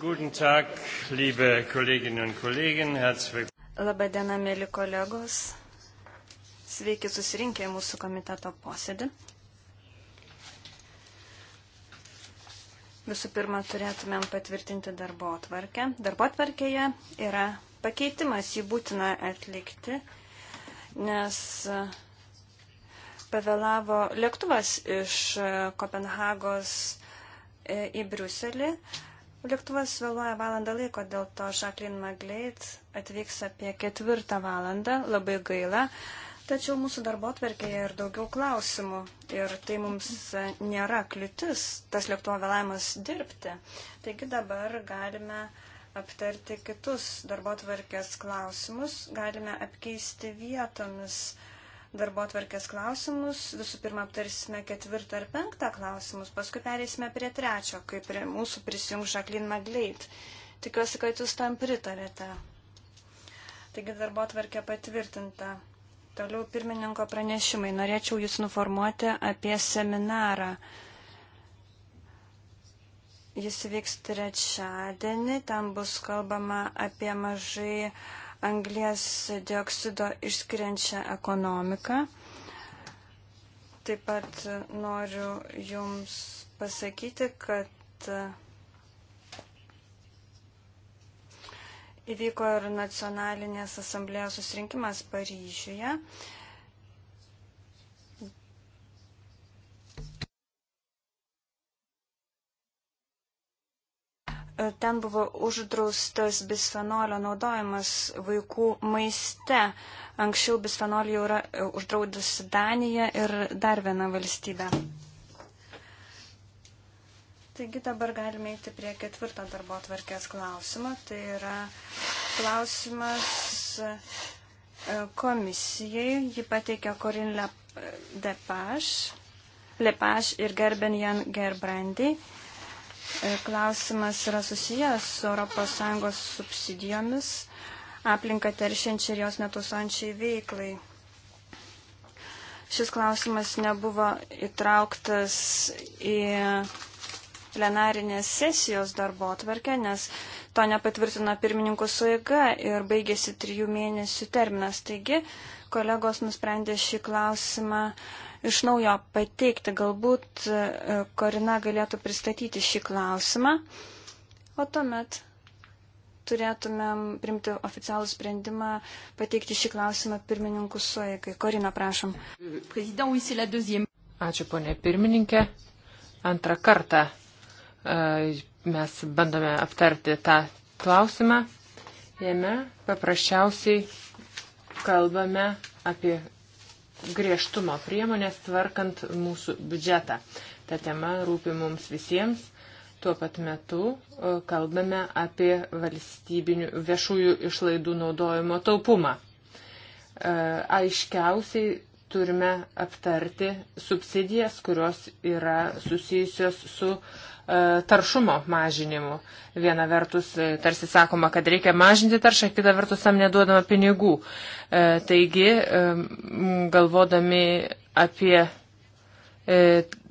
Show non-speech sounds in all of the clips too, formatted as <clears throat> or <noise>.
Guten Tag, liebe Kolleginnen und Kollegen. Herzlich Labadiena, mėly kolegos. Sveiki susirinkę į mūsų komiteto posėdį. Visų pirma, turėtumėm patvirtinti darbo atvarkę. Darbo atvarkėje yra pakeitimas, jį būtina atlikti, nes pavėlavo lėktuvas iš Kopenhagos e, į Briuselį. Lėktuvas vėluoja valandą laiko, dėl to Žaklin Magleit atvyks apie ketvirtą valandą, labai gaila. Tačiau mūsų darbo atverkėje ir daugiau klausimų ir tai mums nėra kliūtis, tas lėktuvo vėlavimas dirbti. Taigi dabar galime aptarti kitus darbo atverkės klausimus, galime apkeisti vietomis uh, darbo tvarkės klausimus. Visų pirma, aptarsime ketvirtą ir penktą klausimus, paskui perėsime prie trečio, kai prie mūsų prisijungs Žaklin Magleit. Tikiuosi, kad jūs tam pritarėte. Taigi darbo tvarkė patvirtinta. Toliau pirmininko pranešimai. Norėčiau jūs nuformuoti apie seminarą. Jis vyks trečiadienį, ten bus kalbama apie mažai uh, anglės dioksido išskiriančią ekonomiką. Taip pat noriu Jums pasakyti, kad e, įvyko ir nacionalinės asamblėjos susirinkimas Paryžiuje. ten buvo uždraustas bisfenolio naudojimas vaikų maiste. Anksčiau bisfenolį jau yra e, uždraudusi Danija ir dar viena valstybė. Taigi dabar galime eiti prie ketvirto darbo tvarkės klausimo. Tai yra klausimas e, komisijai. Ji pateikė Korin Lepaš, Lepaš ir Gerben Jan Gerbrandi. E, klausimas yra susijęs su ES subsidijomis aplinką teršiančiai ir jos netausančiai veiklai. Šis klausimas nebuvo įtrauktas į plenarinės sesijos darbo atvarkę, nes to nepatvirtino pirmininkų suiga ir baigėsi trijų mėnesių terminas. Taigi, kolegos nusprendė šį klausimą uh, iš naujo pateikti. Galbūt e, Korina galėtų pristatyti šį klausimą, o tuomet turėtumėm primti oficialų sprendimą pateikti šį klausimą pirmininkų suėgai. Korina, prašom. Ačiū, ponė pirmininkė. Antrą kartą e, mes bandome aptarti tą klausimą. Jame paprasčiausiai kalbame apie griežtumo priemonės tvarkant mūsų biudžetą. Ta tema rūpi mums visiems. Tuo pat metu e, kalbame apie valstybinių viešųjų išlaidų naudojimo taupumą. E, aiškiausiai turime aptarti subsidijas, kurios yra susijusios su e, taršumo mažinimu. Viena vertus, e, tarsi sakoma, kad reikia mažinti taršą, kita vertus, tam neduodama pinigų. E, taigi, galvodami apie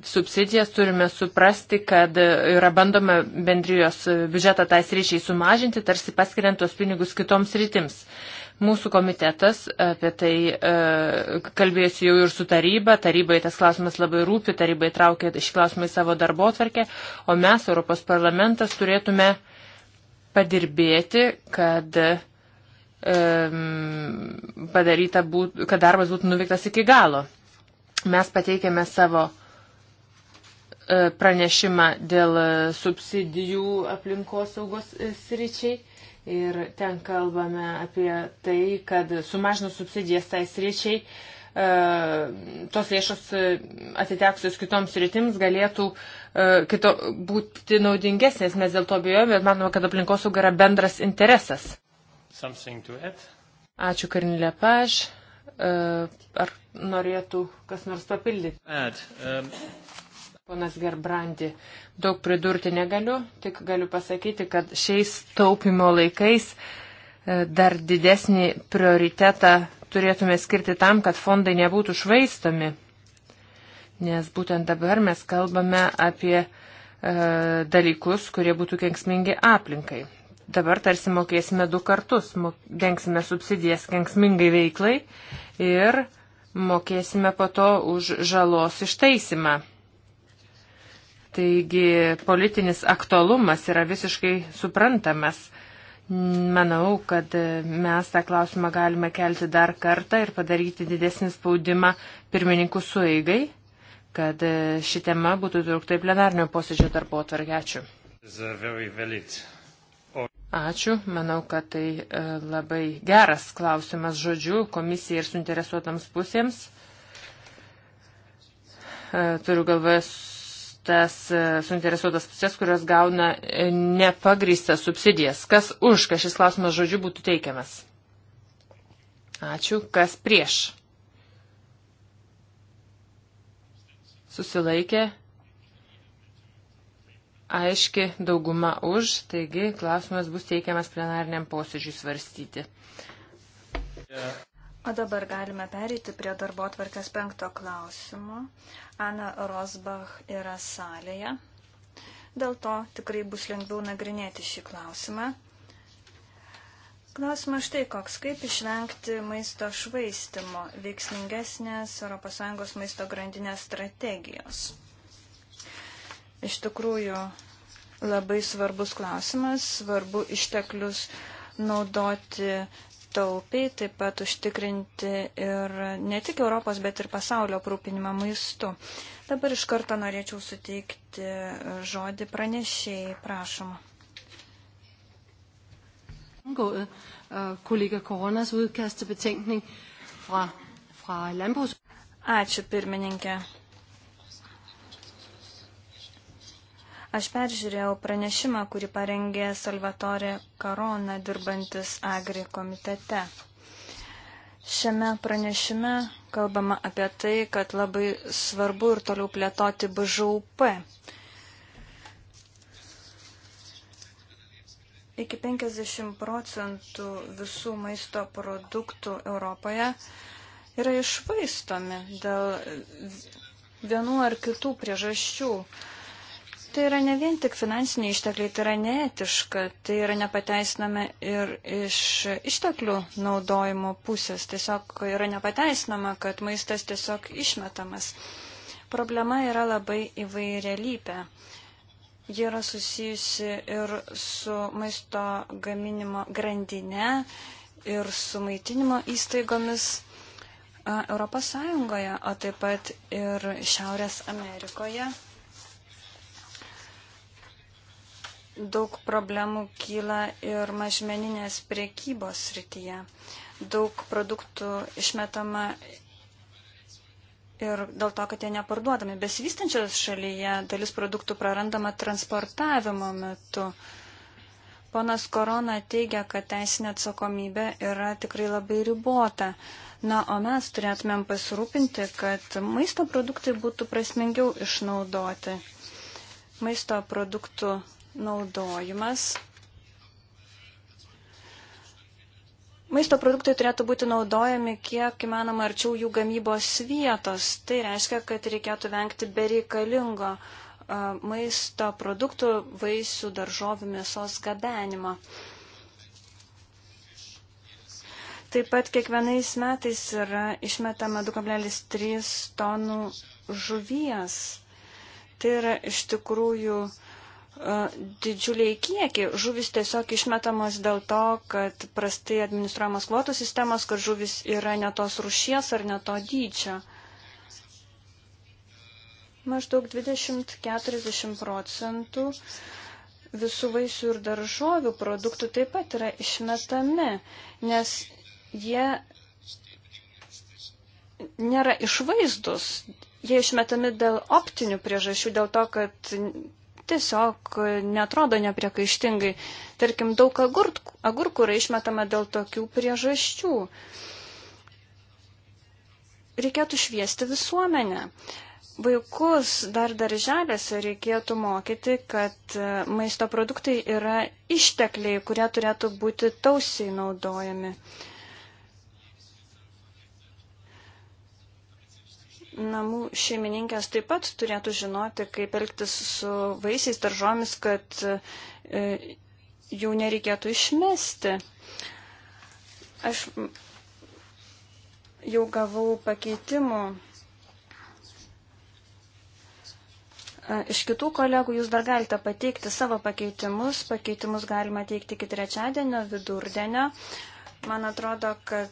subsidijas turime suprasti, kad yra bandoma bendrijos biudžetą tais ryšiai sumažinti, tarsi paskiriant tuos pinigus kitoms rytims. Mūsų komitetas apie tai e, kalbėsiu jau ir su taryba, tarybai tas klausimas labai rūpi, tarybai traukia šį klausimą į savo darbo atvarkę, o mes, Europos parlamentas, turėtume padirbėti, kad e, padaryta būt, kad darbas būtų nuveiktas iki galo. Mes pateikėme savo e, pranešimą dėl e, subsidijų aplinkosaugos e, sričiai. Ir ten kalbame apie tai, kad sumažinus subsidijas tai sričiai, e, tos lėšos e, atitekusios kitoms rytims galėtų e, kito, būti naudingesnės. Mes dėl to bijojame, bet manome, kad aplinkosauga yra bendras interesas. Ačiū Karnilė Paž. Ar norėtų kas nors papildyti? Add, um... Ponas Gerbrandi, daug pridurti negaliu, tik galiu pasakyti, kad šiais taupimo laikais e, dar didesnį prioritetą turėtume skirti tam, kad fondai nebūtų švaistomi. Nes būtent dabar mes kalbame apie e, dalykus, kurie būtų kenksmingi aplinkai. Dabar tarsi mokėsime du kartus, dengsime subsidijas kenksmingai veiklai ir mokėsime po to už žalos ištaisimą Taigi politinis aktualumas yra visiškai suprantamas. Manau, kad mes tą klausimą galime kelti dar kartą ir padaryti didesnį spaudimą pirmininkų sueigai, kad ši tema būtų trukta į plenarnio posėdžio darbo atvarkę. Ačiū. Ačiū, manau, kad tai e, labai geras klausimas žodžiu komisijai ir suinteresuotams pusėms. E, turiu galvoje tas e, suinteresuotas pusės, kurios gauna e, nepagrįstas subsidijas. Kas už, kad šis klausimas žodžiu būtų teikiamas? Ačiū. Kas prieš? Susilaikė. Aiški dauguma už, taigi klausimas bus teikiamas plenariniam posėdžiui svarstyti. Yeah. O dabar galime pereiti prie darbo atvarkės penkto klausimo. Ana Rosbach yra salėje. Dėl to tikrai bus lengviau nagrinėti šį klausimą. Klausimas štai koks, kaip išvengti maisto švaistimo veiksmingesnės ES maisto grandinės strategijos. Iš tikrųjų, labai svarbus klausimas, svarbu išteklius naudoti taupiai, taip pat užtikrinti ir ne tik Europos, bet ir pasaulio aprūpinimą maistu. Dabar iš karto norėčiau suteikti žodį pranešėjai, prašom. Øh, Ačiū pirmininkė. Aš peržiūrėjau pranešimą, kurį parengė Salvatore Karona dirbantis Agri komitete. Šiame pranešime kalbama apie tai, kad labai svarbu ir toliau plėtoti BŽUP. Iki 50 procentų visų maisto produktų Europoje yra išvaistomi dėl vienų ar kitų priežasčių tai yra ne vien tik finansiniai ištekliai, tai yra neetiška, tai yra nepateisinama ir iš išteklių naudojimo pusės. Tiesiog yra nepateisinama, kad maistas tiesiog išmetamas. Problema yra labai įvairialypė. Ji yra susijusi ir su maisto gaminimo grandinė, ir su maitinimo įstaigomis Europos Sąjungoje, o taip pat ir Šiaurės Amerikoje Daug problemų kyla ir mažmeninės priekybos srityje. Daug produktų išmetama ir dėl to, kad jie neparduodami. Besivystančios šalyje dalis produktų prarandama transportavimo metu. Ponas Korona teigia, kad teisinė atsakomybė yra tikrai labai ribota. Na, o mes turėtumėm pasirūpinti, kad maisto produktai būtų prasmingiau išnaudoti. Maisto produktų naudojimas. Maisto produktai turėtų būti naudojami kiek įmanoma arčiau jų gamybos vietos. Tai reiškia, kad reikėtų vengti bereikalingo e, maisto produktų, vaisių, daržovių, mėsos gabenimo. Taip pat kiekvienais metais yra išmetama 2,3 tonų žuvies. Tai yra iš tikrųjų uh, E, didžiuliai kiekiai. Žuvis tiesiog išmetamos dėl to, kad prastai administruojamos kvotų sistemos, kad žuvis yra netos rušies ar neto dydžio. Maždaug 20-40 procentų visų vaisių ir daržovių produktų taip pat yra išmetami, nes jie nėra išvaizdus. Jie išmetami dėl optinių priežasčių, dėl to, kad tiesiog netrodo nepriekaištingai. Tarkim, daug agurkų yra išmetama dėl tokių priežasčių. Reikėtų šviesti visuomenę. Vaikus dar darželėse reikėtų mokyti, kad e, maisto produktai yra ištekliai, kurie turėtų būti tausiai naudojami. Uh, namų šeimininkės taip pat turėtų žinoti, kaip elgtis su vaisiais daržomis, kad e, jų nereikėtų išmesti. Aš jau gavau pakeitimų e, Iš kitų kolegų jūs dar galite pateikti savo pakeitimus. Pakeitimus galima teikti iki trečiadienio vidurdienio. Man atrodo, kad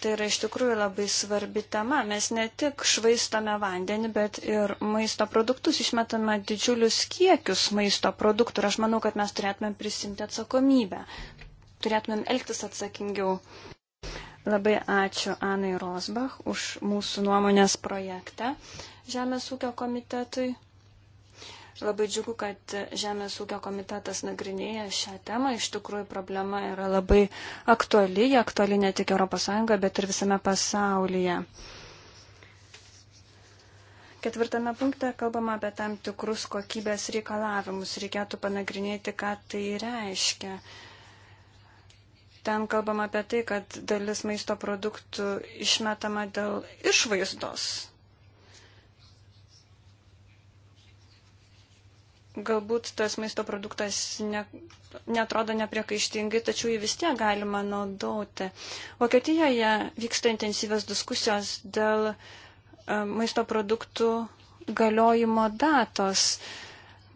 tai yra iš tikrųjų labai svarbi tema. Mes ne tik švaistome vandenį, bet ir maisto produktus išmetame didžiulius kiekius maisto produktų. Ir aš manau, kad mes turėtumėm prisimti atsakomybę. Turėtumėm elgtis atsakingiau. Labai ačiū Anai Rosbach už mūsų nuomonės projektą Žemės ūkio komitetui. Labai džiugu, kad Žemės ūkio komitetas nagrinėja šią temą. Iš tikrųjų, problema yra labai aktuali, aktuali ne tik ES, bet ir visame pasaulyje. Ketvirtame punkte kalbama apie tam tikrus kokybės reikalavimus. Reikėtų panagrinėti, ką tai reiškia. Ten kalbama apie tai, kad dalis maisto produktų išmetama dėl išvaizdos. galbūt tas maisto produktas ne, netrodo nepriekaištingai, tačiau jį vis tiek galima naudoti. Vokietijoje vyksta intensyvės diskusijos dėl e, maisto produktų galiojimo datos.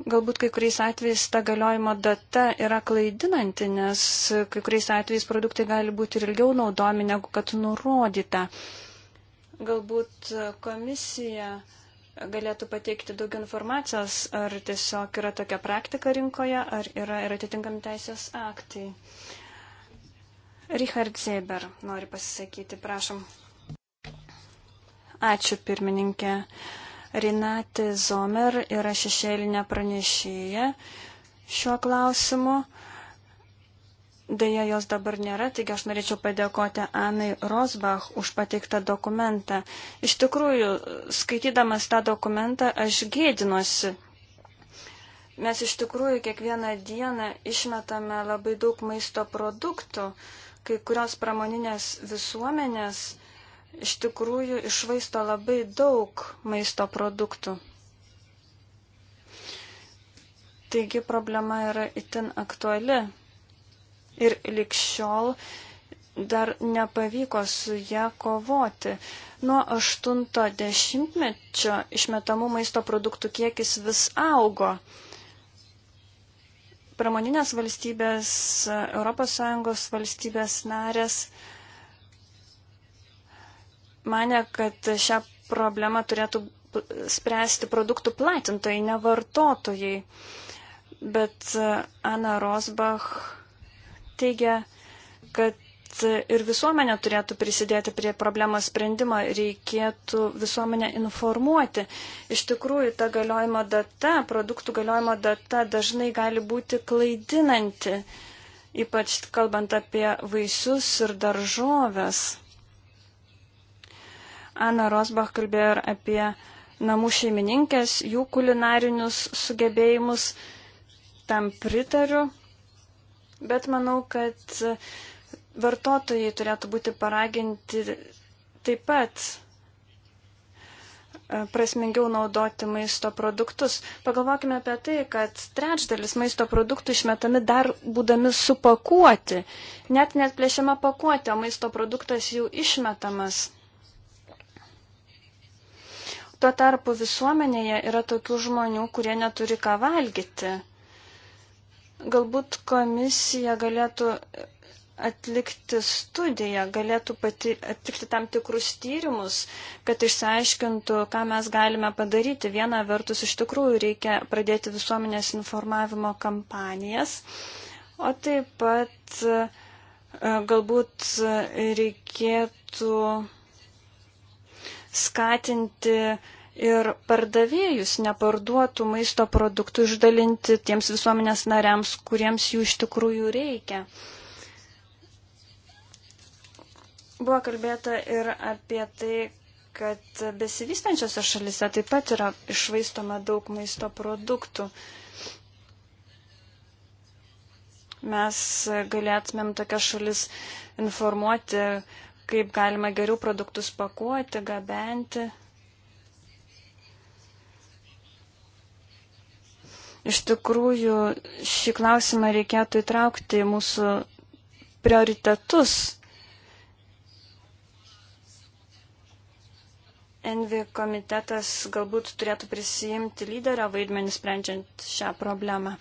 Galbūt kai kuriais atvejais ta galiojimo data yra klaidinanti, nes kai kuriais atvejais produktai gali būti ir ilgiau naudomi negu kad nurodyta. Galbūt e, komisija uh, galėtų pateikti daug informacijos, ar tiesiog yra tokia praktika rinkoje, ar yra ir atitinkami teisės aktai. Richard Zeber nori pasisakyti, prašom. Ačiū pirmininkė. Rinati Zomer yra šešėlinė pranešėja šiuo klausimu. Deja, jos dabar nėra, taigi aš norėčiau padėkoti Anai Rosbach už pateiktą dokumentą. Iš tikrųjų, skaitydamas tą dokumentą, aš gėdinuosi. Mes iš tikrųjų kiekvieną dieną išmetame labai daug maisto produktų. Kai kurios pramoninės visuomenės iš tikrųjų išvaisto labai daug maisto produktų. Taigi problema yra itin aktuali ir likščiol dar nepavyko su ją kovoti. Nuo 80-mečio išmetamų maisto produktų kiekis vis augo. Pramoninės valstybės, ES valstybės narės mane, kad šią problemą turėtų spręsti produktų platintojai, ne vartotojai. Bet Ana Rosbach teigia, kad ir visuomenė turėtų prisidėti prie problemos sprendimo, reikėtų visuomenę informuoti. Iš tikrųjų, ta galiojimo data, produktų galiojimo data dažnai gali būti klaidinanti, ypač kalbant apie vaisius ir daržovės. Ana Rosbach kalbėjo ir apie namų šeimininkės, jų kulinarinius sugebėjimus. Tam pritariu bet manau, kad vartotojai turėtų būti paraginti taip pat e, prasmingiau naudoti maisto produktus. Pagalvokime apie tai, kad trečdalis maisto produktų išmetami dar būdami supakuoti. Net net plėšiama pakuotė, o maisto produktas jau išmetamas. Tuo tarpu visuomenėje yra tokių žmonių, kurie neturi ką valgyti. Galbūt komisija galėtų atlikti studiją, galėtų pati atlikti tam tikrus tyrimus, kad išsiaiškintų, ką mes galime padaryti. Viena vertus iš tikrųjų reikia pradėti visuomenės informavimo kampanijas, o taip pat e, galbūt reikėtų skatinti ir pardavėjus neparduotų maisto produktų išdalinti tiems visuomenės nariams, kuriems jų iš tikrųjų reikia. Buvo kalbėta ir apie tai, kad besivystančiose šalise taip pat yra išvaistoma daug maisto produktų. Mes galėtumėm tokias šalis informuoti, kaip galima geriau produktus pakuoti, gabenti. Iš tikrųjų, šį klausimą reikėtų įtraukti į mūsų prioritetus. Envi komitetas galbūt turėtų prisijimti lyderio vaidmenį sprendžiant šią problemą.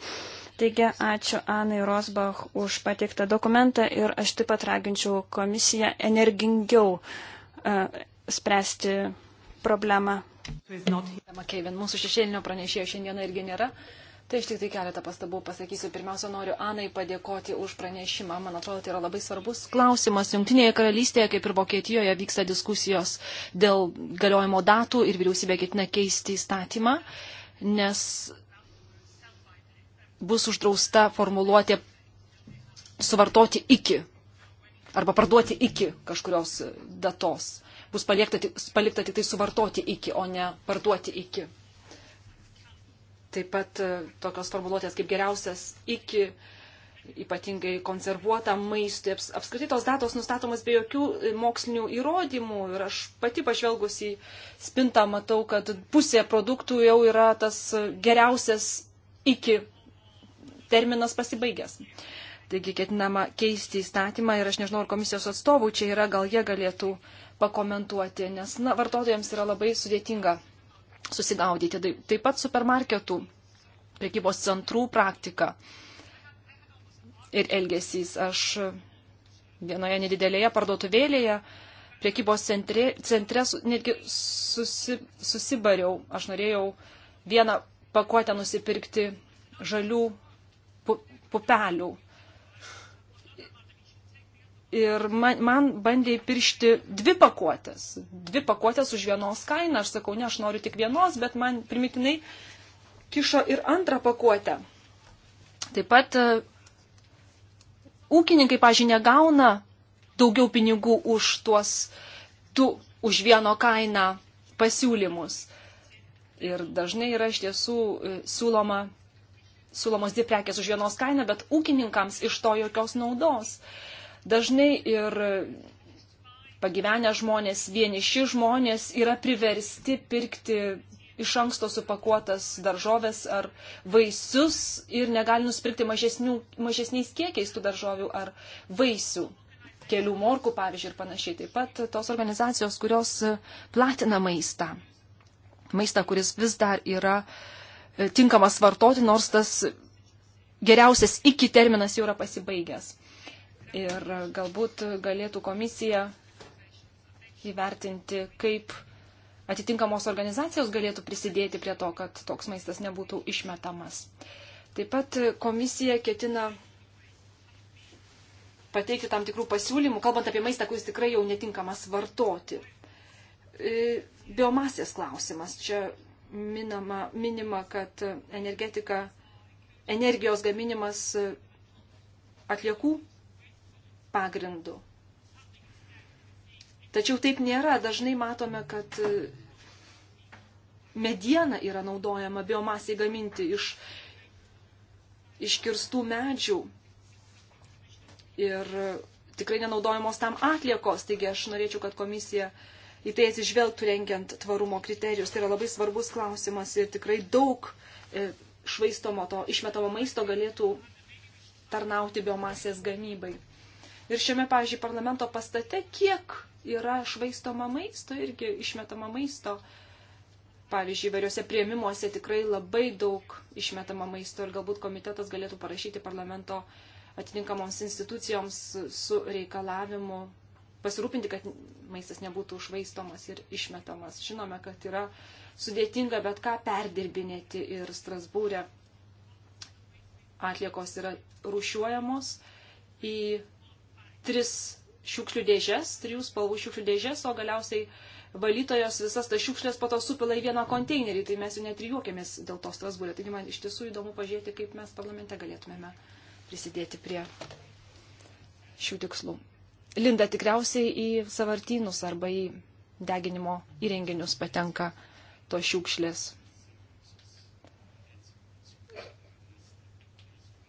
Taigi, ačiū Anai Rosbach už pateiktą dokumentą ir aš taip pat raginčiau komisiją energingiau uh, spręsti problemą. Mūsų šešėlinio pranešėjo šiandieną irgi nėra. Uh, Tai aš tik tai keletą pastabų pasakysiu. Pirmiausia, noriu Anai padėkoti už pranešimą. Man atrodo, tai yra labai svarbus klausimas. Junktinėje karalystėje, kaip ir Vokietijoje, vyksta diskusijos dėl galiojimo datų ir vyriausybė ketina keisti įstatymą, nes bus uždrausta formuluotė suvartoti iki arba parduoti iki kažkurios datos. Bus palikta tik, palikta tik tai suvartoti iki, o ne parduoti iki. Taip pat e, tokios formuluotės kaip geriausias iki ypatingai konservuotam maistui. Apskritai tos datos nustatomos be jokių e, mokslinių įrodymų ir aš pati pažvelgus į spintą matau, kad pusė produktų jau yra tas e, geriausias iki terminas pasibaigęs. Taigi ketinama keisti įstatymą ir aš nežinau, ar komisijos atstovų čia yra, gal jie galėtų pakomentuoti, nes na, vartotojams yra labai sudėtinga susigaudyti. Taip pat supermarketų prekybos centrų praktika ir elgesys. Aš vienoje nedidelėje parduotuvėlėje priekybos centre, centre su, netgi susi, susibariau. Aš norėjau vieną pakuotę nusipirkti žalių pupelių ir man, man bandė įpiršti dvi pakuotės. Dvi pakuotės už vienos kainą. Aš sakau, ne, aš noriu tik vienos, bet man primiktinai kišo ir antrą pakuotę. Taip pat e, ūkininkai, pažiūrėjau, negauna daugiau pinigų už tuos, tu, už vieno kainą pasiūlymus. Ir dažnai yra iš tiesų e, siūloma, siūlomos dvi prekės už vienos kainą, bet ūkininkams iš to jokios naudos. Uh, Dažnai ir pagyvenę žmonės, vieniši žmonės yra priversti pirkti iš anksto supakuotas daržovės ar vaisius ir negali nusipirkti mažesniais kiekiais tų daržovių ar vaisių. Kelių morkų, pavyzdžiui, ir panašiai. Taip pat tos organizacijos, kurios platina maistą. Maistą, kuris vis dar yra e, tinkamas vartoti, nors tas geriausias iki terminas jau yra pasibaigęs. Ir galbūt galėtų komisija įvertinti, kaip atitinkamos organizacijos galėtų prisidėti prie to, kad toks maistas nebūtų išmetamas. Taip pat komisija ketina pateikti tam tikrų pasiūlymų, kalbant apie maistą, kuris tikrai jau netinkamas vartoti. E, biomasės klausimas. Čia minama, minima, kad energetika, energijos gaminimas atliekų pagrindu. Tačiau taip nėra. Dažnai matome, kad e, mediena yra naudojama biomasiai gaminti iš iškirstų medžių. Ir e, tikrai nenaudojamos tam atliekos. Taigi aš norėčiau, kad komisija į tai atsižvelgtų rengiant tvarumo kriterijus. Tai yra labai svarbus klausimas ir tikrai daug e, švaistomo to išmetamo maisto galėtų tarnauti biomasės gamybai. Ir šiame, pavyzdžiui, parlamento pastate, kiek yra švaistoma maisto, irgi išmetama maisto. Pavyzdžiui, įvairiuose prieimimuose tikrai labai daug išmetama maisto ir galbūt komitetas galėtų parašyti parlamento atitinkamoms institucijoms su reikalavimu pasirūpinti, kad maistas nebūtų užvaistomas ir išmetamas. Žinome, kad yra sudėtinga bet ką perdirbinėti ir Strasbūrė atliekos yra rušiuojamos į tris šiukšlių dėžes, trijų spalvų šiukšlių dėžes, o galiausiai valytojos visas tas šiukšlės po to supila į vieną konteinerį, tai mes jau net ir juokiamės dėl to Strasbūrė. Taigi man iš tiesų įdomu pažiūrėti, kaip mes parlamente galėtumėme prisidėti prie šių tikslų. Linda tikriausiai į savartynus arba į deginimo įrenginius patenka tos šiukšlės.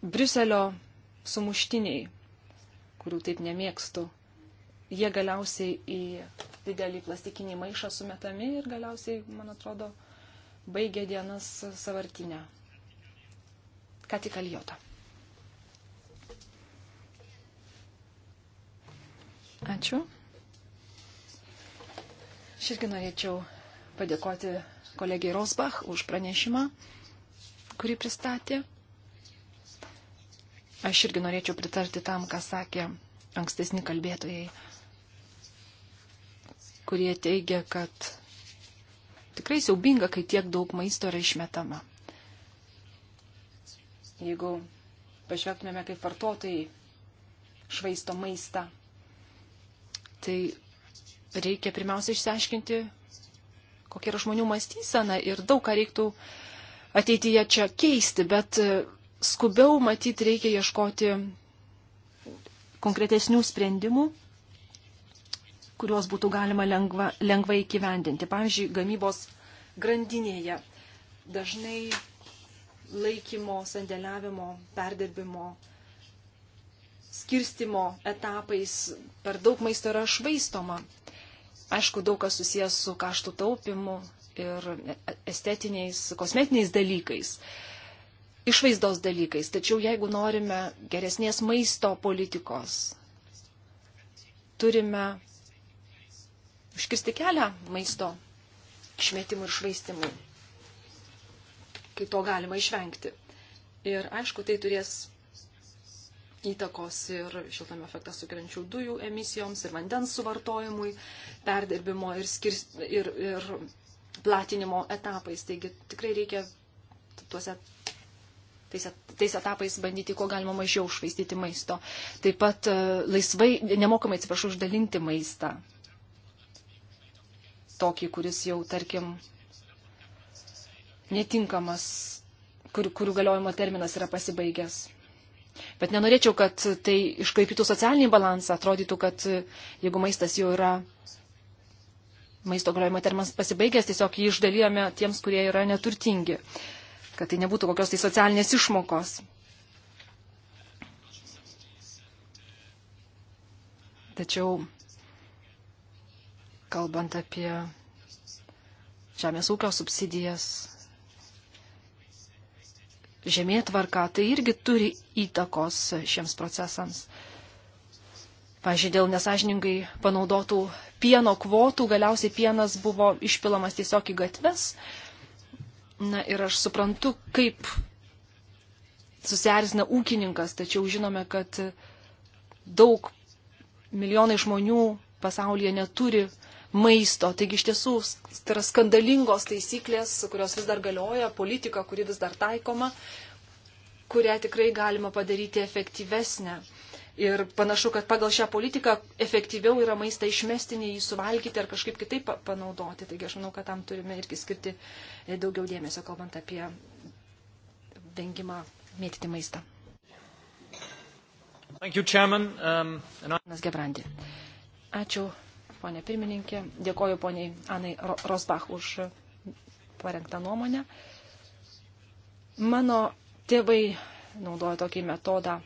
Briuselio sumuštiniai kurių taip nemėgstu, jie galiausiai į didelį plastikinį maišą sumetami ir galiausiai, man atrodo, baigia dienas savartinę. Ką tik alijota. Ačiū. Aš irgi norėčiau padėkoti kolegijai Rosbach už pranešimą, kurį pristatė. Aš irgi norėčiau pritarti tam, ką sakė ankstesni kalbėtojai, kurie teigia, kad tikrai siaubinga, kai tiek daug maisto yra išmetama. Jeigu pažvelgtumėme, kaip vartotojai švaisto maistą, tai reikia pirmiausia išsiaiškinti, kokia yra žmonių mąstysena ir daug ką reiktų ateityje čia keisti, bet skubiau matyti reikia ieškoti konkretesnių sprendimų, kuriuos būtų galima lengva, lengvai įgyvendinti. Pavyzdžiui, gamybos grandinėje dažnai laikymo, sandėliavimo, perdirbimo, skirstimo etapais per daug maisto yra švaistoma. Aišku, daug kas susijęs su kaštų taupimu ir estetiniais, kosmetiniais dalykais. Uh, išvaizdos dalykais. Tačiau jeigu norime geresnės maisto politikos, turime užkirsti kelią maisto išmetimui ir švaistimui, kai to galima išvengti. Ir aišku, tai turės įtakos ir šiltame efektą sukeliančių dujų emisijoms, ir vandens suvartojimui, perdirbimo ir, skirs, ir, ir platinimo etapais. Taigi tikrai reikia tuose tais, tais etapais bandyti, kuo galima mažiau švaistyti maisto. Taip pat e, laisvai, nemokamai, atsiprašau, uždalinti maistą. Tokį, kuris jau, tarkim, netinkamas, kur, kurių galiojimo terminas yra pasibaigęs. Bet nenorėčiau, kad tai iškaipytų socialinį balansą, atrodytų, kad e, jeigu maistas jau yra maisto galiojimo terminas pasibaigęs, tiesiog jį išdalyjame tiems, kurie yra neturtingi. Uh, kad tai nebūtų kokios tai socialinės išmokos. Tačiau, kalbant apie žemės ūkio subsidijas, žemėtvarką, tai irgi turi įtakos šiems procesams. Pavyzdžiui, dėl nesažiningai panaudotų pieno kvotų galiausiai pienas buvo išpilamas tiesiog į gatves, Na ir aš suprantu, kaip susierzina ūkininkas, tačiau žinome, kad daug milijonai žmonių pasaulyje neturi maisto. Taigi iš tiesų tai yra skandalingos taisyklės, kurios vis dar galioja, politika, kuri vis dar taikoma, kurią tikrai galima padaryti efektyvesnę. Ir panašu, kad pagal šią politiką efektyviau yra maistą išmesti, nei jį suvalgyti ar kažkaip kitaip panaudoti. Taigi aš manau, kad tam turime irgi skirti e, daugiau dėmesio, kalbant apie vengimą mėtyti maistą. Thank you, Chairman. Um, and I... Gebrandi. Ačiū, ponė pirmininkė. Dėkoju poniai Anai Rosbach už parengtą nuomonę. Mano tėvai naudojo tokį metodą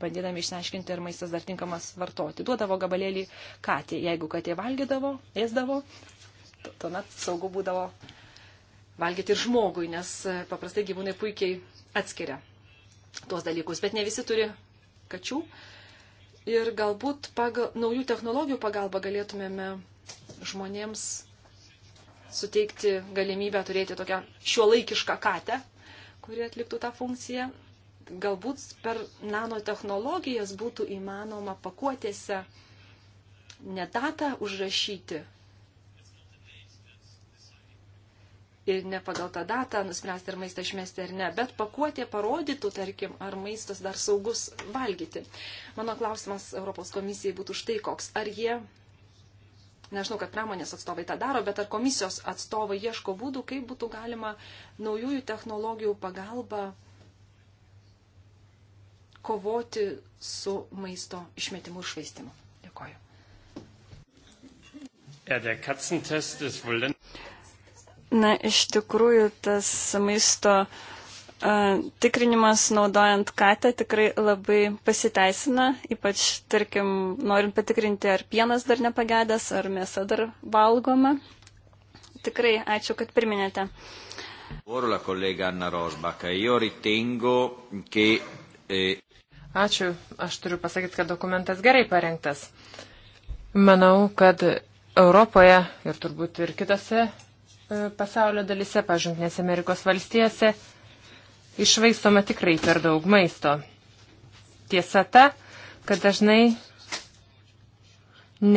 bandydami išsiaiškinti, ar maistas dar tinkamas vartoti. Duodavo gabalėlį katė, jeigu katė valgydavo, ėsdavo, tuomet saugu būdavo valgyti ir žmogui, nes e, paprastai gyvūnai puikiai atskiria tuos dalykus, bet ne visi turi kačių. Ir galbūt pagal, naujų technologijų pagalba galėtumėme žmonėms suteikti galimybę turėti tokią šiuolaikišką katę, kuri atliktų tą funkciją galbūt per nanotehnologijas būtų įmanoma pakuotėse ne datą užrašyti ir ne pagal tą datą nuspręsti, ar maistą išmesti ar ne, bet pakuotė parodytų, tarkim, ar maistas dar saugus valgyti. Mano klausimas Europos komisijai būtų štai koks. Ar jie, nežinau, kad pramonės atstovai tą daro, bet ar komisijos atstovai ieško būdų, kaip būtų galima naujųjų technologijų pagalba kovoti su maisto išmetimu ir švaistimu. Dėkoju. Na, iš tikrųjų, tas maisto tikrinimas naudojant katę tikrai labai pasiteisina, ypač, tarkim, norint patikrinti, ar pienas dar nepagedęs, ar mėsa dar valgoma. Tikrai ačiū, kad priminėte. Ora la collega Anna Rosbach. Io ritengo che. Eh... Ačiū. Aš turiu pasakyti, kad dokumentas gerai parengtas. Manau, kad Europoje ir turbūt ir kitose e, pasaulio dalise, pažymtinėse Amerikos valstijose, išvaistoma tikrai per daug maisto. Tiesa ta, kad dažnai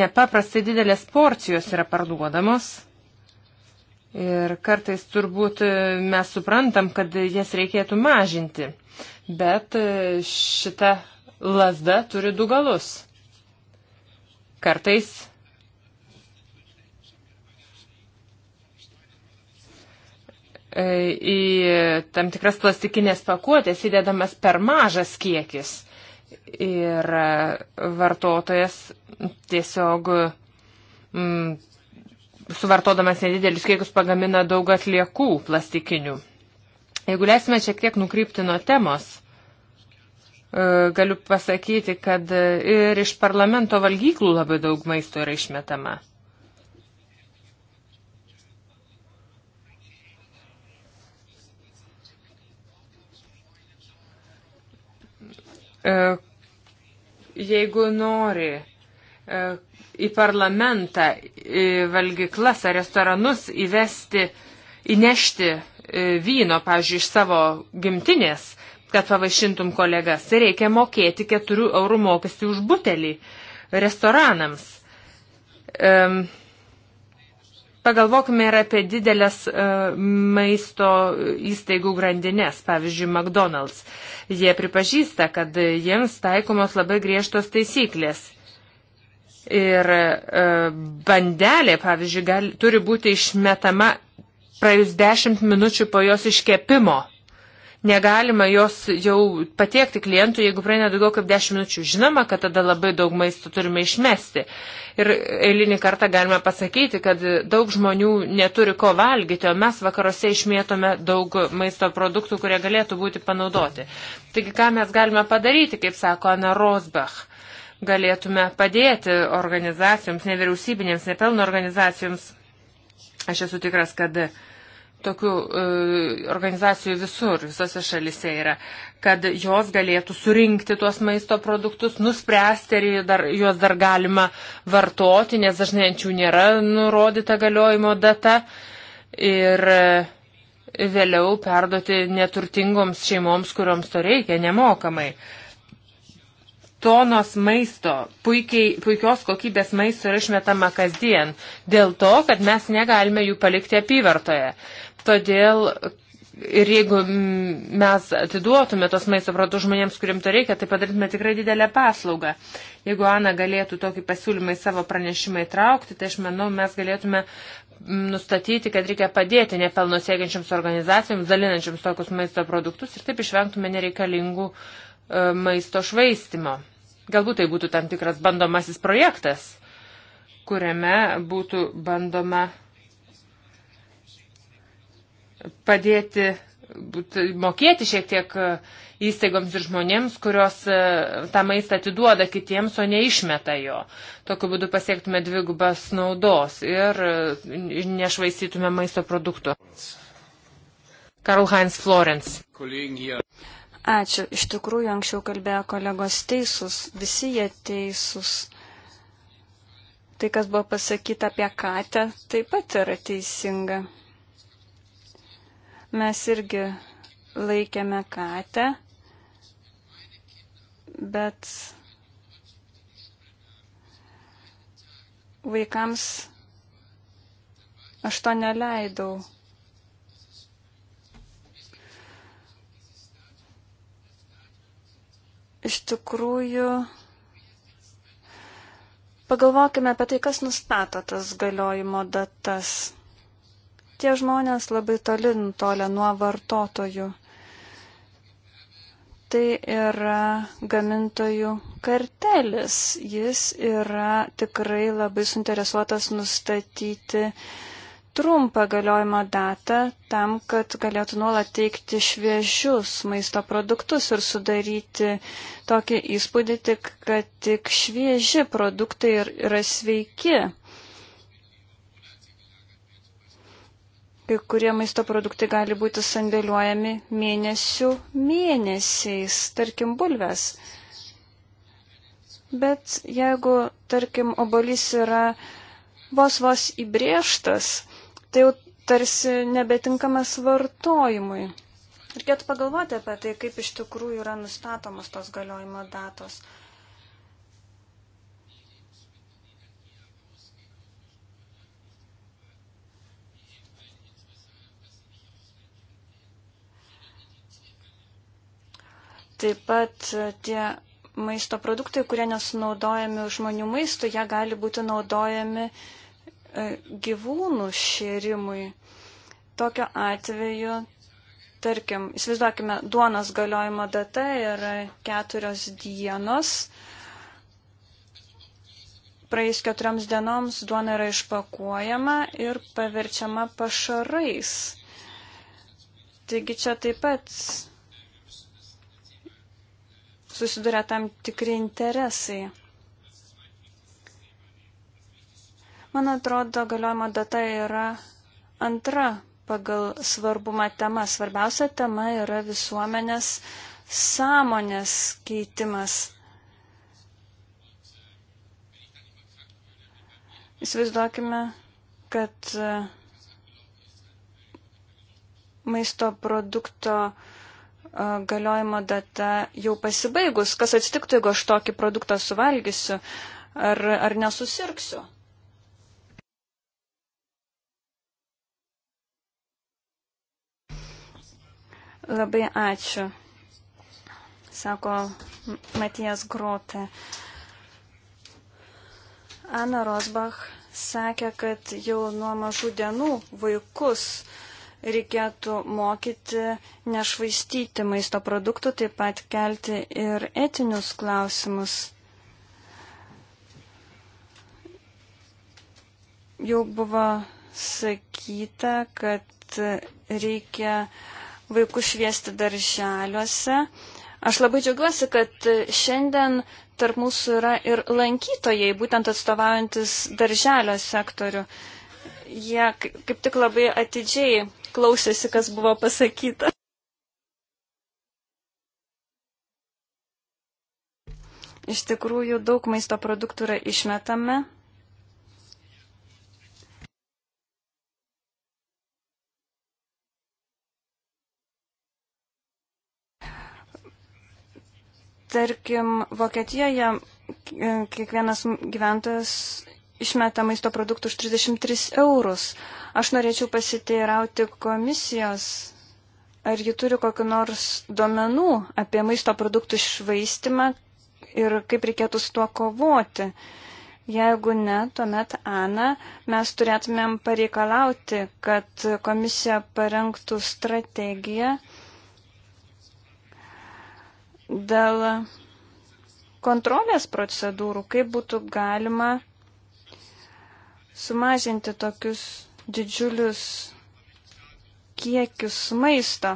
nepaprastai didelės porcijos yra parduodamos. Ir kartais turbūt e, mes suprantam, kad jas reikėtų mažinti. Bet e, šita lasda turi du galus. Kartais e, į tam tikras plastikinės pakuotės įdedamas per mažas kiekis. Ir e, vartotojas tiesiog mm, suvartodamas nedidelius kiekius pagamina daug atliekų plastikinių. Jeigu leisime šiek tiek nukrypti nuo temos, e, galiu pasakyti, kad e, ir iš parlamento valgyklų labai daug maisto yra išmetama. E, jeigu nori į parlamentą, į valgyklas ar restoranus įvesti, įnešti E, vyno, pavyzdžiui, iš savo gimtinės, kad pavaišintum kolegas, tai reikia mokėti 4 eurų mokestį už butelį restoranams. Um, pagalvokime ir apie didelės uh, maisto įstaigų grandinės, pavyzdžiui, McDonald's. Jie pripažįsta, kad jiems taikomos labai griežtos taisyklės. Ir uh, bandelė, pavyzdžiui, gali, turi būti išmetama praėjus dešimt minučių po jos iškepimo. Negalima jos jau patiekti klientui, jeigu praeina daugiau kaip 10 minučių. Žinoma, kad tada labai daug maisto turime išmesti. Ir eilinį kartą galime pasakyti, kad daug žmonių neturi ko valgyti, o mes vakaruose išmėtome daug maisto produktų, kurie galėtų būti panaudoti. Taigi, ką mes galime padaryti, kaip sako Ana Rosbach? Galėtume padėti organizacijoms, nevyriausybinėms, nepelno organizacijoms. Aš esu tikras, kad uh, tokių e, organizacijų visur, visose šalise yra, kad jos galėtų surinkti tuos maisto produktus, nuspręsti, ar dar, juos dar galima vartoti, nes dažnai ant jų nėra nurodyta galiojimo data. Ir e, vėliau perduoti neturtingoms šeimoms, kuriuoms to reikia, nemokamai. Tonos maisto, puikiai, puikios kokybės maisto yra išmetama kasdien, dėl to, kad mes negalime jų palikti apyvartoje. Todėl ir jeigu mes atiduotume tos maisto produktus žmonėms, kuriems to reikia, tai padarytume tikrai didelę paslaugą. Jeigu Ana galėtų tokį pasiūlymą į savo pranešimą įtraukti, tai aš manau, mes galėtume nustatyti, kad reikia padėti nepelno siekiančiams organizacijoms, dalinančiams tokius maisto produktus ir taip išvengtume nereikalingų e, maisto švaistimo. Galbūt tai būtų tam tikras bandomasis projektas, kuriame būtų bandoma padėti mokėti šiek tiek e, įstaigoms ir žmonėms, kurios e, tą maistą atiduoda kitiems, o neišmeta jo. Tokiu būdu pasiektume dvigubas naudos ir e, nešvaistytume maisto produktų. Karl Heinz Florence. Ačiū. Iš tikrųjų, anksčiau kalbėjo kolegos teisus. Visi jie teisus. Tai, kas buvo pasakyta apie katę, taip pat yra teisinga. Mes irgi laikėme katę, bet vaikams aš to neleidau. Iš tikrųjų, pagalvokime apie tai, kas nustato tas galiojimo datas. Tie žmonės labai toli nutolę nuo vartotojų. Tai yra gamintojų kartelis. Jis yra tikrai labai suinteresuotas nustatyti trumpą galiojimo datą tam, kad galėtų nuolat teikti šviežius maisto produktus ir sudaryti tokį įspūdį tik, kad tik švieži produktai yra sveiki. Kai kurie maisto produktai gali būti sandėliuojami mėnesių mėnesiais, tarkim bulves. Bet jeigu, tarkim, obolys yra vos vos įbrėžtas, tai jau tarsi nebetinkamas vartojimui. Reikėtų pagalvoti apie tai, kaip iš tikrųjų yra nustatomos tos galiojimo datos. Taip pat tie maisto produktai, kurie nesunaudojami žmonių maistui, jie gali būti naudojami e, gyvūnų šėrimui. Tokiu atveju, tarkim, įsivaizduokime, duonos galiojimo data yra keturios dienos. Praėjus keturioms dienoms duona yra išpakuojama ir paverčiama pašarais. Taigi čia taip pat susiduria tam tikri interesai. Man atrodo, galiojimo data yra antra pagal svarbumą tema. Svarbiausia tema yra visuomenės sąmonės keitimas. Įsivaizduokime, kad maisto produkto uh, galiojimo data jau pasibaigus. Kas atsitiktų, jeigu aš tokį produktą suvalgysiu ar, ar nesusirksiu? Labai ačiū, sako Matijas Grotė. Ana Rosbach sakė, kad jau nuo mažų dienų vaikus uh, reikėtų mokyti nešvaistyti maisto produktų, taip pat kelti ir etinius klausimus. Jau buvo sakyta, kad reikia vaikus šviesti darželiuose. Aš labai džiaugiuosi, kad šiandien tarp mūsų yra ir lankytojai, būtent atstovaujantis darželio sektorių. Jie kaip tik labai atidžiai klausėsi, kas buvo pasakyta. Iš tikrųjų, daug maisto produktų yra išmetame. Tarkim, Vokietijoje kiekvienas gyventojas išmeta maisto produktų už 33 eurus. Aš norėčiau pasiteirauti komisijos, ar ji turi kokiu nors duomenų apie maisto produktų švaistimą ir kaip reikėtų su tuo kovoti. Jeigu ne, tuomet, Ana, mes turėtumėm pareikalauti, kad komisija parengtų strategiją dėl kontrolės procedūrų, kaip būtų galima sumažinti tokius didžiulius kiekius maisto.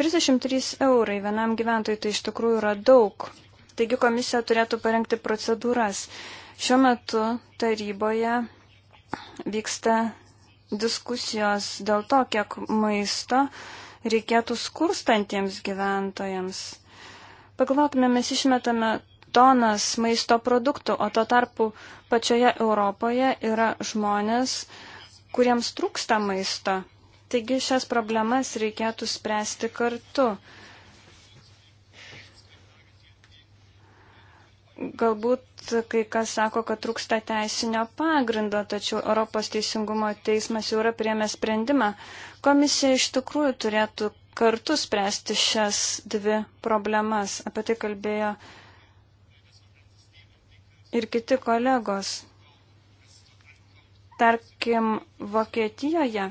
33 eurai vienam gyventojui tai iš tikrųjų yra daug. Taigi komisija turėtų parengti procedūras. Šiuo metu taryboje vyksta diskusijos dėl to, kiek maisto reikėtų skurstantiems gyventojams. Pagalvokime, mes išmetame tonas maisto produktų, o tuo tarpu pačioje Europoje yra žmonės, kuriems trūksta maisto. Taigi šias problemas reikėtų spręsti kartu. Galbūt kai kas sako, kad trūksta teisinio pagrindo, tačiau Europos teisingumo teismas jau yra priemę sprendimą. Komisija iš tikrųjų turėtų kartu spręsti šias dvi problemas. Apie tai kalbėjo uh, ir kiti kolegos. Tarkim, Vokietijoje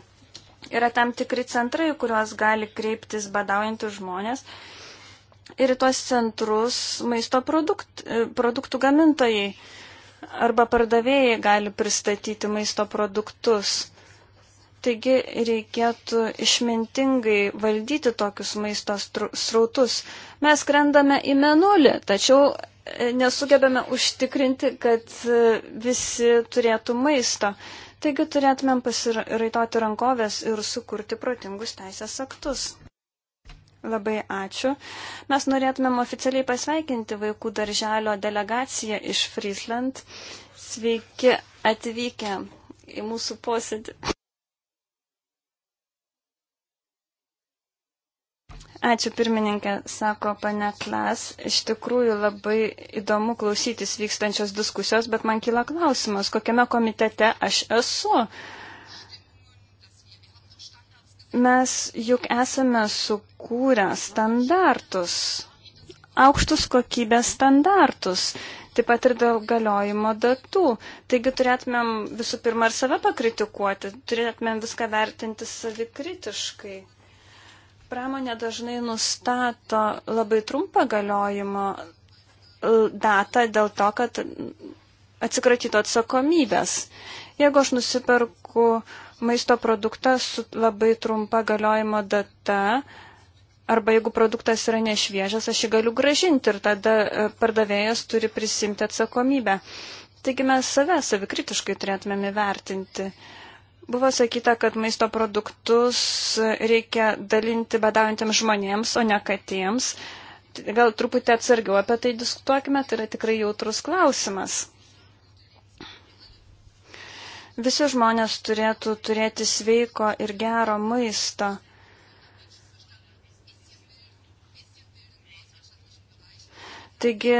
yra tam tikri centrai, kuriuos gali kreiptis badaujantis žmonės. Ir į tuos centrus maisto produkt, produktų gamintojai arba pardavėjai gali pristatyti maisto produktus. Taigi reikėtų išmintingai valdyti tokius maisto srautus. Mes krendame į menulį, tačiau nesugebame užtikrinti, kad visi turėtų maisto. Taigi turėtumėm pasiraitoti rankovės ir sukurti protingus teisės aktus. Labai ačiū. Mes norėtumėm oficialiai pasveikinti vaikų darželio delegaciją iš Friesland. Sveiki atvykę į mūsų posėdį. Ačiū pirmininkė, sako pane Klas. Iš tikrųjų labai įdomu klausytis vykstančios diskusijos, bet man kyla klausimas, kokiame komitete aš esu. Mes juk esame sukūrę standartus, aukštus kokybės standartus, taip pat ir dėl galiojimo datų. Taigi turėtumėm visų pirma ir save pakritikuoti, turėtumėm viską vertinti savikritiškai. Pramonė dažnai nustato labai trumpą galiojimo e, datą dėl to, kad atsikratytų atsakomybės. Jeigu aš nusiperku maisto produktą su labai trumpa galiojimo data, arba jeigu produktas yra nešviežas, aš jį galiu gražinti ir tada e, pardavėjas turi prisimti atsakomybę. Taigi mes save savikritiškai turėtumėm įvertinti. Uh, Buvo sakyta, kad maisto produktus reikia dalinti badaujantiems žmonėms, o ne katėms. Gal truputį atsargiau apie tai diskutuokime, tai yra tikrai jautrus klausimas. Visi žmonės turėtų turėti sveiko ir gero maisto. Taigi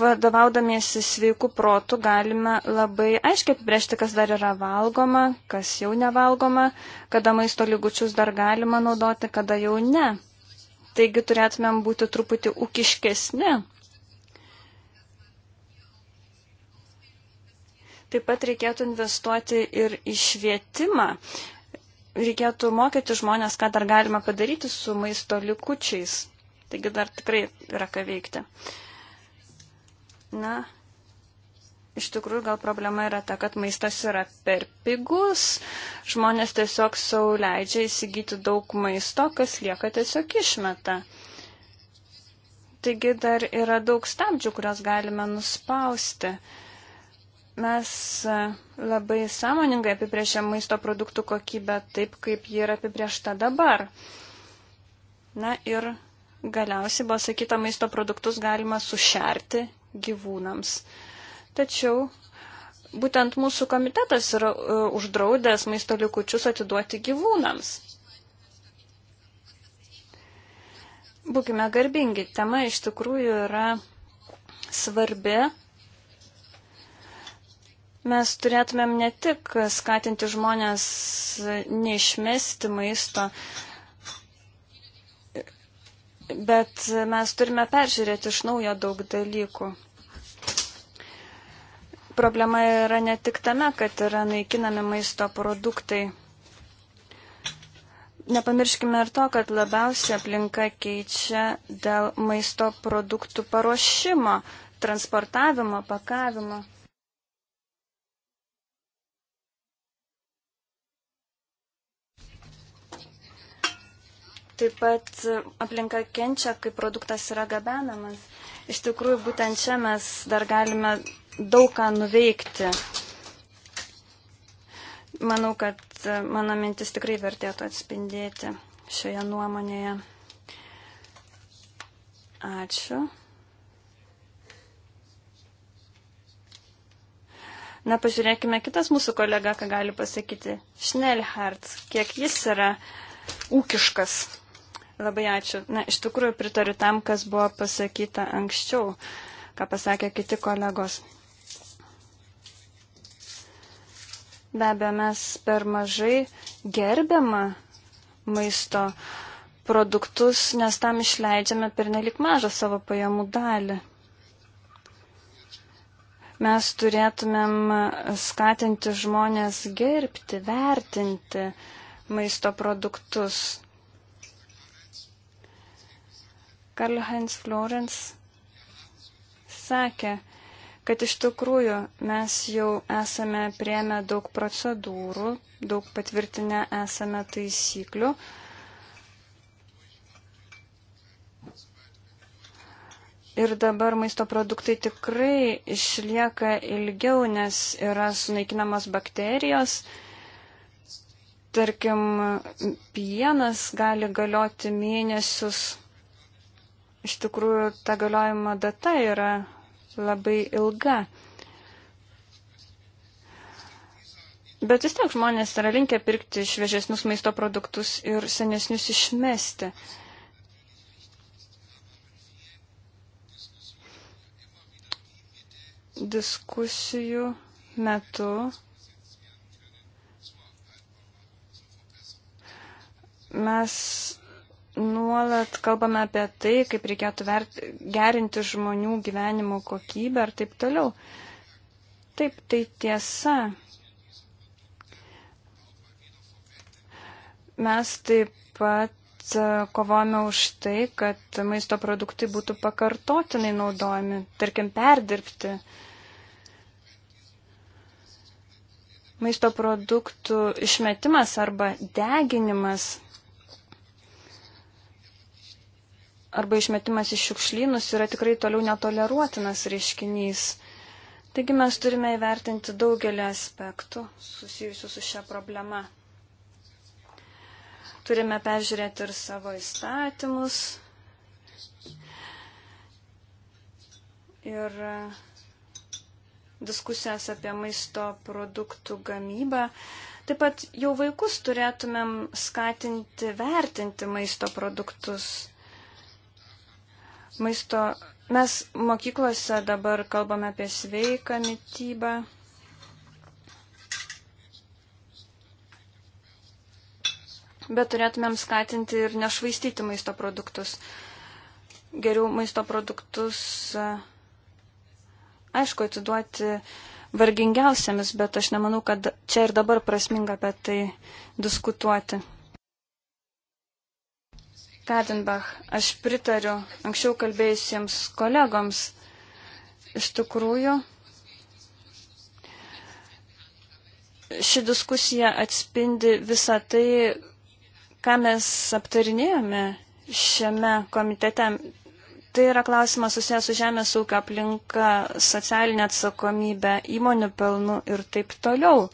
vadovaudamiesi sveiku protu galime labai aiškiai apibrėžti, kas dar yra valgoma, kas jau nevalgoma, kada maisto lygučius dar galima naudoti, kada jau ne. Taigi turėtumėm būti truputį ūkiškesni. Taip pat reikėtų investuoti ir į švietimą. Reikėtų mokyti žmonės, ką dar galima padaryti su maisto likučiais. Taigi dar tikrai yra ką veikti. Uh, Na, iš tikrųjų gal problema yra ta, kad maistas yra per pigus, žmonės tiesiog sauliaidžia įsigyti daug maisto, kas lieka tiesiog išmeta. Taigi dar yra daug stabdžių, kurios galime nuspausti. Mes e, labai sąmoningai apibriešėm maisto produktų kokybę taip, kaip ji yra apibriešta dabar. Na ir galiausiai buvo sakyta, maisto produktus galima sušerti gyvūnams. Tačiau būtent mūsų komitetas yra e, uždraudęs maisto likučius atiduoti gyvūnams. Būkime garbingi, tema iš tikrųjų yra svarbi. Mes turėtumėm ne tik skatinti žmonės neišmesti maisto, bet mes turime peržiūrėti iš naujo daug dalykų. Problema yra ne tik tame, kad yra naikinami maisto produktai. Nepamirškime ir to, kad labiausiai aplinka keičia dėl maisto produktų paruošimo, transportavimo, pakavimo. Taip pat aplinka kenčia, kai produktas yra gabenamas. Iš tikrųjų, būtent čia mes dar galime daug ką nuveikti. Manau, kad mano mintis tikrai vertėtų atspindėti šioje nuomonėje. Ačiū. Na, pažiūrėkime, kitas mūsų kolega, ką gali pasakyti. Šnelhardt, kiek jis yra ūkiškas. Labai ačiū. Na, iš tikrųjų pritariu tam, kas buvo pasakyta anksčiau, ką pasakė kiti kolegos. Be abejo, mes per mažai gerbiamą maisto produktus, nes tam išleidžiame per nelik mažą savo pajamų dalį mes turėtumėm skatinti žmonės gerbti, vertinti maisto produktus. Karl-Heinz Florence sakė, kad iš tikrųjų mes jau esame prieėmę daug procedūrų, daug patvirtinę esame taisyklių. Ir dabar maisto produktai tikrai išlieka ilgiau, nes yra sunaikinamos bakterijos. Tarkim, pienas gali galioti mėnesius Iš tikrųjų, ta galiojimo data yra labai ilga. Bet vis tiek žmonės yra linkę pirkti šviežesnius maisto produktus ir senesnius išmesti. Diskusijų metu mes nuolat kalbame apie tai, kaip reikėtų vert, gerinti žmonių gyvenimo kokybę ir taip toliau. Taip, tai tiesa. Mes taip pat e, kovojame už tai, kad maisto produktai būtų pakartotinai naudojami, tarkim, perdirbti. Maisto produktų išmetimas arba deginimas arba išmetimas iš šiukšlynus yra tikrai toliau netoleruotinas reiškinys. Taigi mes turime įvertinti daugelį aspektų susijusių su šia problema. Turime peržiūrėti ir savo įstatymus. Ir diskusijas apie maisto produktų gamybą. Taip pat jau vaikus turėtumėm skatinti vertinti maisto produktus maisto. Mes mokyklose dabar kalbame apie sveiką mytybą. Bet turėtumėm skatinti ir nešvaistyti maisto produktus. Geriau maisto produktus, aišku, atiduoti vargingiausiamis, bet aš nemanau, kad čia ir dabar prasminga apie tai diskutuoti. Kadenbach, aš pritariu anksčiau kalbėjusiems kolegoms. Iš tikrųjų, ši diskusija atspindi visą tai, ką mes aptarinėjome šiame komitete. Tai yra klausimas susijęs su žemės ūkio aplinka, socialinė atsakomybė, įmonių pelnu ir taip toliau.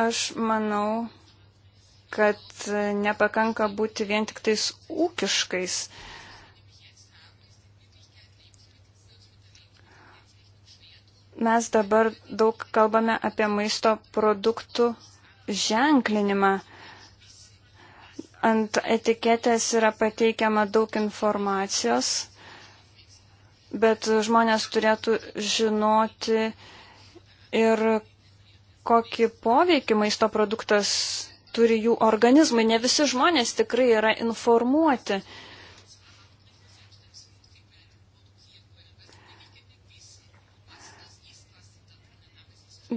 Aš manau, kad nepakanka būti vien tik tais ūkiškais. Mes dabar daug kalbame apie maisto produktų ženklinimą. Ant etiketės yra pateikiama daug informacijos, bet žmonės turėtų žinoti ir kokį poveikį maisto produktas turi jų organizmai. Ne visi žmonės tikrai yra informuoti.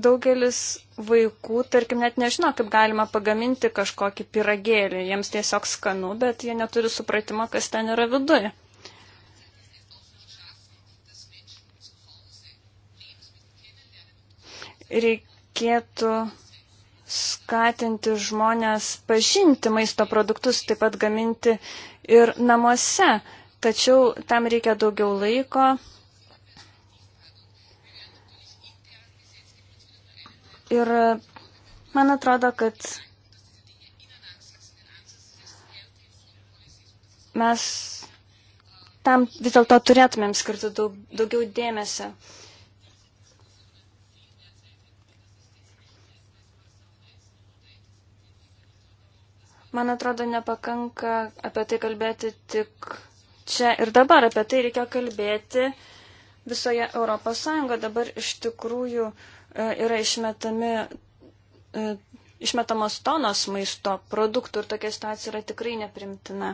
Daugelis vaikų, tarkim, net nežino, kaip galima pagaminti kažkokį piragėlį. Jiems tiesiog skanu, bet jie neturi supratimo, kas ten yra viduje. Reikia reikėtų skatinti žmonės pažinti maisto produktus, taip pat gaminti ir namuose. Tačiau tam reikia daugiau laiko. Ir man atrodo, kad mes tam vis dėlto turėtumėm skirti daug, daugiau dėmesio. Man atrodo, nepakanka apie tai kalbėti tik čia ir dabar, apie tai reikia kalbėti visoje Europos Sąjungoje. Dabar iš tikrųjų e, yra išmetami, e, išmetamos tonos maisto produktų ir tokia situacija yra tikrai neprimtina.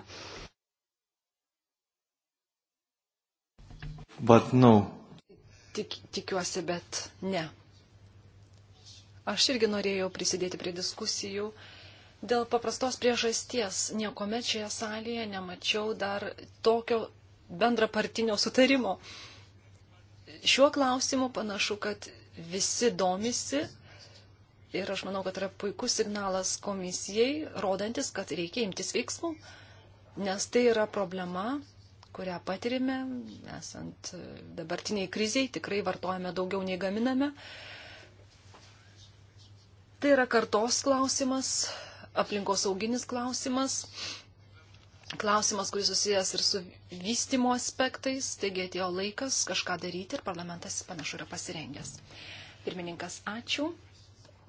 But no. Tik, tikiuosi, bet ne. Aš irgi norėjau prisidėti prie diskusijų Dėl paprastos priežasties niekuomet šioje salėje nemačiau dar tokio bendrapartinio sutarimo. Šiuo klausimu panašu, kad visi domisi ir aš manau, kad yra puikus signalas komisijai, rodantis, kad reikia imtis veiksmų, nes tai yra problema, kurią patirime, esant dabartiniai kriziai, tikrai vartojame daugiau nei gaminame. Tai yra kartos klausimas, aplinkosauginis klausimas, klausimas, kuris susijęs ir su vystimo aspektais, taigi atėjo laikas kažką daryti ir parlamentas panašu yra pasirengęs. Pirmininkas, ačiū.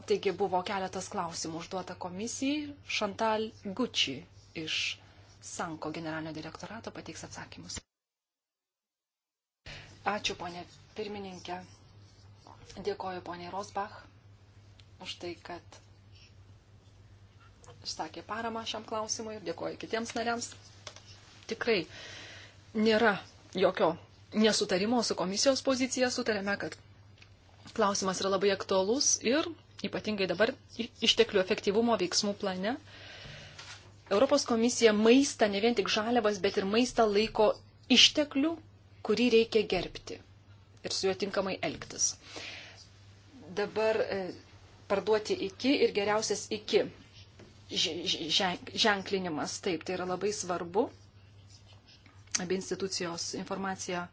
Taigi buvo keletas klausimų užduota komisijai. Šantal Gucci iš Sanko generalinio direktorato pateiks atsakymus. Ačiū, ponė pirmininkė. Dėkoju, ponė Rosbach, už tai, kad išsakė paramą šiam klausimui ir dėkoju kitiems nariams. Tikrai nėra jokio nesutarimo su komisijos pozicija, sutarėme, kad klausimas yra labai aktualus ir ypatingai dabar išteklių efektyvumo veiksmų plane. Europos komisija maistą ne vien tik žaliavas, bet ir maistą laiko išteklių, kurį reikia gerbti ir su juo tinkamai elgtis. Dabar e, parduoti iki ir geriausias iki ženklinimas. Taip, tai yra labai svarbu. Abi institucijos informacija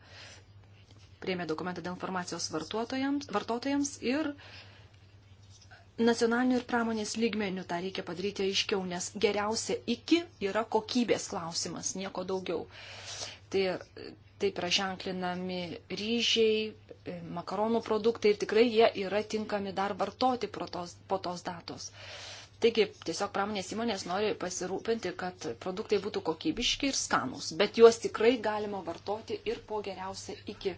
priemė dokumentą dėl informacijos vartotojams, vartotojams ir nacionalinių ir pramonės lygmenių tą reikia padaryti aiškiau, nes geriausia iki yra kokybės klausimas, nieko daugiau. Tai taip yra ženklinami ryžiai, makaronų produktai ir tikrai jie yra tinkami dar vartoti po tos, po tos datos. Uh, Taigi tiesiog pramonės įmonės nori pasirūpinti, kad produktai būtų kokybiški ir skanus, bet juos tikrai galima vartoti ir po geriausia iki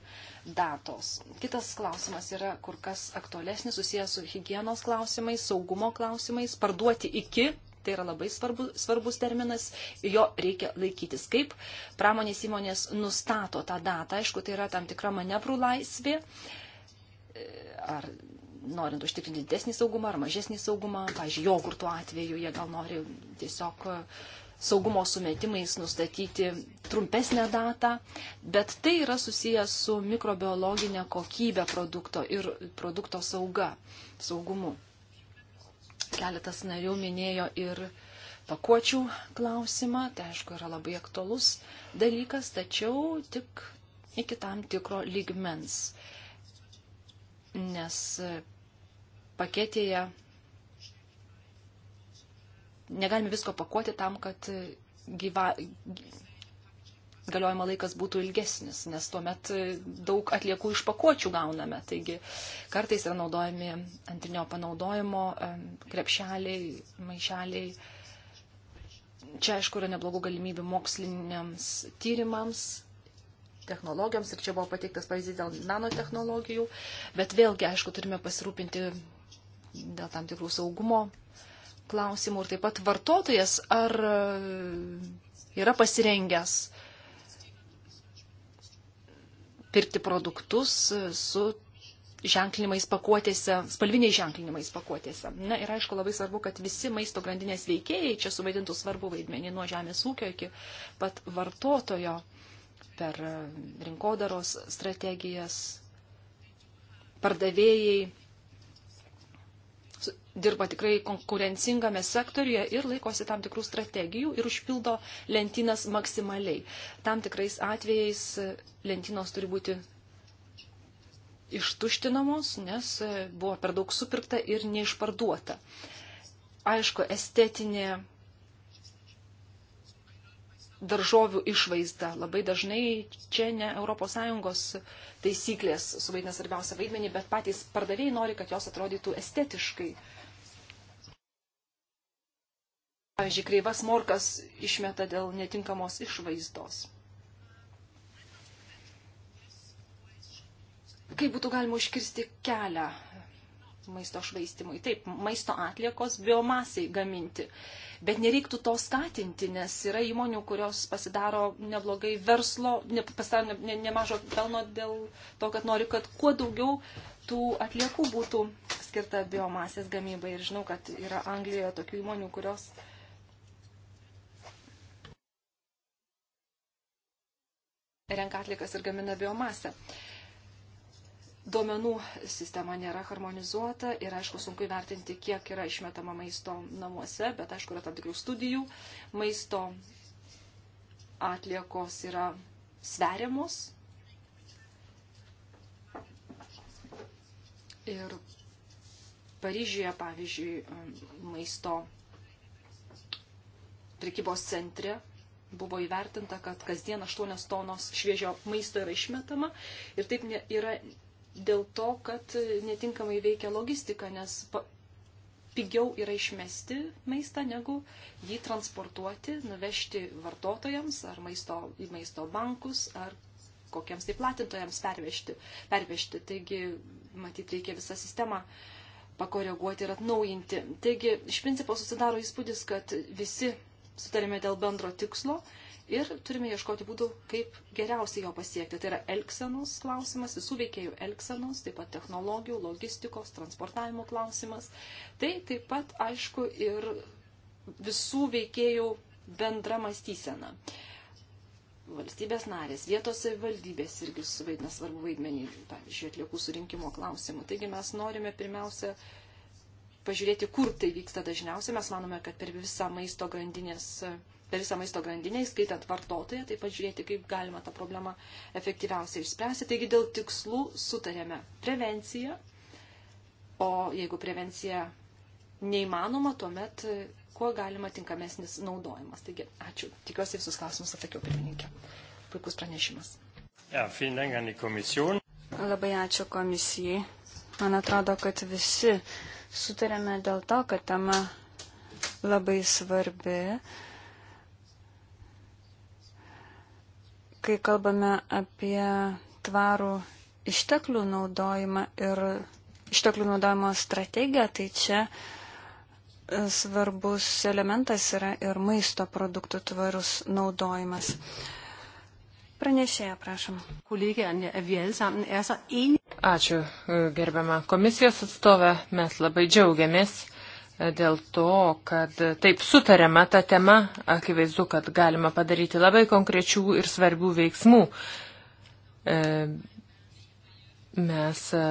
datos. Kitas klausimas yra kur kas aktualesnis, susijęs su hygienos klausimais, saugumo klausimais, parduoti iki. Tai yra labai svarbu, svarbus terminas, jo reikia laikytis. Kaip pramonės įmonės nustato tą datą, aišku, tai yra tam tikra manevrų laisvė ar norint užtikrinti didesnį saugumą ar mažesnį saugumą. Pavyzdžiui, jogurtų atveju jie gal nori tiesiog e, saugumo sumetimais nustatyti trumpesnę datą, bet tai yra susijęs su mikrobiologinė kokybė produkto ir produkto sauga, saugumu. Keletas narių minėjo ir pakuočių klausimą, tai aišku yra labai aktualus dalykas, tačiau tik iki tam tikro lygmens. Uh, nes paketėje negalime visko pakuoti tam, kad gyva, galiojimo laikas būtų ilgesnis, nes tuomet daug atliekų iš pakuočių gauname. Taigi kartais yra naudojami antrinio panaudojimo krepšeliai, maišeliai. Čia, aišku, yra neblogų galimybių moksliniams tyrimams, technologijoms ir čia buvo pateiktas pavyzdys dėl nanotehnologijų, bet vėlgi, aišku, turime pasirūpinti dėl tam tikrų saugumo klausimų ir taip pat vartotojas ar e, yra pasirengęs pirkti produktus e, su ženklinimais pakuotėse, spalviniais ženklinimais pakuotėse. Na ir aišku, labai svarbu, kad visi maisto grandinės veikėjai čia suvaidintų svarbu vaidmenį nuo žemės ūkio iki pat vartotojo per rinkodaros strategijas. Pardavėjai dirba tikrai konkurencingame sektoriuje ir laikosi tam tikrų strategijų ir užpildo lentynas maksimaliai. Tam tikrais atvejais lentynos turi būti ištuštinamos, nes buvo per daug supirkta ir neišparduota. Aišku, estetinė daržovių išvaizda. Labai dažnai čia ne ES taisyklės suvaidina svarbiausią vaidmenį, bet patys pardavėjai nori, kad jos atrodytų estetiškai. Pavyzdžiui, kreivas morkas išmeta dėl netinkamos išvaizdos. Kaip būtų galima užkirsti kelią maisto švaistimui. Taip, maisto atliekos biomasiai gaminti. Bet nereiktų to skatinti, nes yra įmonių, kurios pasidaro neblogai verslo, ne, pasidaro ne, ne, nemažo pelno dėl to, kad nori, kad kuo daugiau tų atliekų būtų skirta biomasės gamybai. Ir žinau, kad yra Anglijoje tokių įmonių, kurios. renka atlikas ir gamina biomasę. Uh, duomenų sistema nėra harmonizuota ir, aišku, sunku įvertinti, kiek yra išmetama maisto namuose, bet, aišku, yra tam tikrų studijų. Maisto atliekos yra sveriamos. Ir Paryžiuje, pavyzdžiui, maisto prekybos centre buvo įvertinta, kad kasdien 8 tonos šviežio maisto yra išmetama ir taip yra dėl to, kad netinkamai veikia logistika, nes pigiau yra išmesti maistą, negu jį transportuoti, nuvežti vartotojams ar maisto, į maisto bankus ar kokiems tai platintojams pervežti. pervežti. Taigi, matyt, reikia visą sistemą pakoreguoti ir atnaujinti. Taigi, iš principo susidaro įspūdis, kad visi sutarėme dėl bendro tikslo ir turime ieškoti būdų, kaip geriausiai jo pasiekti. Tai yra elksenos klausimas, visų veikėjų elksenos, taip pat technologijų, logistikos, transportavimo klausimas. Tai taip pat, aišku, ir visų veikėjų bendra mąstysena. Valstybės narės, vietos savivaldybės irgi suvaidina svarbu vaidmenį, pavyzdžiui, atliekų surinkimo klausimų. Taigi mes norime pirmiausia pažiūrėti, kur tai vyksta dažniausiai. Mes manome, kad per visą maisto grandinės per visą maisto grandinę, įskaitant vartotoją, taip pat žiūrėti, kaip galima tą problemą efektyviausiai išspręsti. Taigi dėl tikslų sutarėme prevenciją, o jeigu prevencija neįmanoma, tuomet e, kuo galima tinkamesnis naudojimas. Taigi, ačiū. Tikiuosi visus klausimus atsakiau, pirmininkė. Puikus pranešimas. Ja, Labai ačiū komisijai. Man atrodo, kad visi sutarėme dėl to, kad tema labai svarbi kai kalbame apie tvarų išteklių naudojimą ir išteklių naudojimo strategiją, tai čia e, svarbus elementas yra ir maisto produktų tvarus naudojimas. Pranešėja, prašom. Er Ačiū, e, gerbiama komisijos atstovė. Mes labai džiaugiamės dėl to, kad taip sutarėme tą temą, akivaizdu, kad galima padaryti labai konkrečių ir svarbių veiksmų. E, mes e,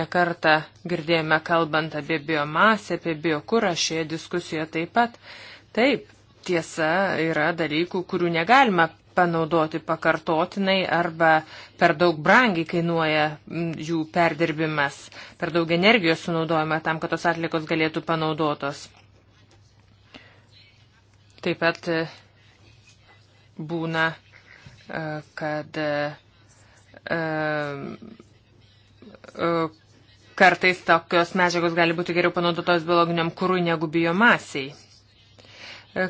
nekartą girdėjome kalbant apie biomasę, apie biokūrą šioje diskusijoje taip pat. Taip, tiesa, yra dalykų, kurių negalima panaudoti pakartotinai arba per daug brangiai kainuoja jų perdirbimas, per daug energijos sunaudojama tam, kad tos atlikos galėtų panaudotos. Taip pat e, būna, e, kad e, kartais tokios medžiagos gali būti geriau panaudotos biologiniam kūrui negu biomasiai.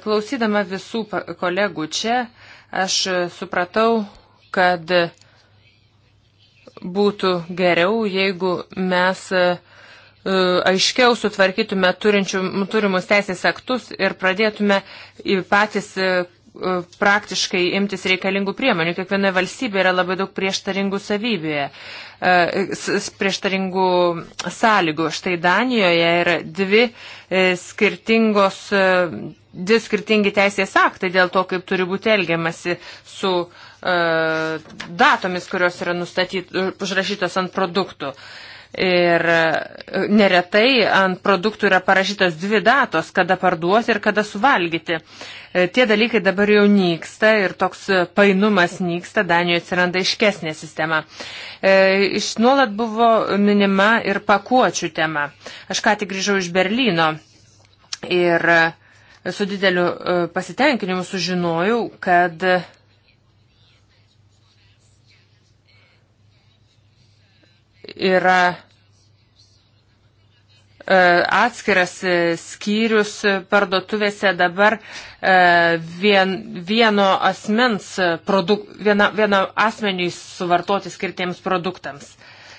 Klausydama visų kolegų čia, Aš supratau, kad būtų geriau, jeigu mes e, aiškiau sutvarkytume turinčių, turimus teisės aktus ir pradėtume patys e, E, praktiškai imtis reikalingų priemonių. Kiekvienoje valstybėje yra labai daug prieštaringų savybėje, e, prieštaringų sąlygų. Štai Danijoje yra dvi e, skirtingos, dvi skirtingi teisės aktai dėl to, kaip turi būti elgiamasi su datomis, kurios yra nustatyt, užrašytos ant produktų. Uh, Ir e, neretai ant produktų yra parašytos dvi datos, kada parduosi ir kada suvalgyti. E, tie dalykai dabar jau nyksta ir toks painumas nyksta, Danijoje atsiranda iškesnė sistema. E, iš nuolat buvo minima ir pakuočių tema. Aš ką tik grįžau iš Berlyno ir su dideliu pasitenkinimu sužinojau, kad yra e, atskiras e, skyrius parduotuvėse dabar e, vien, vieno asmens produk, viena, vieno asmeniui suvartoti skirtiems produktams.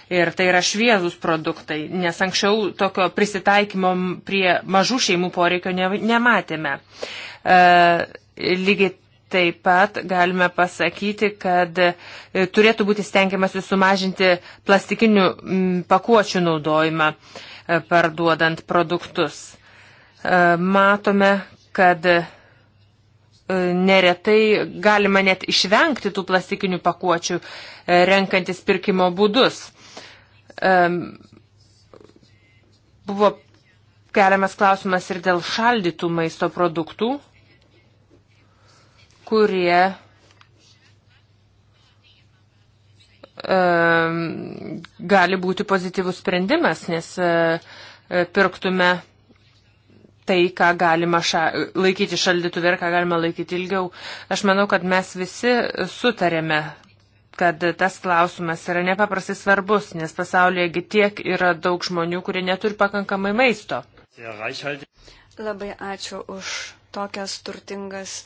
Ir tai yra šviežus produktai, nes anksčiau tokio prisitaikymo prie mažų šeimų poreikio ne, nematėme. E, lygiai Taip pat galime pasakyti, kad e, turėtų būti stengiamasi sumažinti plastikinių pakuočių naudojimą e, parduodant produktus. E, matome, kad neretai galima net išvengti tų plastikinių pakuočių, renkantis pirkimo būdus. Buvo keliamas klausimas ir dėl šaldytų maisto produktų kurie gali būti pozityvus sprendimas, nes e, e, pirktume tai, ką galima ša laikyti šaldytuvė ir ką galima laikyti ilgiau. Aš manau, kad mes visi sutarėme, kad tas klausimas yra nepaprastai svarbus, nes pasaulėgi tiek yra daug žmonių, kurie neturi pakankamai maisto. Labai ačiū už tokias turtingas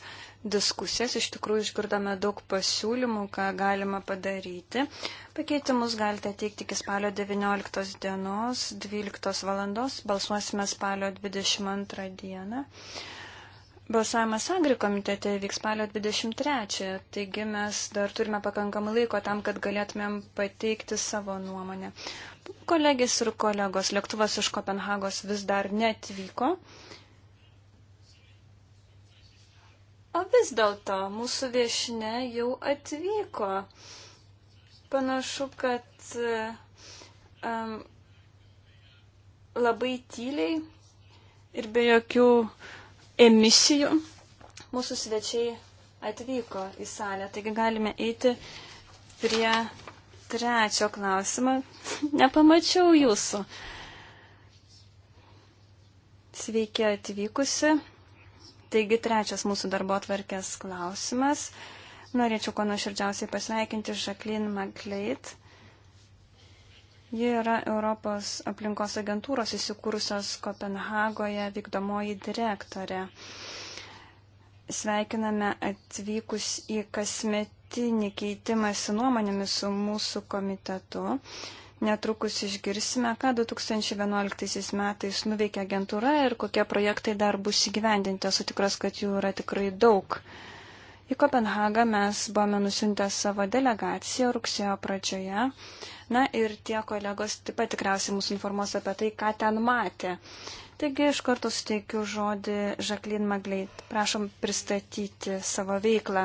diskusijas. Iš tikrųjų išgirdome daug pasiūlymų, ką galima padaryti. Pakeitimus galite teikti iki spalio 19 dienos, 12 valandos. Balsuosime spalio 22 dieną. Balsavimas Angri komitete vyks spalio 23, taigi mes dar turime pakankamai laiko tam, kad galėtumėm pateikti savo nuomonę. Kolegės ir kolegos, lėktuvas iš Kopenhagos vis dar netvyko, O vis dėlto mūsų viešinė jau atvyko. Panašu, kad um, labai tyliai ir be jokių emisijų mūsų svečiai atvyko į salę. Taigi galime eiti prie trečio klausimo. <laughs> Nepamačiau jūsų. Sveiki atvykusi. Taigi trečias mūsų darbo atvarkės klausimas. Norėčiau kuo nuoširdžiausiai pasveikinti Žaklin Magleit. Ji yra Europos aplinkos agentūros įsikūrusios Kopenhagoje vykdomoji direktorė. Sveikiname atvykus į kasmetinį keitimąsi nuomonėmis su mūsų komitetu. Uh, Netrukus išgirsime, ką 2011 metais nuveikė agentūra ir kokie projektai dar bus įgyvendinti. Esu tikras, kad jų yra tikrai daug. Į Kopenhagą mes buvome nusintę savo delegaciją rugsėjo pradžioje. Na ir tie kolegos taip pat tikriausiai mūsų informuos apie tai, ką ten matė. Uh, Taigi iš karto suteikiu žodį Žaklin Magleit. Prašom pristatyti savo veiklą.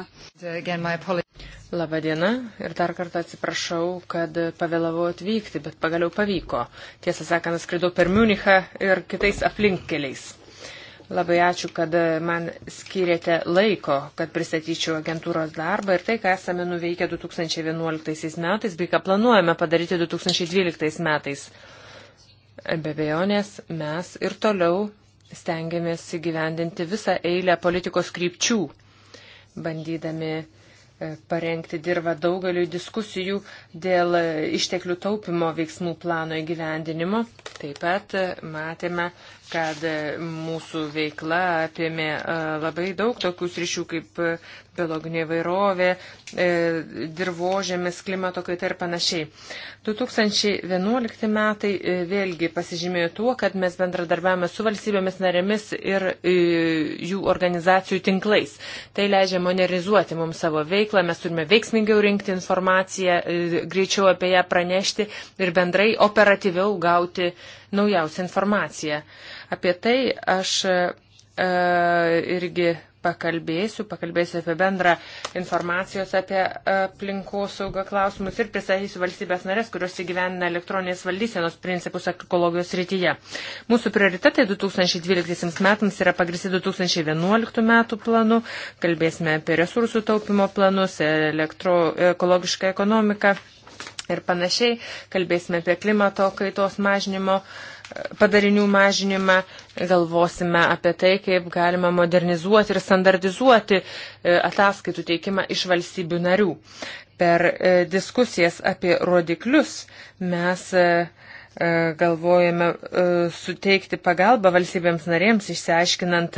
Labadiena ir dar kartą atsiprašau, kad pavėlavau atvykti, bet pagaliau pavyko. Tiesą sakant, skridau per Miunichą ir kitais aplinkkeliais. Labai ačiū, kad man skiriate laiko, kad pristatyčiau agentūros darbą ir tai, ką esame nuveikę 2011 metais, bei ką planuojame padaryti 2012 metais. Be bejonės mes ir toliau stengiamės įgyvendinti visą eilę politikos krypčių, bandydami e, parengti dirbą daugeliu diskusijų dėl e, išteklių taupimo veiksmų plano įgyvendinimo. Taip pat e, matėme, kad e, mūsų veikla apėmė e, labai daug tokių sričių kaip e, biologinė vairovė, dirbožėmis, klimato kaita ir panašiai. 2011 metai vėlgi pasižymėjo tuo, kad mes bendradarbiavame su valstybėmis narėmis ir jų organizacijų tinklais. Tai leidžia modernizuoti mums savo veiklą, mes turime veiksmingiau rinkti informaciją, greičiau apie ją pranešti ir bendrai operatyviau gauti naujausią informaciją. Apie tai aš e, irgi pakalbėsiu, pakalbėsiu apie bendrą informacijos apie e, aplinkosaugą klausimus ir pristatysiu valstybės narės, kurios įgyvendina elektroninės valdysenos principus ekologijos rytyje. Mūsų prioritetai 2012 metams yra pagristi 2011 metų planu, kalbėsime apie resursų taupimo planus, elektro, ekologišką ekonomiką ir panašiai, kalbėsime apie klimato kaitos mažinimo uh, padarinių mažinimą, galvosime apie tai, kaip galima modernizuoti ir standartizuoti e, ataskaitų teikimą iš valstybių narių. Per e, diskusijas apie rodiklius mes e, galvojame suteikti pagalbą valstybėms narėms, išsiaiškinant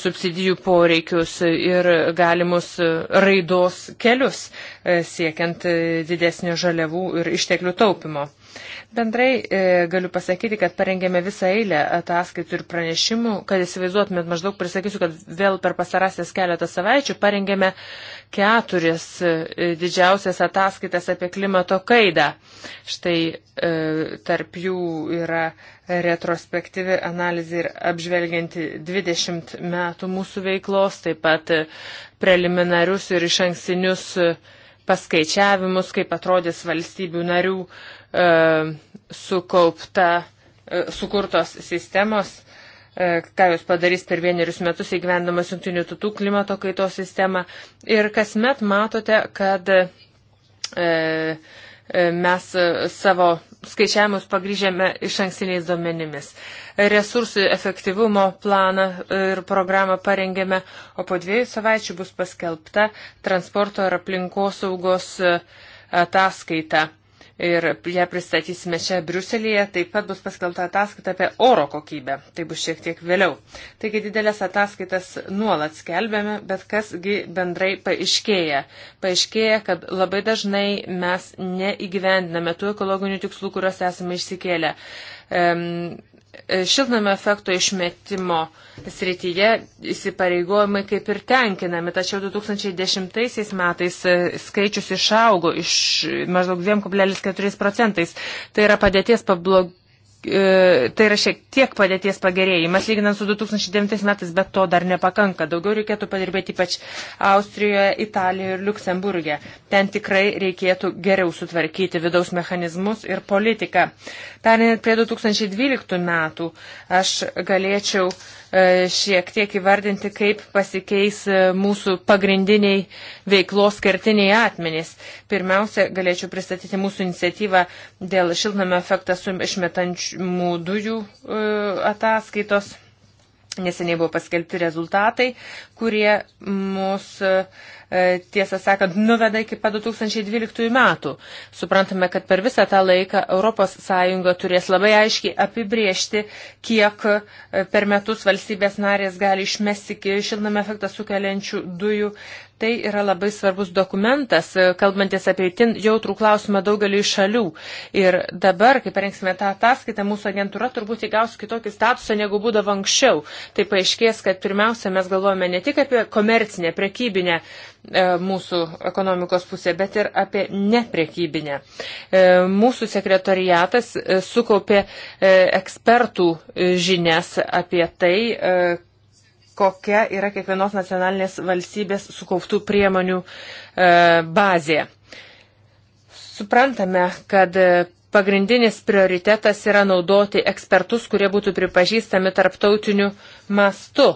subsidijų poreikius ir galimus raidos kelius, siekiant didesnio žaliavų ir išteklių taupimo. Bendrai e, galiu pasakyti, kad parengėme visą eilę ataskaitų ir pranešimų, kad įsivaizduotumėt maždaug, prisakysiu, kad vėl per pasarasias keletą savaičių parengėme keturis e, didžiausias ataskaitas apie klimato kaidą. Štai e, tarp jų yra retrospektyvi analizė ir apžvelgianti 20 metų mūsų veiklos, taip pat e, preliminarius ir iš ankstinius e, paskaičiavimus, kaip atrodys valstybių narių E, sukaupta, e, sukurtos sistemos, e, ką jūs padarys per vienerius metus įgyvendamas jungtinių tautų klimato kaitos sistemą. Ir kasmet matote, kad mes savo skaičiavimus pagryžėme iš ankstiniais duomenimis. Resursų efektyvumo planą ir programą parengėme, o po dviejų savaičių bus paskelbta transporto ir aplinkosaugos ataskaita ir ją pristatysime čia Briuselėje. Taip pat bus paskelbta ataskaita apie oro kokybę. Tai bus šiek tiek vėliau. Taigi didelės ataskaitas nuolat skelbėme, bet kasgi bendrai paaiškėja. Paaiškėja, kad labai dažnai mes neįgyvendiname tų ekologinių tikslų, kuriuos esame išsikėlę. Um, E, šiltnamio efekto išmetimo srityje įsipareigojimai kaip ir tenkinami, tačiau 2010 metais e, skaičius išaugo iš maždaug 2,4 procentais. Tai yra padėties pablog, E, tai yra šiek tiek padėties pagerėjimas, lyginant su 2009 metais, bet to dar nepakanka. Daugiau reikėtų padirbėti ypač Austrijoje, Italijoje ir Luksemburgė. Ten tikrai reikėtų geriau sutvarkyti vidaus mechanizmus ir politiką. Perinant prie 2012 metų, aš galėčiau E, šiek tiek įvardinti, kaip pasikeis e, mūsų pagrindiniai veiklos kertiniai atmenys. Pirmiausia, galėčiau pristatyti mūsų iniciatyvą dėl šiltnamio efektą su išmetančių dujų e, ataskaitos. Neseniai buvo paskelbti rezultatai, kurie mus, e, tiesą sakant, nuveda iki pat 2012 metų. Suprantame, kad per visą tą laiką ES turės labai aiškiai apibriežti, kiek e, per metus valstybės narės gali išmesti šiltnamio efektą sukeliančių dujų Tai yra labai svarbus dokumentas, e, kalbantis apie itin jautrų klausimą daugeliu šalių. Ir dabar, kai parengsime tą ataskaitą, mūsų agentūra turbūt įgaus kitokį statusą, negu būdavo anksčiau. Tai paaiškės, kad pirmiausia, mes galvojame ne tik apie komercinę, prekybinę e, mūsų ekonomikos pusė, bet ir apie neprekybinę. E, mūsų sekretoriatas sukaupė ekspertų žinias apie tai, kokia yra kiekvienos nacionalinės valstybės sukauptų priemonių e, bazė. Suprantame, kad e, pagrindinis prioritetas yra naudoti ekspertus, kurie būtų pripažįstami tarptautiniu mastu.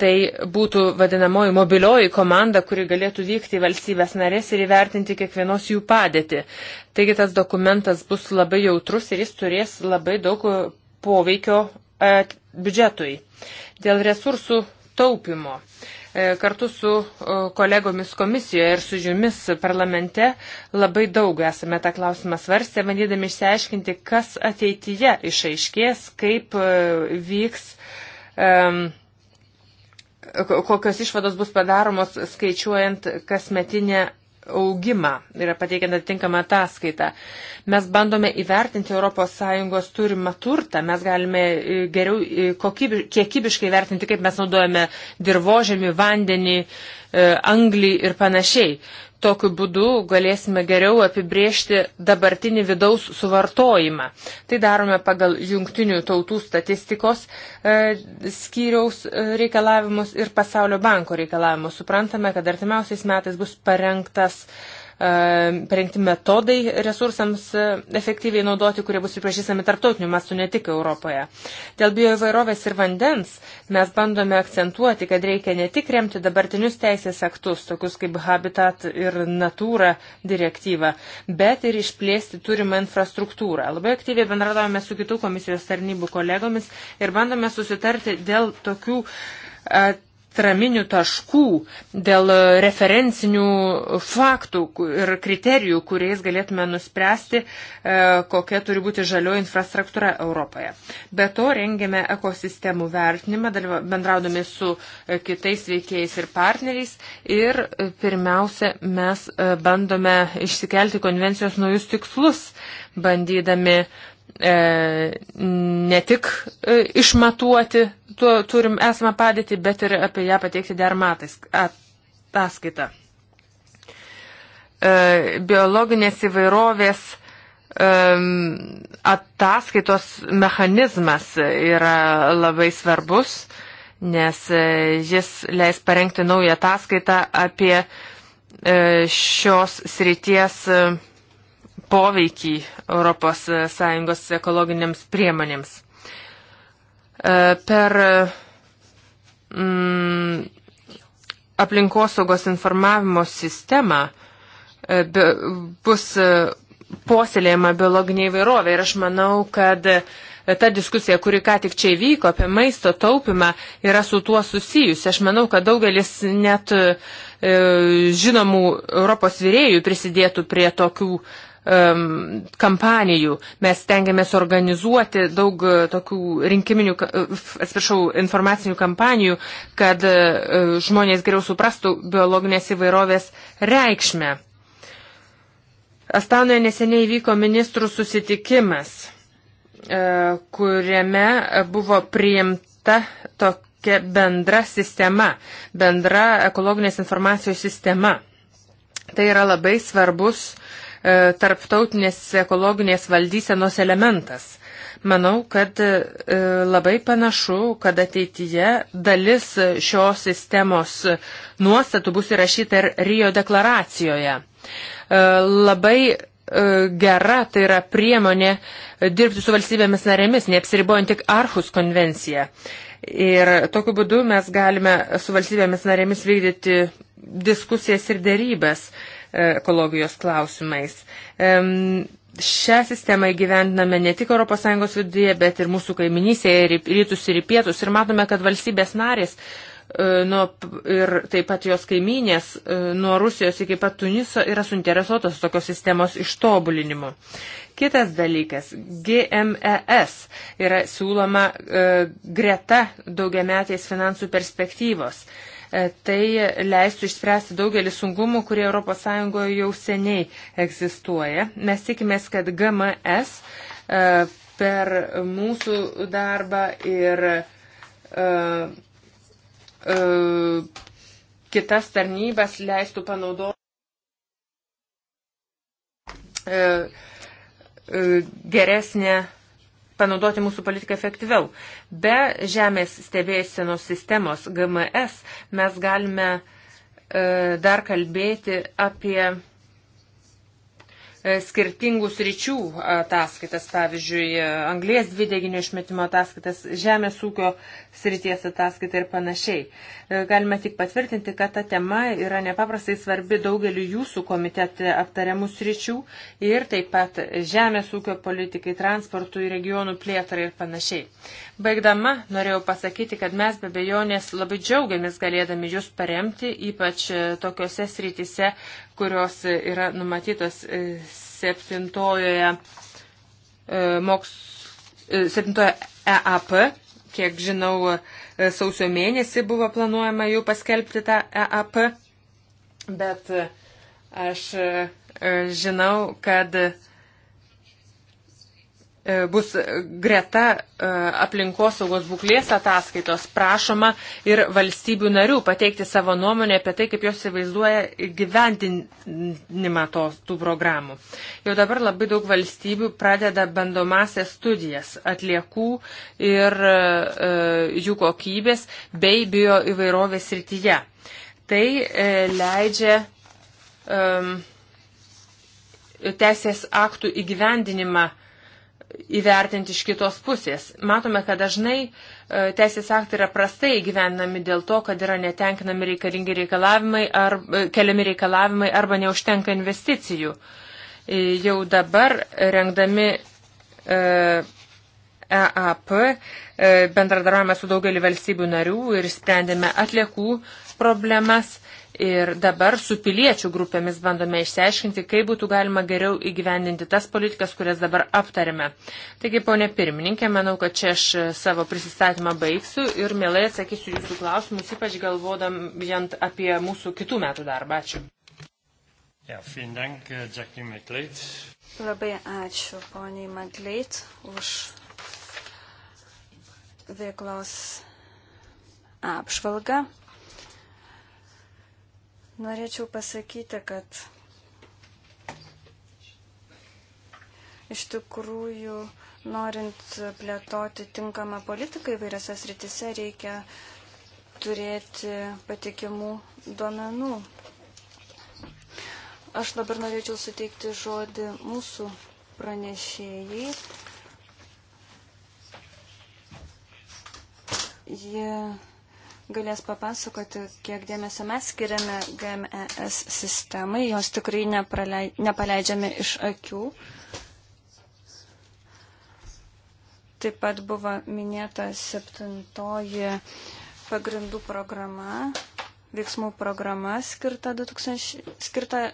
Tai būtų vadinamoji mobilioji komanda, kuri galėtų vykti į valstybės narės ir įvertinti kiekvienos jų padėtį. Taigi tas dokumentas bus labai jautrus ir jis turės labai daug poveikio e, biudžetui. Dėl resursų taupimo. E, kartu su kolegomis komisijoje ir su jumis parlamente labai daug esame tą klausimą svarstę, bandydami išsiaiškinti, kas ateityje išaiškės, kaip e, vyks. Um, kokios išvados bus padaromos skaičiuojant kasmetinę augimą ir pateikiant atitinkamą ataskaitą. Mes bandome įvertinti ES turimą turtą, mes galime e, geriau e, kokybi, kiekybiškai vertinti, kaip mes naudojame dirbožėmį, vandenį, e, anglį ir panašiai. Tokiu būdu galėsime geriau apibriežti dabartinį vidaus suvartojimą. Tai darome pagal jungtinių tautų statistikos e, skyriaus e, reikalavimus ir pasaulio banko reikalavimus. Suprantame, kad artimiausiais metais bus parengtas e, Ehm, parengti metodai resursams e, efektyviai naudoti, kurie bus pripažįstami tarptautiniu mastu, ne tik Europoje. Dėl bioįvairovės ir vandens mes bandome akcentuoti, kad reikia ne tik remti dabartinius teisės aktus, tokius kaip Habitat ir Natūra direktyva, bet ir išplėsti turimą infrastruktūrą. Labai aktyviai bendradavome su kitų komisijos tarnybų kolegomis ir bandome susitarti dėl tokių at, e, atraminių taškų, dėl referencinių faktų ir kriterijų, kuriais galėtume nuspręsti, e, kokia turi būti žalioji infrastruktūra Europoje. Be to rengėme ekosistemų vertinimą, bendraudami su e, kitais veikėjais ir partneriais ir e, pirmiausia, mes bandome išsikelti konvencijos naujus tikslus, bandydami E, ne tik e, išmatuoti tuo, turim esamą padėtį, bet ir apie ją pateikti dermatais ataskaitą. E, biologinės įvairovės ataskaitos mechanizmas yra labai svarbus, nes jis leis parengti naują ataskaitą apie šios srities poveikį ES ekologiniams priemonėms. E, per mm, aplinkosaugos informavimo sistemą e, be, bus e, posėlėjama biologinė įvairovė ir aš manau, kad ta diskusija, kuri ką tik čia vyko apie maisto taupimą, yra su tuo susijusi. Aš manau, kad daugelis net žinomų Europos vyrėjų prisidėtų prie tokių um, kampanijų. Mes tengiamės organizuoti daug uh, tokių rinkiminių, uh, atsiprašau, informacinių kampanijų, kad uh, žmonės geriau suprastų biologinės įvairovės reikšmę. Astanoje neseniai vyko ministrų susitikimas, uh, kuriame buvo priimta tokia bendra sistema, bendra ekologinės informacijos sistema. Tai yra labai svarbus E, tarptautinės ekologinės valdysenos elementas. Manau, kad e, labai panašu, kad ateityje dalis šios sistemos nuostatų bus įrašyta ir Rio deklaracijoje. E, labai gera tai yra priemonė dirbti su valstybėmis narėmis, neapsiribojant tik Arhus konvenciją. Ir tokiu būdu mes galime su valstybėmis narėmis vykdyti diskusijas ir dėrybės. Uh, E, ekologijos klausimais. Šią sistemą įgyvendiname ne tik ES viduje, bet ir mūsų kaiminysėje, ir rytus ir į pietus. Ir matome, kad valstybės narės e, nuo, ir taip pat jos kaiminės e, nuo Rusijos iki pat Tuniso yra suinteresuotos tokios sistemos ištobulinimu. Kitas dalykas - GMES yra siūloma e, greta daugiametės finansų perspektyvos. E, E, tai leistų išspręsti daugelį sungumų, kurie ES jau seniai egzistuoja. Mes tikimės, kad GMS e, per mūsų darbą ir e, kitas tarnybas leistų panaudoti geresnę panaudoti mūsų politiką efektyviau. Be žemės stebėsienos sistemos GMS mes galime e, dar kalbėti apie E, skirtingų sričių ataskaitas, pavyzdžiui, e, anglės dvideginio išmetimo ataskaitas, žemės ūkio srities ataskaitą ir panašiai. E, galime tik patvirtinti, kad ta tema yra nepaprastai svarbi daugeliu jūsų komitete aptariamų sričių ir taip pat žemės ūkio politikai, transportui, regionų plėtrai ir panašiai. Baigdama norėjau pasakyti, kad mes be bejonės labai džiaugiamės galėdami jūs paremti, ypač e, tokiuose srityse, kurios e, yra numatytos e, septintojoje moks, septintoje EAP. Kiek žinau, sausio mėnesį buvo planuojama jau paskelbti tą EAP, bet aš žinau, kad E, bus greta e, aplinkosaugos būklės ataskaitos prašoma ir valstybių narių pateikti savo nuomonę apie tai, kaip jos įvaizduoja gyventinimą to, tų programų. Jau dabar labai daug valstybių pradeda bandomasias studijas atliekų ir e, jų kokybės bei bio įvairovės rytyje. Tai e, leidžia. Um, e, Teisės aktų įgyvendinimą uh, įvertinti iš kitos pusės. Matome, kad dažnai e, teisės aktai yra prastai gyvenami dėl to, kad yra netenkinami reikalingi reikalavimai ar e, keliami reikalavimai arba neužtenka investicijų. E, jau dabar rengdami EAP bendradarbiavame su daugelį valstybių narių ir sprendėme atliekų problemas Ir dabar su piliečių grupėmis bandome išsiaiškinti, kaip būtų galima geriau įgyvendinti tas politikas, kurias dabar aptarėme. Taigi, ponė pirmininkė, manau, kad čia aš e, savo prisistatymą baigsiu ir mielai atsakysiu jūsų klausimus, ypač galvodam jant apie mūsų kitų metų darbą. Ačiū. Ja, dank, äh, Labai ačiū poniai Magleit už veiklos apžvalgą. Norėčiau pasakyti, kad iš tikrųjų, norint plėtoti tinkamą politiką įvairiose sritise, reikia turėti patikimų duomenų. Aš dabar norėčiau suteikti žodį mūsų pranešėjai. Jie yeah galės papasakoti, kiek dėmesio mes skiriame GMES sistemai, jos tikrai nepaleidžiame iš akių. Taip pat buvo minėta septintoji pagrindų programa, veiksmų programa skirta, 2000, skirta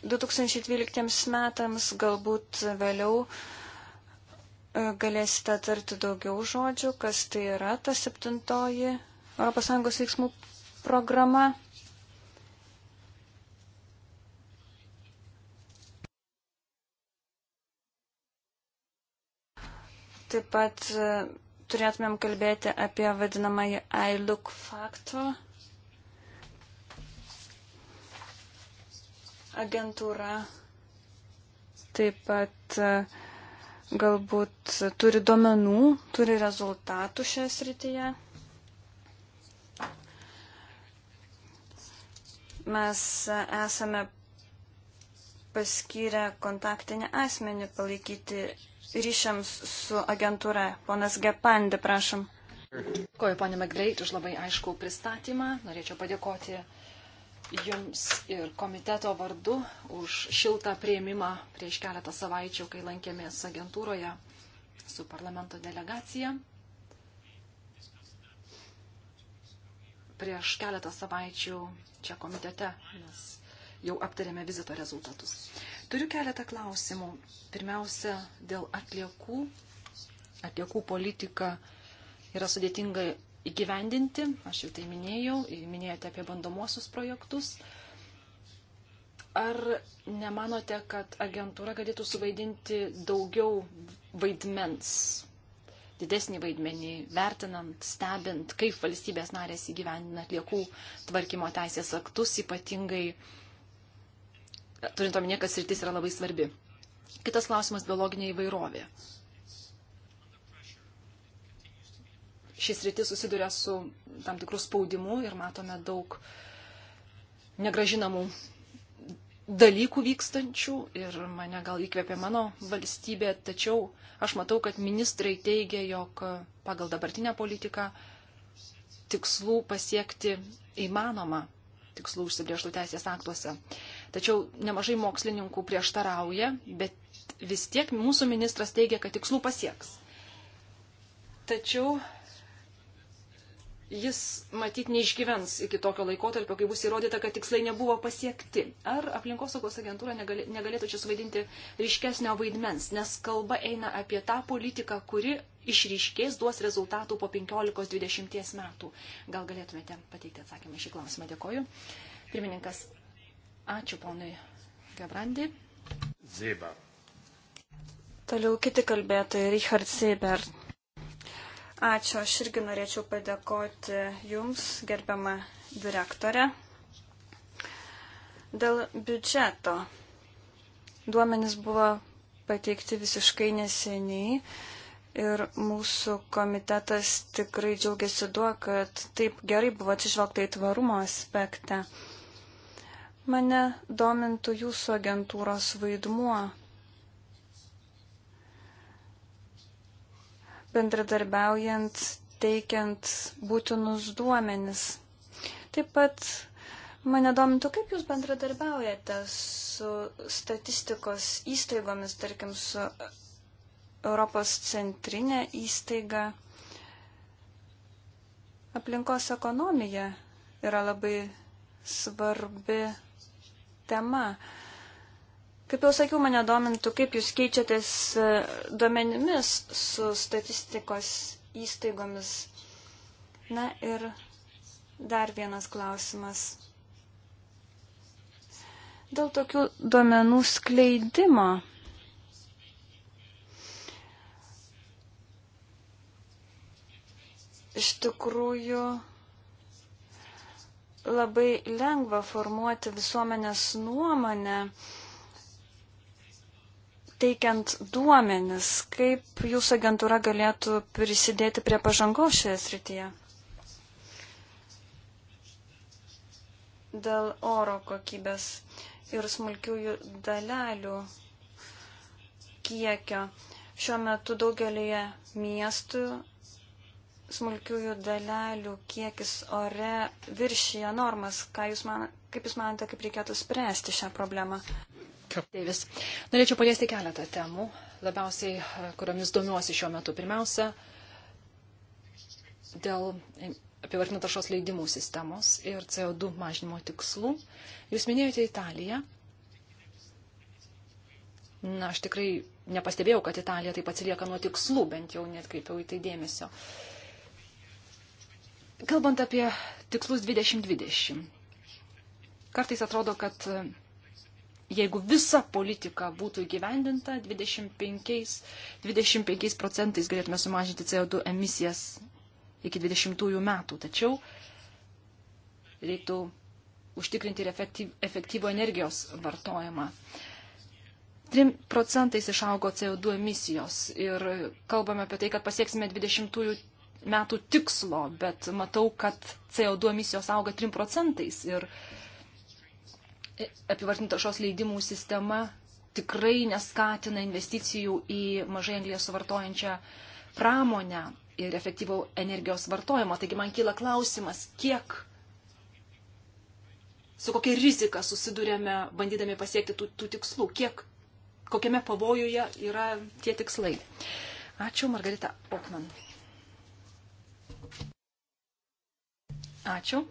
2012 metams, galbūt vėliau e, galėsite tarti daugiau žodžių, kas tai yra ta septintoji ES veiksmų programa. Taip pat e, turėtumėm kalbėti apie vadinamąjį I look factor. Agentūra taip pat e, galbūt turi domenų, turi rezultatų šioje srityje. Mes esame paskyrę kontaktinį asmenį palaikyti ryšiams su agentūra. Ponas Gepandi, prašom. Dėkuoju, ponė Megreit, už labai aišku pristatymą. Norėčiau padėkoti Jums ir komiteto vardu už šiltą prieimimą prieš keletą savaičių, kai lankėmės agentūroje su parlamento delegacija. Prieš keletą savaičių čia komitete, nes jau aptarėme vizito rezultatus. Turiu keletą klausimų. Pirmiausia, dėl atliekų. Atliekų politika yra sudėtinga įgyvendinti, aš jau tai minėjau, minėjote apie bandomuosius projektus. Ar nemanote, kad agentūra galėtų suvaidinti daugiau vaidmens didesnį vaidmenį, vertinant, stebint, kaip valstybės narės įgyvendina atliekų tvarkymo teisės aktus, ypatingai turint omenyje, kad sritis yra labai svarbi. Kitas klausimas - biologinė įvairovė. Šis rytis susiduria su tam tikrų spaudimu ir matome daug negražinamų dalykų vykstančių ir mane gal įkvėpė mano valstybė, tačiau aš matau, kad ministrai teigia, jog pagal dabartinę politiką tikslų pasiekti įmanoma, tikslų užsibrieštų teisės aktuose. Tačiau nemažai mokslininkų prieštarauja, bet vis tiek mūsų ministras teigia, kad tikslų pasieks. Tačiau jis matyt neišgyvens iki tokio laikotarpio, kai bus įrodyta, kad tikslai nebuvo pasiekti. Ar aplinkosaugos agentūra negalėtų čia suvaidinti ryškesnio vaidmens, nes kalba eina apie tą politiką, kuri išryškės, duos rezultatų po 15-20 metų. Gal galėtumėte pateikti atsakymą šį klausimą. Dėkoju. Pirmininkas, ačiū ponui Gebrandi. Zeba. Toliau kiti kalbėtojai. Richard Seibert. Ačiū, aš irgi norėčiau padėkoti Jums, gerbiama direktorė. Dėl biudžeto. Duomenys buvo pateikti visiškai neseniai ir mūsų komitetas tikrai džiaugiasi tuo, kad taip gerai buvo atsižvelgta į tvarumo aspektą. Mane domintų Jūsų agentūros vaidmuo bendradarbiaujant, teikiant būtinus duomenis. Taip pat mane domintų, kaip jūs bendradarbiaujate su statistikos įstaigomis, tarkim, su Europos centrinė įstaiga. Aplinkos ekonomija yra labai svarbi tema. Kaip jau sakiau, mane domintų, kaip jūs keičiatės e, duomenimis su statistikos įstaigomis. Na ir dar vienas klausimas. Dėl tokių duomenų skleidimo. Iš tikrųjų, labai lengva formuoti visuomenės nuomonę teikiant duomenis, kaip jūsų agentūra galėtų prisidėti prie pažangos šioje srityje? Dėl oro kokybės ir smulkiųjų dalelių kiekio. Šiuo metu daugelįje miestų smulkiųjų dalelių kiekis ore viršyje normas. Ką jūs man, kaip Jūs manate, kaip reikėtų spręsti šią problemą? Deivis. Norėčiau paliesti keletą temų, labiausiai e, kuriomis domiuosi šiuo metu. Pirmiausia, dėl apivartinių taršos leidimų sistemos ir CO2 mažinimo tikslų. Jūs minėjote Italiją. Na, aš tikrai nepastebėjau, kad Italija taip atsilieka nuo tikslų, bent jau netkreipiau į tai dėmesio. Kalbant apie tikslus 2020, kartais atrodo, kad jeigu visa politika būtų įgyvendinta, 25, 25 procentais galėtume sumažinti CO2 emisijas iki 20 metų. Tačiau reiktų užtikrinti ir efektyvų energijos vartojimą. 3 procentais išaugo CO2 emisijos ir kalbame apie tai, kad pasieksime 20 metų tikslo, bet matau, kad CO2 emisijos auga 3 procentais ir apivartinta šios leidimų sistema tikrai neskatina investicijų į mažai anglės suvartojančią pramonę ir efektyvų energijos vartojimą. Taigi man kyla klausimas, kiek, su kokia rizika susidurėme, bandydami pasiekti tų, tų tikslų, kiek, kokiame pavojuje yra tie tikslai. Ačiū, Margarita Okman. Ačiū.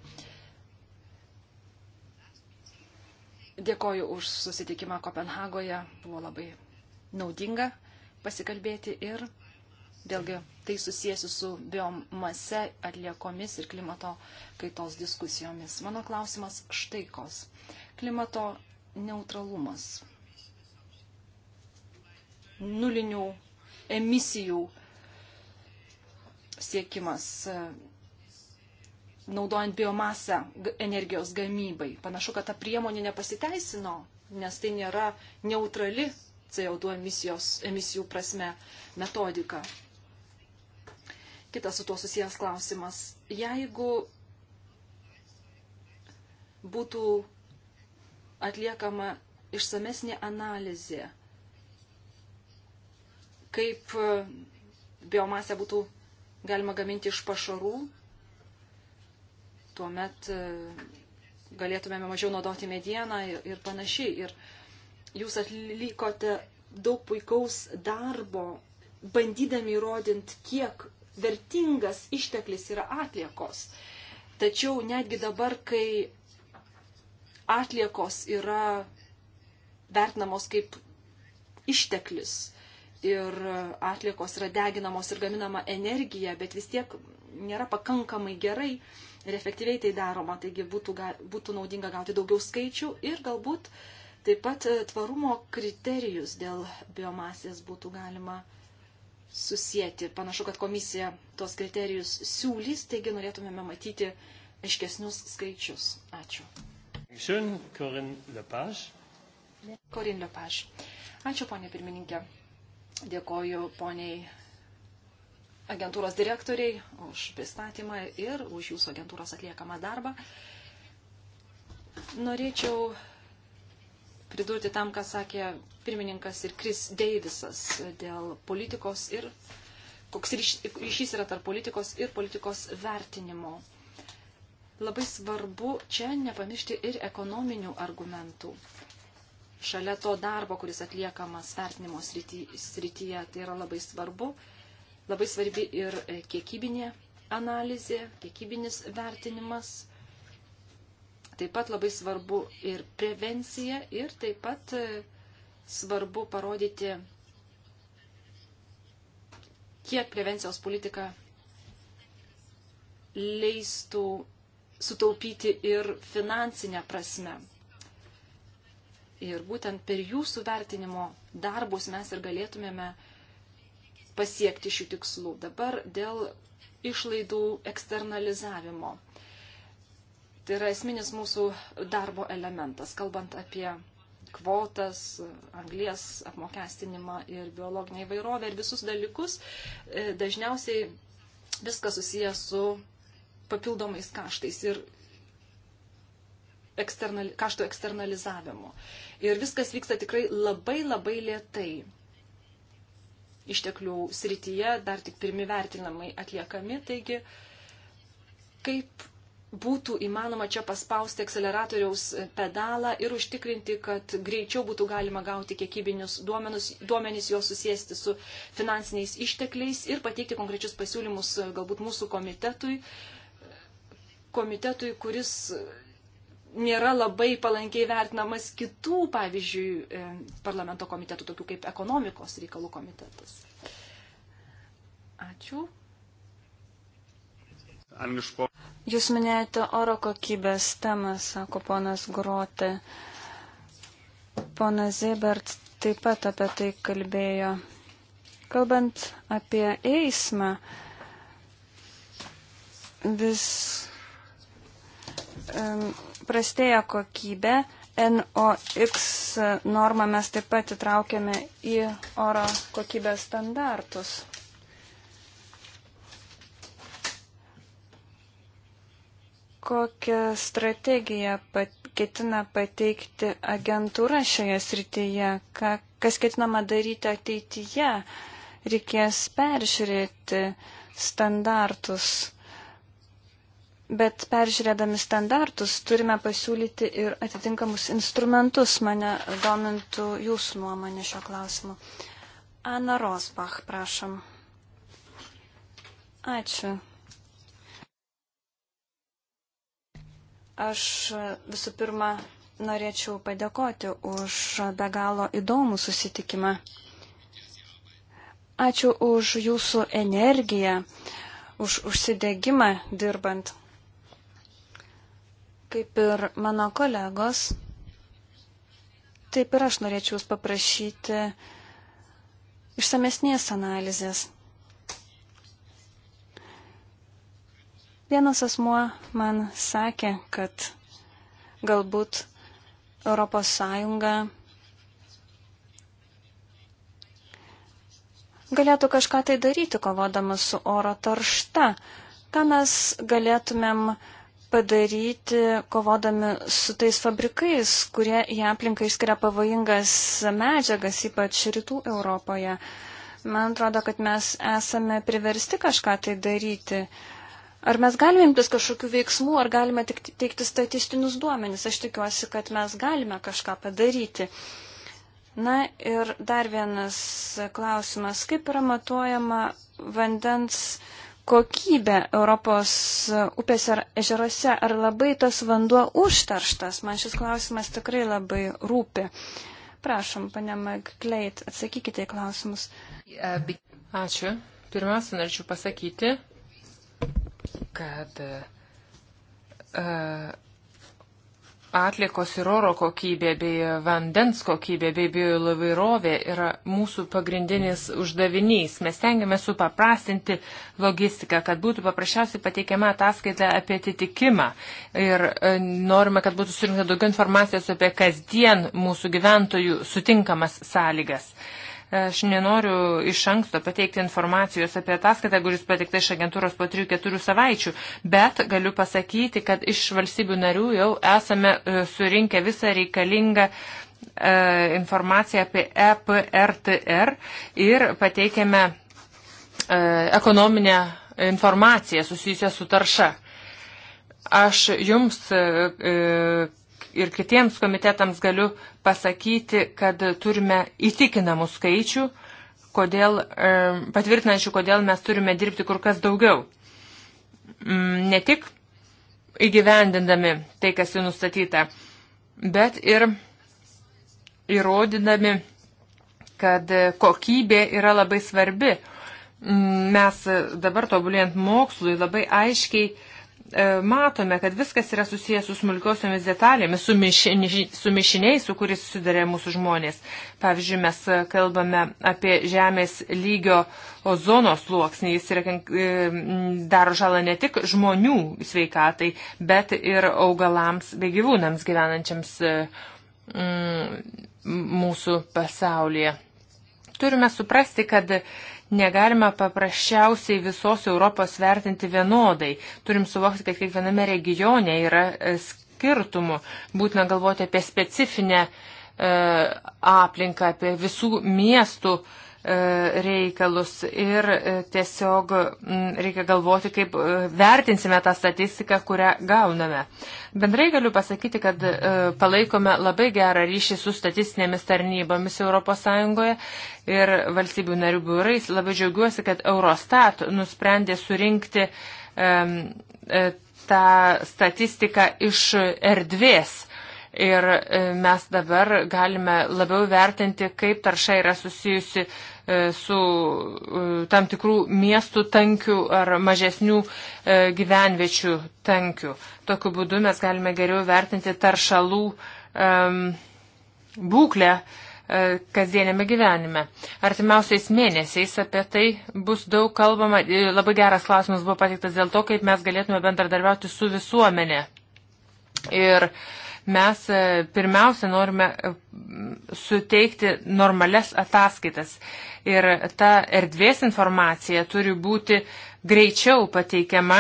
Dėkoju už susitikimą Kopenhagoje, buvo labai naudinga pasikalbėti ir vėlgi tai susijęsi su biomase atliekomis ir klimato kaitos diskusijomis. Mano klausimas štaikos. Klimato neutralumas. Nulinių emisijų siekimas naudojant biomasą energijos gamybai. Panašu, kad ta priemonė nepasiteisino, nes tai nėra neutrali CO2 emisijos, emisijų prasme metodika. Kitas su tuo susijęs klausimas. Jeigu būtų atliekama išsamesnė analizė, kaip e, biomasę būtų galima gaminti iš pašarų, tuomet e, galėtumėme mažiau naudoti medieną ir panašiai. Ir jūs atlikote daug puikaus darbo, bandydami įrodint, kiek vertingas išteklis yra atliekos. Tačiau netgi dabar, kai atliekos yra vertinamos kaip išteklis ir atliekos yra deginamos ir gaminama energija, bet vis tiek nėra pakankamai gerai ir efektyviai tai daroma. Taigi būtų, būtų naudinga gauti daugiau skaičių ir galbūt taip pat e, tvarumo kriterijus dėl biomasės būtų galima susijęti. Panašu, kad komisija tos kriterijus siūlys, taigi norėtumėme matyti aiškesnius skaičius. Ačiū. Korin Lepaš. Ačiū, ponė pirmininkė. Dėkoju poniai agentūros direktoriai už pristatymą ir už jūsų agentūros atliekamą darbą. Norėčiau pridurti tam, ką sakė pirmininkas ir Kris Deivisas dėl politikos ir koks ryšys yra tarp politikos ir politikos vertinimo. Labai svarbu čia nepamiršti ir ekonominių argumentų. Šalia to darbo, kuris atliekamas vertinimo srityje, tai yra labai svarbu Labai svarbi ir e, kiekybinė analizė, kiekybinis vertinimas. Taip pat labai svarbu ir prevencija ir taip pat e, svarbu parodyti, kiek prevencijos politika leistų sutaupyti ir finansinę prasme. Ir būtent per jūsų vertinimo darbus mes ir galėtumėme uh, pasiekti šių tikslų. Dabar dėl išlaidų eksternalizavimo. Tai yra esminis mūsų darbo elementas, kalbant apie kvotas, anglies apmokestinimą ir biologinę įvairovę ir visus dalykus. E, dažniausiai viskas susijęs su papildomais kaštais ir eksternali, kaštų eksternalizavimu. Ir viskas vyksta tikrai labai labai lietai išteklių srityje dar tik pirmi vertinamai atliekami. Taigi, kaip būtų įmanoma čia paspausti akceleratoriaus pedalą ir užtikrinti, kad greičiau būtų galima gauti kiekybinius duomenus, duomenys juos susijęsti su finansiniais ištekliais ir pateikti konkrečius pasiūlymus galbūt mūsų komitetui, komitetui, kuris nėra labai palankiai vertinamas kitų, pavyzdžiui, e, parlamento komitetų, tokių kaip ekonomikos reikalų komitetas. Ačiū. Jūs minėjote oro kokybės temą, sako ponas Grote. Ponas Zebert taip pat apie tai kalbėjo. Kalbant apie eismą, vis um, suprastėja kokybė. NOx normą mes taip pat įtraukėme į oro kokybės standartus. Kokią strategiją pat, ketina pateikti agentūra šioje srityje? Ka, kas ketinama daryti ateityje? Reikės peržiūrėti standartus Bet peržiūrėdami standartus turime pasiūlyti ir atitinkamus instrumentus. Mane domintų jūsų nuomonė šio klausimu. Ana Rosbach, prašom. Ačiū. Aš visų pirma norėčiau padėkoti už be galo įdomų susitikimą. Ačiū už jūsų energiją, už užsidėgymą dirbant. Kaip ir mano kolegos, taip ir aš norėčiau jūs paprašyti išsamesnės analizės. Vienas asmuo man sakė, kad galbūt Europos Sąjunga galėtų kažką tai daryti, kovodama su oro taršta. Ką mes galėtumėm uh, padaryti, kovodami su tais fabrikais, kurie į aplinką išskiria pavojingas medžiagas, ypač rytų Europoje. Man atrodo, kad mes esame priversti kažką tai daryti. Ar mes galime imtis kažkokių veiksmų, ar galime tik teikti statistinius duomenis? Aš tikiuosi, kad mes galime kažką padaryti. Na ir dar vienas klausimas. Kaip yra matuojama vandens kokybę Europos upėse ar ežeruose, ar labai tas vanduo užtarštas? Man šis klausimas tikrai labai rūpi. Prašom, pane Magleit, atsakykite į klausimus. Ačiū. Pirmiausia, norėčiau pasakyti, kad uh, atlikos ir oro kokybė bei vandens kokybė bei bioįvairovė yra mūsų pagrindinis uždavinys. Mes tengiamės supaprastinti logistiką, kad būtų paprasčiausiai pateikiama ataskaita apie atitikimą. Ir e, norime, kad būtų surinkta daugiau informacijos apie kasdien mūsų gyventojų sutinkamas sąlygas. Aš nenoriu iš anksto pateikti informacijos apie ataskaitą, kuris pateikta iš agentūros po 3-4 savaičių, bet galiu pasakyti, kad iš valstybių narių jau esame e, surinkę visą reikalingą e, informaciją apie EPRTR ir pateikėme e, ekonominę informaciją susijusią su tarša. Aš jums ir kitiems komitetams galiu pasakyti, kad turime įtikinamų skaičių, kodėl, patvirtinančių, kodėl mes turime dirbti kur kas daugiau. Mm, ne tik įgyvendindami tai, kas jau nustatyta, bet ir įrodydami, kad kokybė yra labai svarbi. Mm, mes dabar tobulėjant mokslui labai aiškiai E, matome, kad viskas yra susijęs su smulkiosiomis detalėmis, su, mišini, su mišiniais, su kuris susidarė mūsų žmonės. Pavyzdžiui, mes kalbame apie žemės lygio ozono sluoksnį, jis yra, e, daro žalą ne tik žmonių sveikatai, bet ir augalams bei gyvūnams gyvenančiams e, mūsų pasaulyje. Turime suprasti, kad Negalima paprasčiausiai visos Europos vertinti vienodai. Turim suvokti, kad kiekviename regione yra e, skirtumų. Būtina galvoti apie specifinę e, aplinką, apie visų miestų e, E, reikalus ir e, tiesiog reikia galvoti, kaip e, vertinsime tą statistiką, kurią gauname. Bendrai galiu pasakyti, kad palaikome labai gerą ryšį su statistinėmis tarnybomis ES ir valstybių narių biurais. Labai džiaugiuosi, kad Eurostat nusprendė surinkti tą statistiką iš erdvės Ir e, mes dabar galime labiau vertinti, kaip tarša yra susijusi e, su e, tam tikrų miestų tankiu ar mažesnių gyvenviečių tankiu. Tokiu būdu mes galime geriau vertinti taršalų būklę kasdienėme gyvenime. Artimiausiais mėnesiais apie tai bus daug kalbama. Labai geras klausimas buvo patiktas dėl to, kaip mes galėtume bendradarbiauti su visuomenė. Ir uh, Mes e, pirmiausia norime e, suteikti normales ataskaitas ir ta erdvės informacija turi būti greičiau pateikiama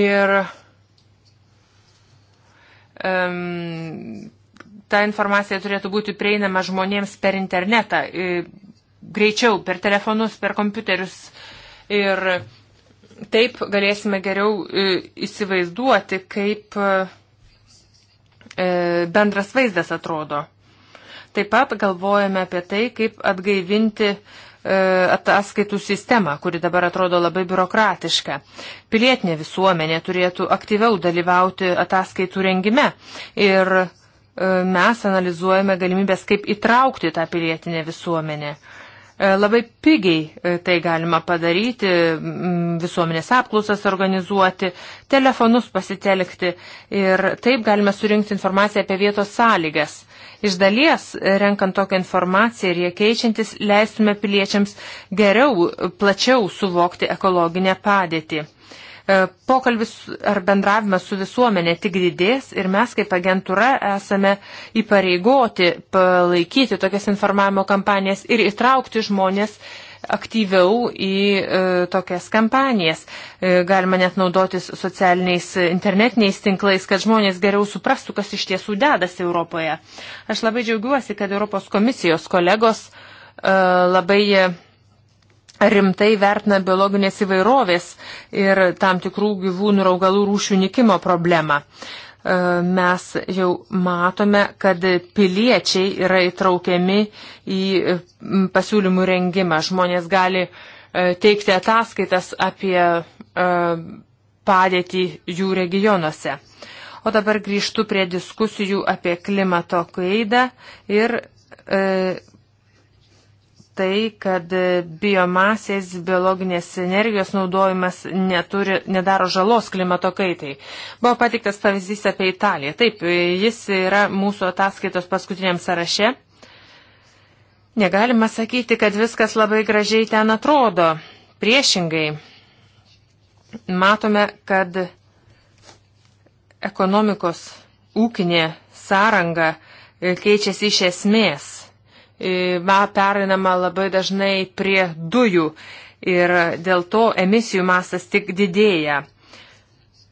ir um, ta informacija turėtų būti prieinama žmonėms per internetą, e, greičiau, per telefonus, per kompiuterius. Ir taip galėsime geriau įsivaizduoti, kaip uh, E, bendras vaizdas atrodo. Taip pat galvojame apie tai, kaip atgaivinti e, ataskaitų sistemą, kuri dabar atrodo labai biurokratiška. Pilietinė visuomenė turėtų aktyviau dalyvauti ataskaitų rengime ir e, mes analizuojame galimybės, kaip įtraukti tą pilietinę visuomenę. E, labai pigiai e, tai galima padaryti, visuomenės apklausas organizuoti, telefonus pasitelkti ir taip galime surinkti informaciją apie vietos sąlygas. Iš dalies, renkant tokią informaciją ir jie keičiantis, leistume piliečiams geriau, plačiau suvokti ekologinę padėtį. E, pokalbis ar bendravimas su visuomenė tik didės ir mes kaip agentūra esame įpareigoti palaikyti tokias informavimo kampanijas ir įtraukti žmonės aktyviau į e, tokias kampanijas. E, galima net naudotis socialiniais internetiniais tinklais, kad žmonės geriau suprastų, kas iš tiesų dedasi Europoje. Aš labai džiaugiuosi, kad Europos komisijos kolegos e, labai rimtai vertina biologinės įvairovės ir tam tikrų gyvūnų ir augalų rūšių nikimo problemą. E, mes jau matome, kad piliečiai yra įtraukiami į pasiūlymų rengimą. Žmonės gali e, teikti ataskaitas apie e, padėtį jų regionuose. O dabar grįžtu prie diskusijų apie klimato kaidą ir e, tai, kad biomasės biologinės energijos naudojimas neturi, nedaro žalos klimato kaitai. Buvo patiktas pavyzdys apie Italiją. Taip, jis yra mūsų ataskaitos paskutiniam sąraše. Negalima sakyti, kad viskas labai gražiai ten atrodo. Priešingai, matome, kad ekonomikos ūkinė sąranga keičiasi iš esmės perinama labai dažnai prie dujų ir dėl to emisijų mastas tik didėja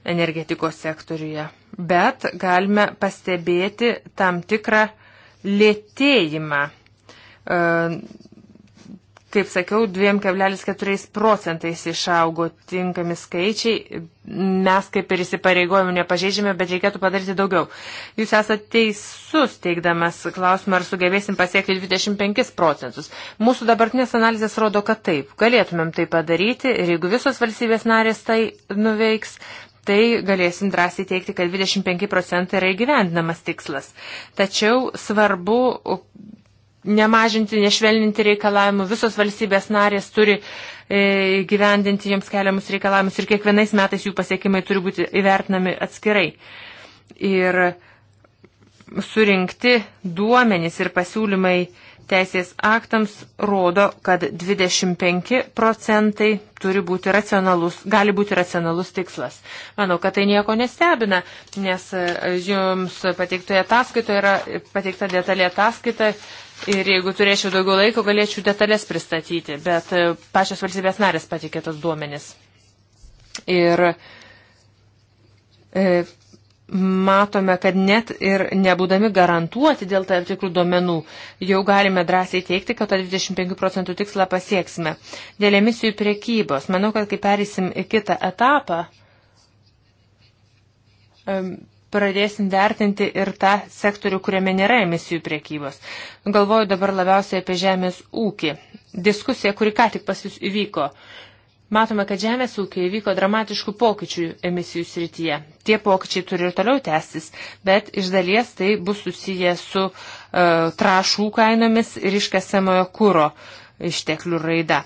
energetikos sektoriuje. Bet galime pastebėti tam tikrą lėtėjimą e, kaip sakiau, 2,4 procentais išaugo tinkami skaičiai. Mes kaip ir įsipareigojimų nepažeidžiame, bet reikėtų padaryti daugiau. Jūs esate teisus teikdamas klausimą, ar sugebėsim pasiekti 25 procentus. Mūsų dabartinės analizės rodo, kad taip. Galėtumėm tai padaryti ir jeigu visos valstybės narės tai nuveiks, tai galėsim drąsiai teikti, kad 25 procentai yra įgyvendinamas tikslas. Tačiau svarbu nemažinti, nešvelninti reikalavimų. Visos valstybės narės turi e, gyvendinti joms keliamus reikalavimus ir kiekvienais metais jų pasiekimai turi būti įvertinami atskirai. Ir surinkti duomenys ir pasiūlymai teisės aktams rodo, kad 25 procentai turi būti racionalus, gali būti racionalus tikslas. Manau, kad tai nieko nestebina, nes e, jums pateiktoje ataskaitoje yra pateikta detalė ataskaita Ir jeigu turėčiau daugiau laiko, galėčiau detalės pristatyti, bet e, pačios valstybės narės patikė tos duomenis. Ir e, matome, kad net ir nebūdami garantuoti dėl tam tikrų duomenų, jau galime drąsiai teikti, kad tą 25 procentų tikslą pasieksime. Dėl emisijų priekybos, manau, kad kai perėsim į kitą etapą, e, pradėsim vertinti ir tą sektorių, kuriame nėra emisijų priekybos. Galvoju dabar labiausiai apie žemės ūkį. Diskusija, kuri ką tik pas jūs įvyko. Matome, kad žemės ūkiai įvyko dramatiškų pokyčių emisijų srityje. Tie pokyčiai turi ir toliau tęstis, bet iš dalies tai bus susiję su uh, e, trašų kainomis ir iškasamojo kūro išteklių raida.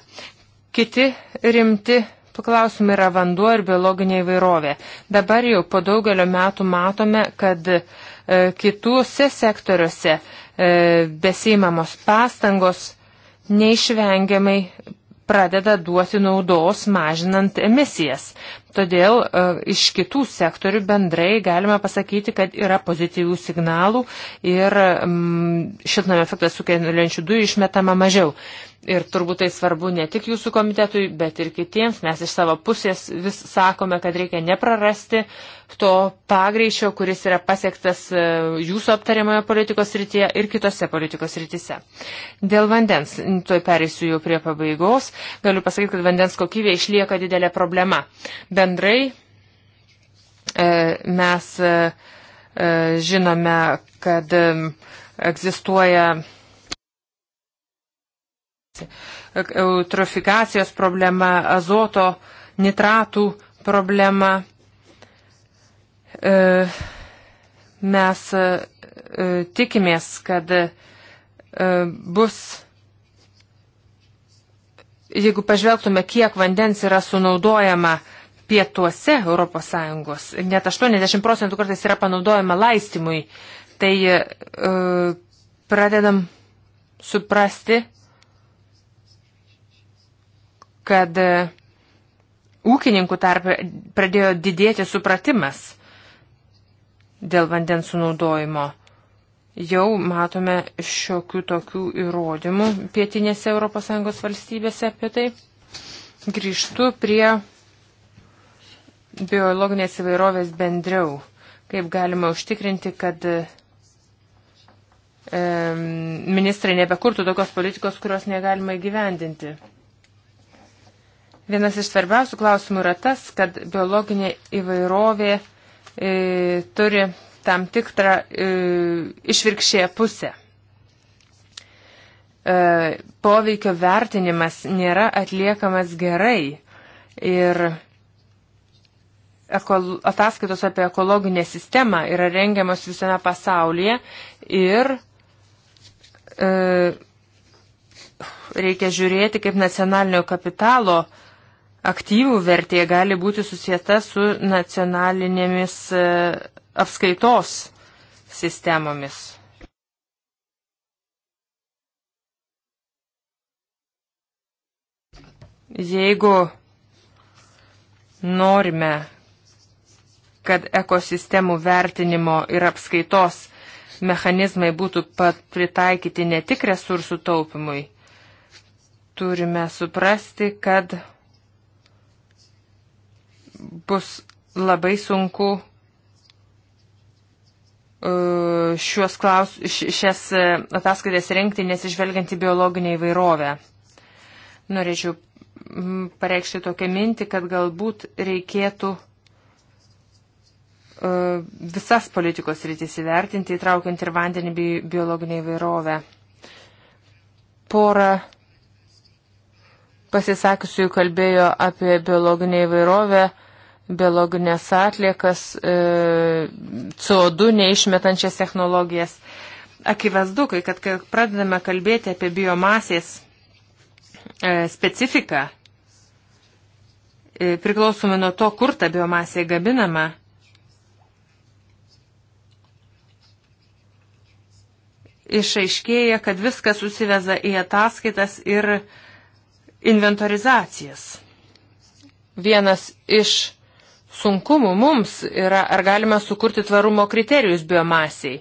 Kiti rimti klausimų yra vanduo ir biologinė įvairovė. Dabar jau po daugelio metų matome, kad e, kitose sektoriuose e, besimamos pastangos neišvengiamai pradeda duoti naudos mažinant emisijas. Todėl e, iš kitų sektorių bendrai galima pasakyti, kad yra pozityvių signalų ir mm, šiltnamio efektą sukeliančių dujų išmetama mažiau. Ir turbūt tai svarbu ne tik jūsų komitetui, bet ir kitiems. Mes iš savo pusės vis sakome, kad reikia neprarasti to pagreičio, kuris yra pasiektas e, jūsų aptariamoje politikos rytyje ir kitose politikos rytise. Dėl vandens, tuoj pereisiu jau prie pabaigos, galiu pasakyti, kad vandens kokybė išlieka didelė problema. Bendrai e, mes e, žinome, kad egzistuoja eutrofikacijos problema, azoto nitratų problema. E, mes e, tikimės, kad e, bus, jeigu pažvelgtume, kiek vandens yra sunaudojama pietuose ES, net 80 procentų kartais yra panaudojama laistimui, tai pradedam suprasti, kad e, ūkininkų tarp pradėjo didėti supratimas dėl vandens sunaudojimo. Jau matome šiokių tokių įrodymų pietinėse ES valstybėse apie tai. Grįžtu prie biologinės įvairovės bendriau. Kaip galima užtikrinti, kad e, ministrai nebekurtų tokios politikos, kurios negalima įgyvendinti. Vienas iš svarbiausių klausimų yra tas, kad biologinė įvairovė e, turi tam tikrą e, išvirkščią pusę. E, poveikio vertinimas nėra atliekamas gerai ir ataskaitos apie ekologinę sistemą yra rengiamos visame pasaulyje ir e, reikia žiūrėti, kaip nacionalinio kapitalo e, aktyvų vertė gali būti susijęta su nacionalinėmis e, apskaitos sistemomis. Jeigu norime, kad ekosistemų vertinimo ir apskaitos mechanizmai būtų pritaikyti ne tik resursų taupimui, turime suprasti, kad bus labai sunku e, šios klaus, šias e, ataskaitas renkti, nesižvelgiant į biologinę įvairovę. Norėčiau pareikšti tokią mintį, kad galbūt reikėtų e, visas politikos rytis įvertinti, įtraukiant ir vandenį bei biologinę įvairovę. Porą pasisakusiųjų kalbėjo apie biologinę įvairovę, biologinės atliekas, e, CO2 neišmetančias technologijas. Akivaizdu, kad kai pradedame kalbėti apie biomasės e, specifiką, e, priklausomai nuo to, kur ta biomasė gaminama, išaiškėja, kad viskas susiveza į ataskaitas ir inventorizacijas. Vienas iš sunkumų mums yra, ar galime sukurti tvarumo kriterijus biomasiai.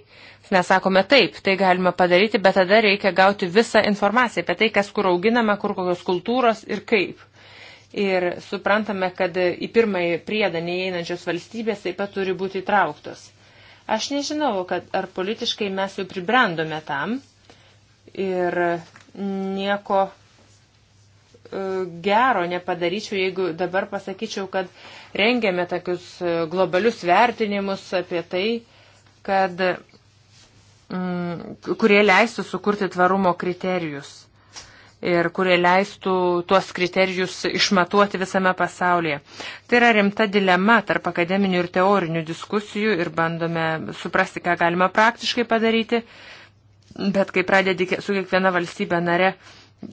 Mes sakome taip, tai galima padaryti, bet tada reikia gauti visą informaciją apie tai, kas kur auginama, kur kokios kultūros ir kaip. Ir suprantame, kad į pirmąjį priedą neįeinančios valstybės taip pat turi būti įtrauktos. Aš nežinau, kad ar politiškai mes jau pribrendome tam ir nieko E, gero nepadaryčiau, jeigu dabar pasakyčiau, kad rengėme tokius e, globalius vertinimus apie tai, kad, mm, kurie leistų sukurti tvarumo kriterijus ir kurie leistų tuos kriterijus išmatuoti visame pasaulyje. Tai yra rimta dilema tarp akademinių ir teorinių diskusijų ir bandome suprasti, ką galima praktiškai padaryti, bet kai pradedi su kiekviena valstybė nare uh,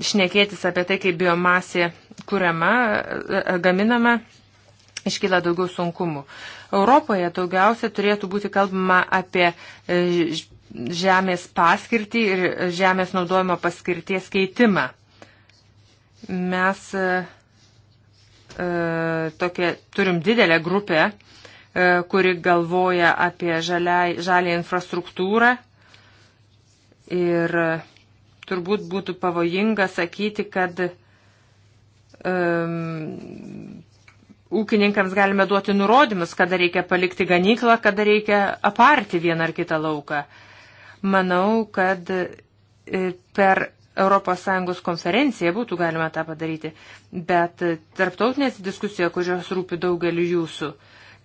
šnekėtis apie tai, kaip biomasė kuriama, e, e, gaminama, iškyla daugiau sunkumų. Europoje daugiausia turėtų būti kalbama apie e, žemės paskirtį ir žemės naudojimo paskirties keitimą. Mes tokia, turim didelę grupę, kuri galvoja apie žalią infrastruktūrą ir Turbūt būtų pavojinga sakyti, kad um, ūkininkams galime duoti nurodymus, kada reikia palikti ganyklą, kada reikia aparti vieną ar kitą lauką. Manau, kad e, per ES konferenciją būtų galima tą padaryti, bet e, tarptautinės diskusija, kurios rūpi daugeliu jūsų,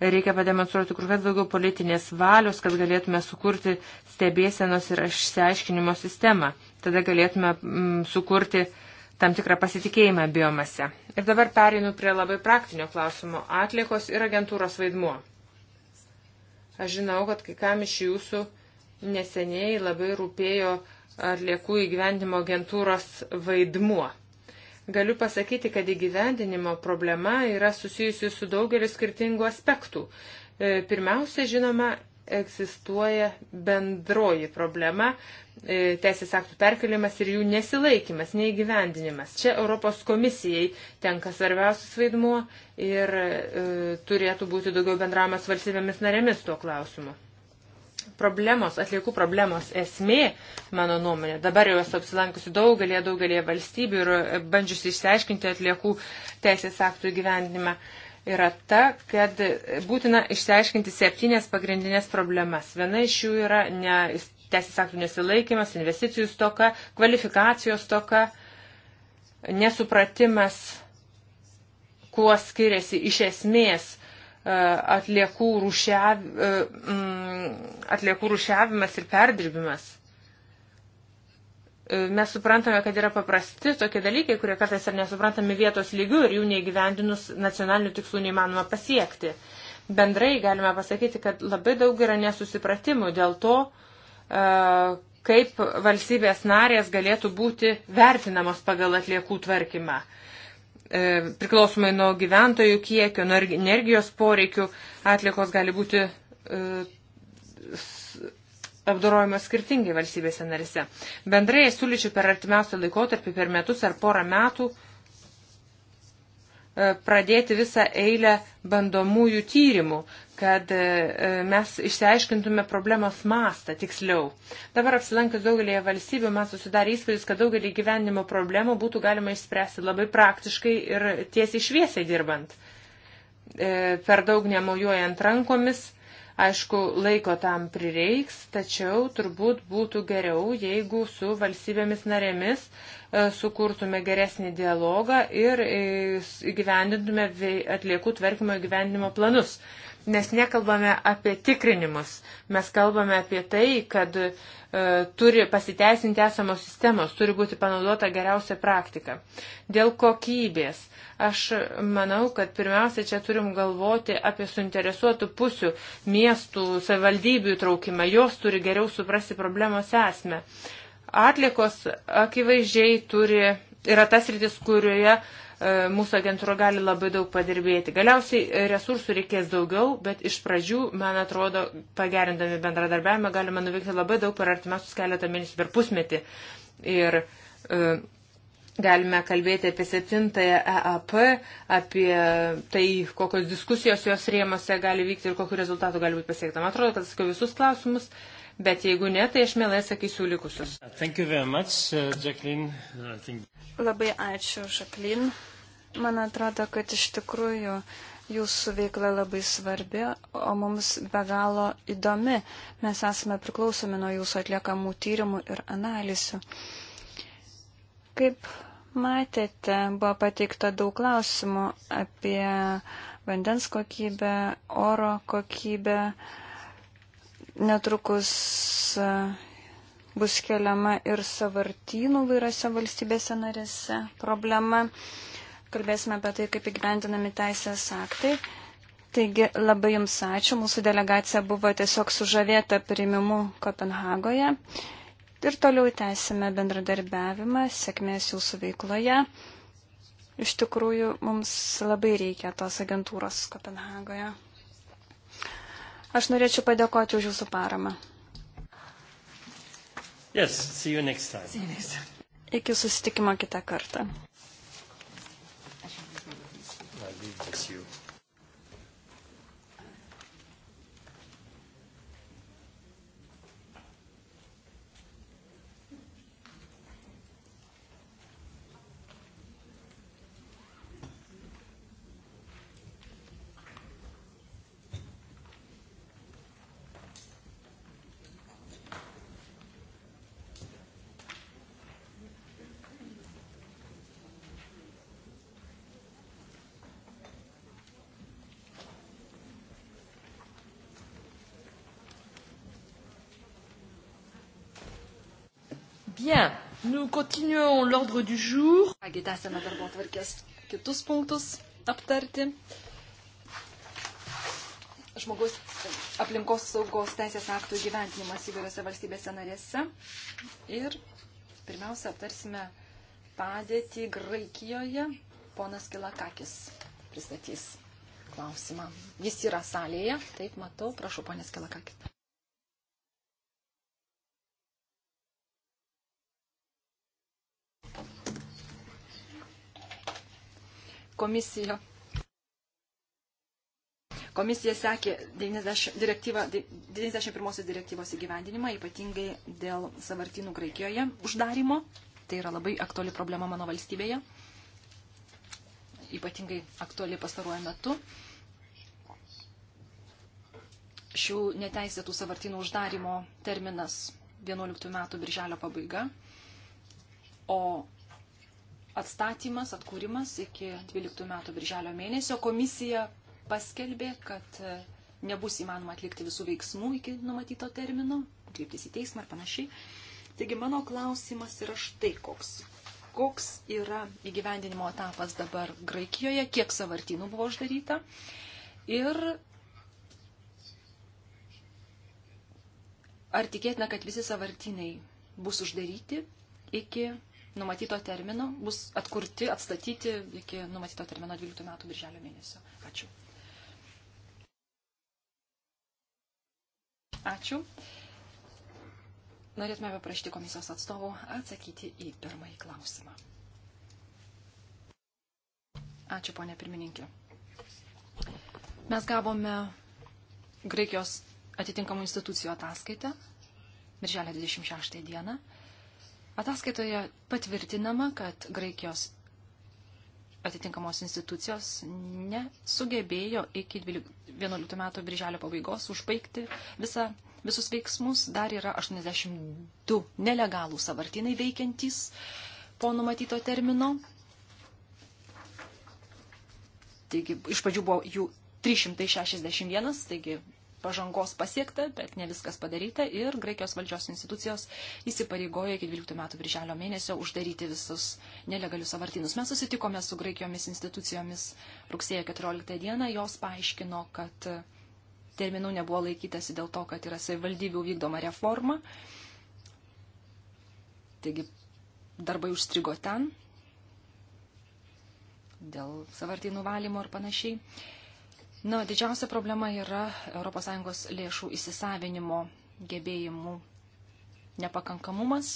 reikia pademonstruoti kur kas daugiau politinės valios, kad galėtume sukurti stebėsenos ir išsiaiškinimo sistemą. Tada galėtume mm, sukurti tam tikrą pasitikėjimą biomase. Ir dabar pereinu prie labai praktinio klausimo - atlikos ir agentūros vaidmuo. Aš žinau, kad kai kam iš jūsų neseniai labai rūpėjo atliekų įgyvendimo agentūros vaidmuo. Galiu pasakyti, kad įgyvendinimo problema yra susijusi su daugeliu skirtingų aspektų. E, pirmiausia, žinoma, egzistuoja bendroji problema e, - teisės aktų perkelimas ir jų nesilaikimas, neįgyvendinimas. Čia Europos komisijai tenka svarbiausias vaidmuo ir e, turėtų būti daugiau bendravimas valstybėmis narėmis tuo klausimu. Problemos, atliekų problemos esmė, mano nuomonė, dabar jau esu apsilankusi daugelėje, daugelėje valstybių ir bandžiusi išsiaiškinti atliekų teisės aktų įgyvendinimą. E, yra ta, kad būtina išsiaiškinti septynės pagrindinės problemas. Viena iš jų yra ne, teisės aktų nesilaikimas, investicijų stoka, kvalifikacijos stoka, nesupratimas, kuo skiriasi iš esmės e, atliekų, rušiav, e, atliekų rušiavimas ir perdirbimas. E, mes suprantame, kad yra paprasti tokie dalykai, kurie kartais ir nesuprantami vietos lygių ir jų neįgyvendinus nacionalinių tikslų neįmanoma pasiekti. Bendrai galime pasakyti, kad labai daug yra nesusipratimų dėl to, e, kaip valstybės narės galėtų būti vertinamos pagal atliekų tvarkymą. E, priklausomai nuo gyventojų kiekio, nuo energijos poreikių, atliekos gali būti apdorojamos skirtingai valstybėse narise. Bendrai siūlyčiau per artimiausią laikotarpį, per metus ar porą metų e, pradėti visą eilę bandomųjų tyrimų, kad e, e, mes išsiaiškintume problemos mastą tiksliau. Dabar apsilankius daugelėje valstybių, man susidarė įspūdis, kad daugelį gyvenimo problemų būtų galima išspręsti labai praktiškai ir tiesiai šviesiai dirbant. Per daug nemojuojant rankomis, Aišku, laiko tam prireiks, tačiau turbūt būtų geriau, jeigu su valstybėmis narėmis e, sukurtume geresnį dialogą ir e, įgyvendintume atliekų tvarkymo įgyvendinimo planus. Nes nekalbame apie tikrinimus, mes kalbame apie tai, kad e, turi pasiteisinti esamos sistemos, turi būti panaudota geriausia praktika. Dėl kokybės, aš manau, kad pirmiausia čia turim galvoti apie suinteresuotų pusių, miestų, savivaldybių įtraukimą, jos turi geriau suprasti problemos esmę. Atlikos akivaizdžiai turi, yra tas rytis, kurioje E, mūsų agentūra gali labai daug padirbėti. Galiausiai resursų reikės daugiau, bet iš pradžių, man atrodo, pagerindami bendradarbiavimą galime nuveikti labai daug per artimiausius keletą mėnesių, per pusmetį. Ir e, galime kalbėti apie septintąją EAP, apie tai, kokios diskusijos jos rėmose gali vykti ir kokiu rezultatu gali būti pasiekta. Man atrodo, kad atsakiau visus klausimus. E, bet jeigu ne, tai aš mielai sakysiu likusius. Much, uh, uh think... Labai ačiū, Žaklin. Man atrodo, kad iš tikrųjų jūsų veikla labai svarbi, o mums be galo įdomi. Mes esame priklausomi nuo jūsų atliekamų tyrimų ir analizių. Kaip matėte, buvo pateikta daug klausimų apie vandens kokybę, oro kokybę, uh, Netrukus e, bus keliama ir savartynų vairiose valstybėse narėse problema. Kalbėsime apie tai, kaip įgyvendinami teisės aktai. Taigi labai Jums ačiū. Mūsų delegacija buvo tiesiog sužavėta priimimu Kopenhagoje. Ir toliau tęsime bendradarbiavimą, sėkmės Jūsų veikloje. Iš tikrųjų, mums labai reikia tos agentūros Kopenhagoje. Aš norėčiau padėkoti už jūsų paramą. Yes, see you next time. See you next time. Iki susitikimo kitą kartą. I leave this you. Bien, nous continuons l'ordre du jour. Kągi, tęsėme darbo tvarkės kitus punktus aptarti. Žmogaus aplinkos saugos teisės aktų gyventinimas įvairiose valstybėse narėse. Ir pirmiausia, aptarsime padėtį Graikijoje. Ponas Kilakakis pristatys klausimą. Jis yra salėje, taip matau, prašau, ponės Kilakakis. komisija. Komisija sekė 90, direktyva, 91 direktyvos įgyvendinimą, ypatingai dėl savartinų Graikijoje uždarimo. Tai yra labai aktuali problema mano valstybėje. Ypatingai aktuali pastaruoju metu. Šių neteisėtų savartinų uždarimo terminas 11 metų birželio pabaiga, o atstatymas, atkūrimas iki 12 metų birželio mėnesio. Komisija paskelbė, kad e, nebus įmanoma atlikti visų veiksmų iki numatyto termino, kreiptis į teismą ir panašiai. Taigi mano klausimas yra štai koks. Koks yra įgyvendinimo etapas dabar Graikijoje, kiek savartynų buvo uždaryta ir ar tikėtina, kad visi savartynai bus uždaryti iki numatyto termino, bus atkurti, atstatyti iki numatyto termino 12 metų birželio mėnesio. Ačiū. Ačiū. Norėtume paprašyti komisijos atstovų atsakyti į pirmąjį klausimą. Ačiū, ponė pirmininkė. Mes gavome Graikijos atitinkamų institucijų ataskaitą, birželio 26 dieną. Ataskaitoje patvirtinama, kad Graikijos atitinkamos institucijos nesugebėjo iki 2011 metų birželio pabaigos užbaigti visą, visus veiksmus. Dar yra 82 nelegalų savartinai veikiantys po numatyto termino. Taigi, iš pradžių buvo jų 361, taigi pažangos pasiekta, bet ne viskas padaryta ir Graikijos valdžios institucijos įsipareigojo iki 12 metų birželio mėnesio uždaryti visus nelegalius savartynus. Mes susitikome su Graikijomis institucijomis rugsėjo 14 dieną, jos paaiškino, kad terminų nebuvo laikytasi dėl to, kad yra savivaldybių vykdoma reforma. Taigi darbai užstrigo ten dėl savartynų valymo ir panašiai. Na, didžiausia problema yra ES lėšų įsisavinimo gebėjimų nepakankamumas.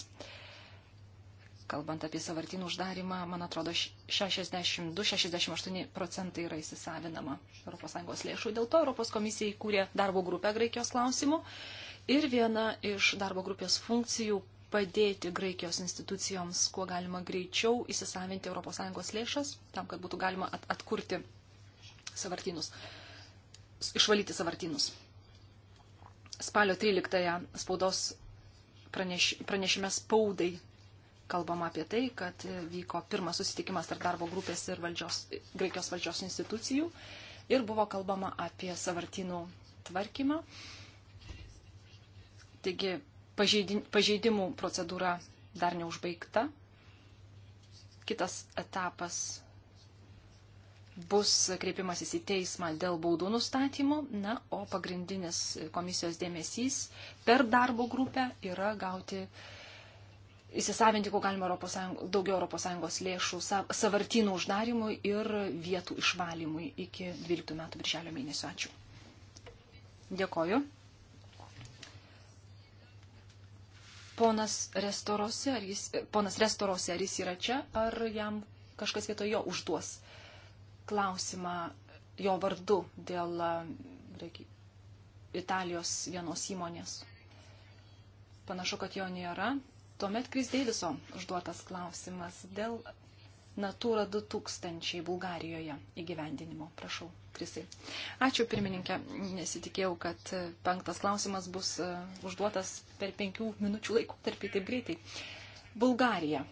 Kalbant apie savartinų uždarimą, man atrodo, 62-68 procentai yra įsisavinama ES lėšų. Dėl to ES komisija įkūrė darbo grupę Graikijos klausimų ir viena iš darbo grupės funkcijų padėti Graikijos institucijoms, kuo galima greičiau įsisavinti ES lėšas, tam, kad būtų galima atkurti savartynus, išvalyti savartynus. Spalio 13 spaudos praneš, pranešime spaudai kalbama apie tai, kad vyko pirmas susitikimas tarp darbo grupės ir valdžios, Graikijos valdžios institucijų ir buvo kalbama apie savartynų tvarkymą. Taigi pažeidimų procedūra dar neužbaigta. Kitas etapas bus kreipimasis į teismą dėl baudų nustatymo, na, o pagrindinis komisijos dėmesys per darbo grupę yra gauti, įsisavinti, kuo galima Europos Sąjungos, daugiau ES lėšų savartynų uždarimui ir vietų išvalymui iki 12 metų birželio mėnesio. Ačiū. Dėkoju. Ponas Restorose, ar jis, ponas Restorose, ar jis yra čia, ar jam kažkas vietoj jo užduos klausimą jo vardu dėl e, Italijos vienos įmonės. Panašu, kad jo nėra. Tuomet Kris Deiviso užduotas klausimas dėl Natūra 2000 Bulgarijoje įgyvendinimo. Prašau, Krisai. Ačiū, pirmininkė. Nesitikėjau, kad penktas klausimas bus e, užduotas per penkių minučių laikų, tarp į taip greitai. Bulgarija.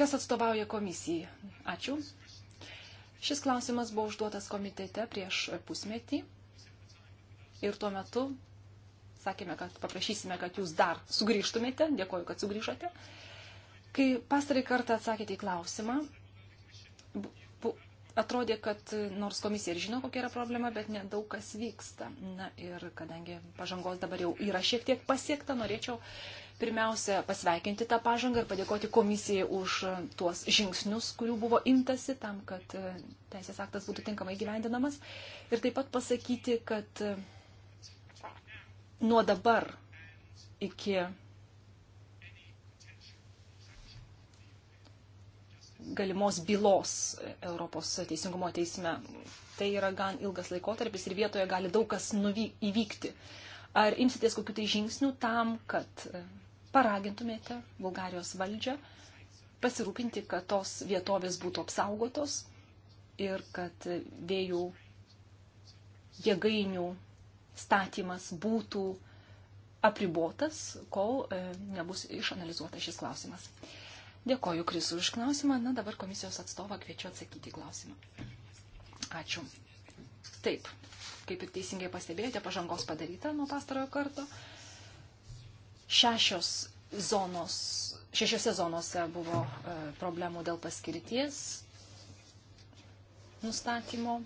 Kas atstovauja komisijai? Ačiū. Šis klausimas buvo užduotas komitete prieš pusmetį ir tuo metu sakėme, kad paprašysime, kad jūs dar sugrįžtumėte. Dėkoju, kad sugrįžote. Kai pastarai kartą atsakėte į klausimą, atrodė, kad nors komisija ir žino, kokia yra problema, bet nedaug kas vyksta. Na ir kadangi pažangos dabar jau yra šiek tiek pasiekta, norėčiau pirmiausia pasveikinti tą pažangą ir padėkoti komisijai už tuos žingsnius, kurių buvo imtasi tam, kad e, teisės aktas būtų tinkamai gyvendinamas. Ir taip pat pasakyti, kad e, nuo dabar iki galimos bylos Europos teisingumo teisme. Tai yra gan ilgas laikotarpis ir vietoje gali daug kas nuvyk, įvykti ar imsitės kokiu tai žingsniu tam, kad e, paragintumėte Bulgarijos valdžią pasirūpinti, kad tos vietovės būtų apsaugotos ir kad vėjų jėgainių statymas būtų apribotas, kol e, nebus išanalizuotas šis klausimas. Dėkoju Krisų už klausimą. Na, dabar komisijos atstovą kviečiu atsakyti į klausimą. Ačiū. Taip, kaip ir teisingai pastebėjote, pažangos padaryta nuo pastarojo karto. Uh, Šešios zonos, šešiose zonose buvo e, problemų dėl paskirties nustatymo.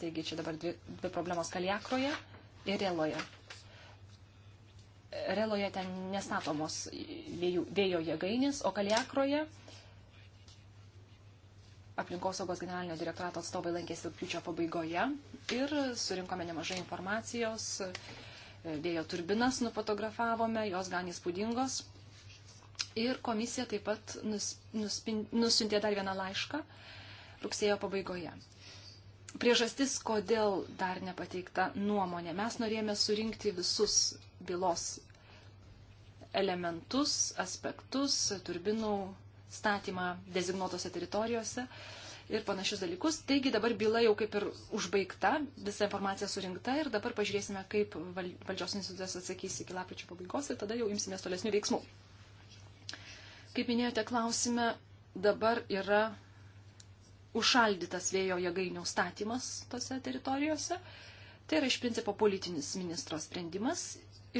Taigi čia dabar dvi, dvi problemos Kaliakroje ir Reloje. Reloje ten nestatomos vėjų, vėjo jėgainės, o Kaliakroje aplinkosaugos generalinio direktorato atstovai lankėsi rūpiučio pabaigoje ir surinkome nemažai informacijos vėjo turbinas nufotografavome, jos gan įspūdingos. Ir komisija taip pat nus, nuspin, nusintė dar vieną laišką rugsėjo pabaigoje. Priežastis, kodėl dar nepateikta nuomonė. Mes norėjome surinkti visus bylos elementus, aspektus, turbinų statymą dezignuotose teritorijose. Uh, ir panašius dalykus. Taigi dabar byla jau kaip ir užbaigta, visa informacija surinkta ir dabar pažiūrėsime, kaip valdžios institucijos atsakys iki lapkričio pabaigos ir tada jau imsimės tolesnių veiksmų. Kaip minėjote, klausime, dabar yra užšaldytas vėjo jėgainių statymas tose teritorijose. Tai yra iš principo politinis ministro sprendimas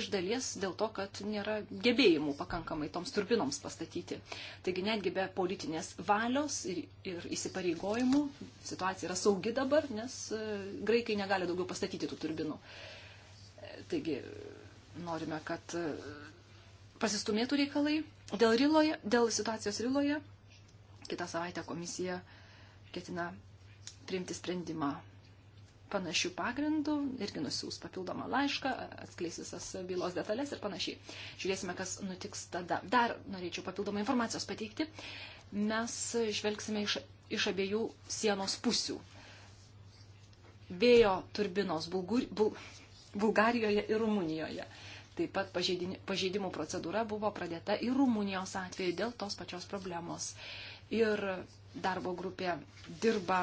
iš dalies dėl to, kad nėra gebėjimų pakankamai toms turbinoms pastatyti. Taigi netgi be politinės valios ir, ir įsipareigojimų situacija yra saugi dabar, nes e, graikai negali daugiau pastatyti tų turbinų. E, taigi norime, kad e, pasistumėtų reikalai. Dėl, riloje, dėl situacijos Riloje kitą savaitę komisija ketina priimti sprendimą panašių pagrindų, irgi nusiūs papildomą laišką, atskleis visas bylos detalės ir panašiai. Žiūrėsime, kas nutiks tada. Dar norėčiau papildomą informacijos pateikti. Mes žvelgsime iš, iš abiejų sienos pusių. Vėjo turbinos Bulgur, Bul, Bulgarijoje ir Rumunijoje. Taip pat pažeidimų procedūra buvo pradėta ir Rumunijos atveju dėl tos pačios problemos. Ir darbo grupė dirba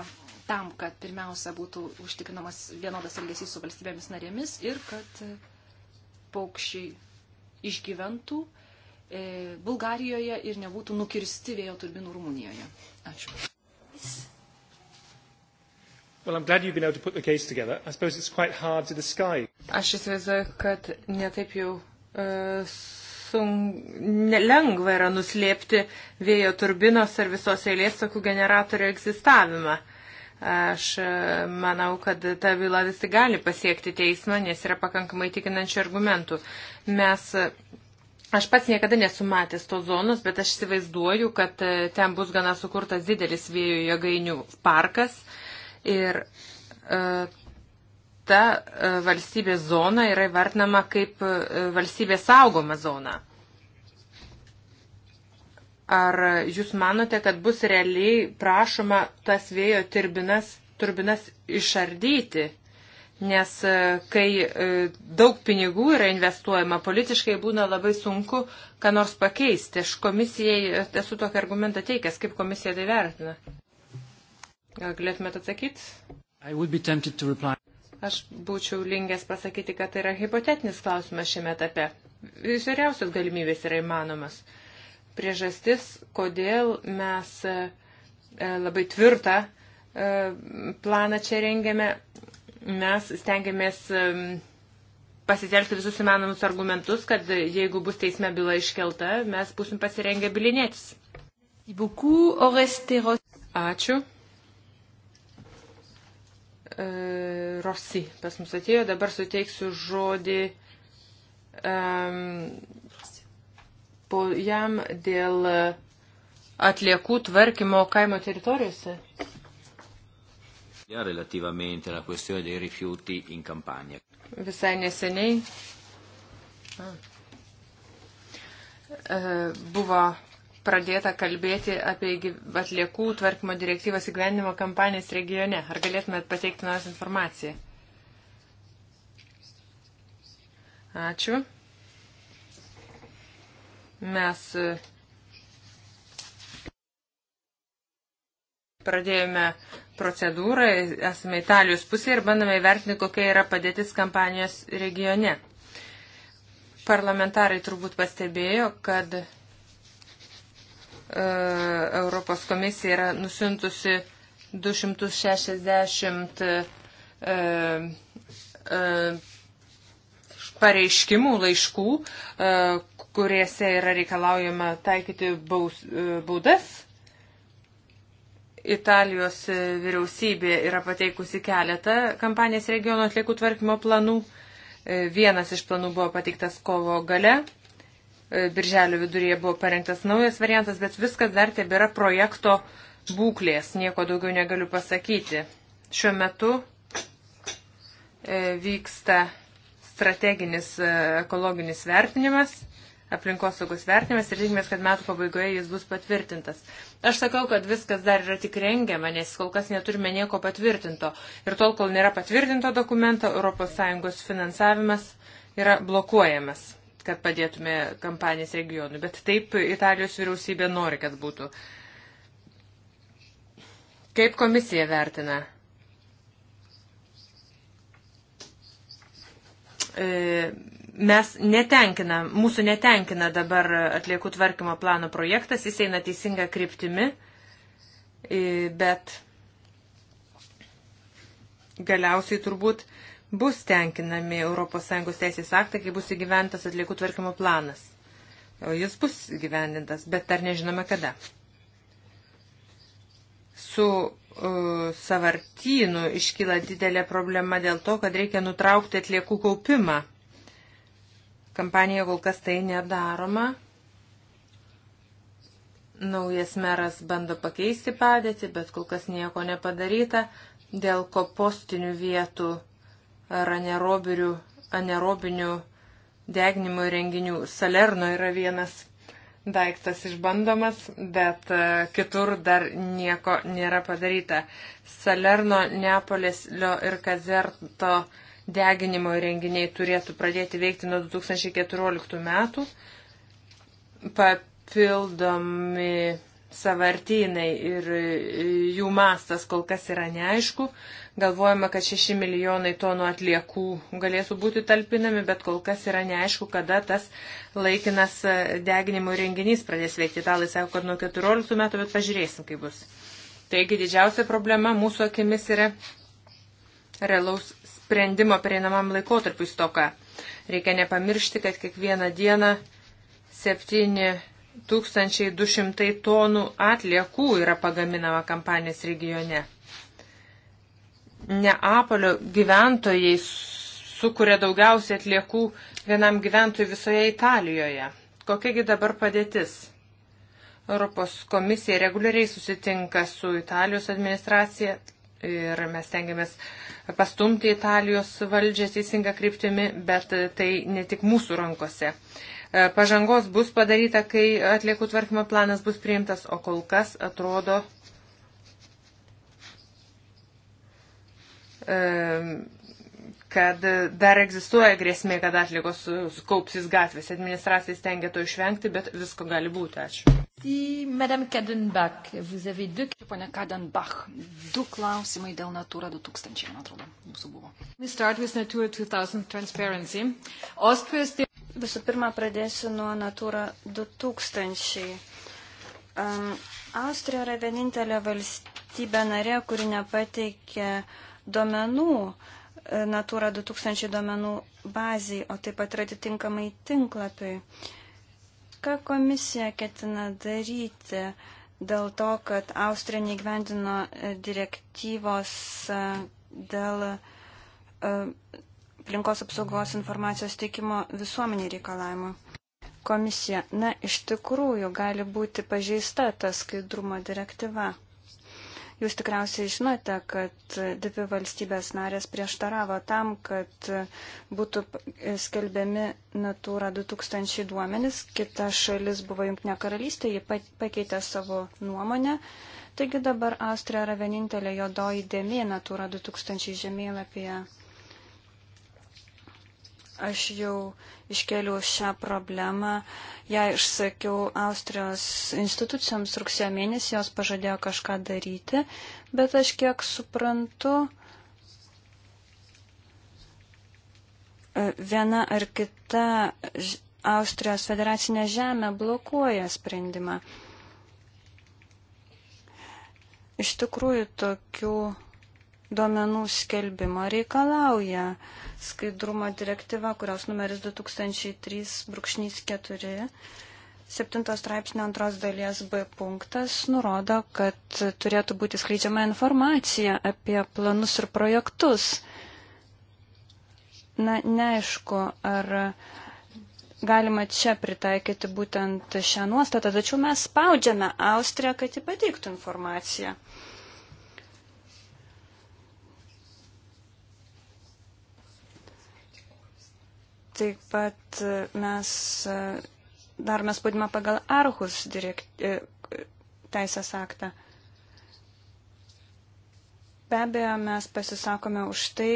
tam, kad pirmiausia būtų užtikrinamas vienodas elgesys su valstybėmis narėmis ir kad e, paukščiai išgyventų e, Bulgarijoje ir nebūtų nukirsti vėjo turbinų Rumunijoje. Ačiū. Well, I'm glad you've been able to put the case together. I suppose it's quite hard to disguise. Aš įsivaizduoju, kad netaip jau uh, nelengva yra nuslėpti vėjo turbinos ar visos eilės tokių generatorių egzistavimą. Aš e, manau, kad ta byla vis tik gali pasiekti teismą, nes yra pakankamai tikinančių argumentų. Mes e, Aš pats niekada nesu matęs tos zonos, bet aš įsivaizduoju, kad e, ten bus gana sukurtas didelis vėjo jėgainių parkas ir e, ta e, valstybės zona yra įvertinama kaip e, valstybės saugoma zona. Ar jūs manote, kad bus realiai prašoma tas vėjo turbinas, turbinas išardyti? Nes e, kai daug pinigų yra investuojama, politiškai būna labai sunku, ką nors pakeisti. Aš komisijai esu tokį argumentą teikęs, kaip komisija tai vertina. Gal galėtumėte atsakyti? Aš būčiau linkęs pasakyti, kad tai yra hipotetinis klausimas šiame etape. Visiausios galimybės yra įmanomas. Priežastis, kodėl mes e, e, labai tvirtą e, planą čia rengiame, mes stengiamės pasitelkti visus įmanomus argumentus, kad jeigu bus teisme byla iškelta, mes būsim pasirengę bilinėtis. Ačiū. E, Rossi pas mus atėjo. Dabar suteiksiu žodį um, po jam dėl atliekų tvarkymo kaimo teritorijose. Relativamente alla questione dei rifiuti in Campania. Visai neseniai e, buvo pradėta kalbėti apie atliekų tvarkymo direktyvos įgyvendimo kampanijas regione. Ar galėtumėt pateikti nors informaciją? Ačiū. Mes e, pradėjome procedūrą, esame Italijos pusėje ir bandome įvertinti, kokia yra padėtis kampanijos regione. Parlamentarai turbūt pastebėjo, kad E, Europos komisija yra nusintusi 260 e, e, pareiškimų laiškų, kuriuose yra reikalaujama taikyti baus, baudas. Italijos vyriausybė yra pateikusi keletą kampanijos regiono atliekų tvarkymo planų. Vienas iš planų buvo pateiktas kovo gale E, birželio viduryje buvo parengtas naujas variantas, bet viskas dar tebėra projekto būklės, nieko daugiau negaliu pasakyti. Šiuo metu e, vyksta strateginis e, ekologinis vertinimas, aplinkosaugos vertinimas ir tikimės, kad metų pabaigoje jis bus patvirtintas. Aš sakau, kad viskas dar yra tik rengiama, nes kol kas neturime nieko patvirtinto. Ir tol, kol nėra patvirtinto dokumento, ES finansavimas yra blokuojamas kad padėtume kampanijas regionui, bet taip Italijos vyriausybė nori, kad būtų. Kaip komisija vertina? E, mes netenkina, mūsų netenkina dabar atliekų tvarkymo plano projektas, jis eina teisinga kryptimi, bet galiausiai turbūt bus tenkinami ES teisės aktai, kai bus įgyventas atliekų tvarkymo planas. O jis bus įgyvendintas, bet dar nežinome kada. Su uh, savartynu iškyla didelė problema dėl to, kad reikia nutraukti atliekų kaupimą. Kampanija kol kas tai nedaroma. Naujas meras bando pakeisti padėtį, bet kol kas nieko nepadaryta. Dėl kopostinių vietų uh, ar anerobinių deginimo renginių. Salerno yra vienas daiktas išbandomas, bet e, kitur dar nieko nėra padaryta. Salerno, Neapolislio ir Kazerto deginimo renginiai turėtų pradėti veikti nuo 2014 metų. Papildomi savartynai ir e, jų mastas kol kas yra neaišku. Galvojame, kad 6 milijonai tonų atliekų galėtų būti talpinami, bet kol kas yra neaišku, kada tas laikinas e, deginimo renginys pradės veikti. Italai sako, kad nuo 14 metų, bet pažiūrėsim, kaip bus. Taigi didžiausia problema mūsų akimis yra realaus sprendimo pereinamam laikotarpiu stoka. Reikia nepamiršti, kad kiekvieną dieną 7200 tonų atliekų yra pagaminama kampanijos regione. Neapolio gyventojai sukuria daugiausiai atliekų vienam gyventojui visoje Italijoje. Kokiagi dabar padėtis? Europos komisija reguliariai susitinka su Italijos administracija ir mes tengiamės pastumti Italijos valdžią teisingą kryptimi, bet tai ne tik mūsų rankose. E, pažangos bus padaryta, kai atliekų tvarkymo planas bus priimtas, o kol kas atrodo, Ehm, kad dar egzistuoja grėsmė, kad atlikos kaupsis gatvėse. Administracija stengia to išvengti, bet visko gali būti. Ačiū. Madame Kadenbach, vous avez deux... Pone Kadenbach, du klausimai dėl Natura 2000, man atrodo, mūsų buvo. We start with Natura 2000 transparency. Austrijos... Visų pirma, pradėsiu nuo Natura 2000. Um, ehm, Austrija yra vienintelė valstybė narė, kuri nepateikė uh, duomenų, e, Natura 2000 duomenų baziai, o taip pat ir atitinkamai tinklapiui. Ką komisija ketina daryti dėl to, kad Austrija neįgyvendino e, direktyvos e, dėl aplinkos apsaugos informacijos teikimo visuomeniai reikalavimo? Komisija, na, iš tikrųjų gali būti pažeista ta skaidrumo direktyva. Jūs tikriausiai žinote, kad dvi valstybės narės prieštaravo tam, kad būtų skelbiami Natūra 2000 duomenis. Kita šalis buvo Junktinė karalystė, ji pakeitė savo nuomonę. Taigi dabar Austrija yra vienintelė jodoji dėmė Natūra 2000 žemėlapyje. Aš jau iškeliu šią problemą. Ja išsakiau Austrijos institucijoms rugsėjo mėnesį, jos pažadėjo kažką daryti, bet aš kiek suprantu, viena ar kita Austrijos federacinė žemė blokuoja sprendimą. Iš tikrųjų, tokių duomenų skelbimo reikalauja skaidrumo direktyva, kurios numeris 2003-4. 7 straipsnio antros dalies B punktas nurodo, kad turėtų būti skleidžiama informacija apie planus ir projektus. Na, neaišku, ar galima čia pritaikyti būtent šią nuostatą, tačiau mes spaudžiame Austriją, kad ji pateiktų informaciją. Taip pat e, mes e, darome spaudimą pagal Arhus direkt, e, teisės aktą. Be abejo, mes pasisakome už tai,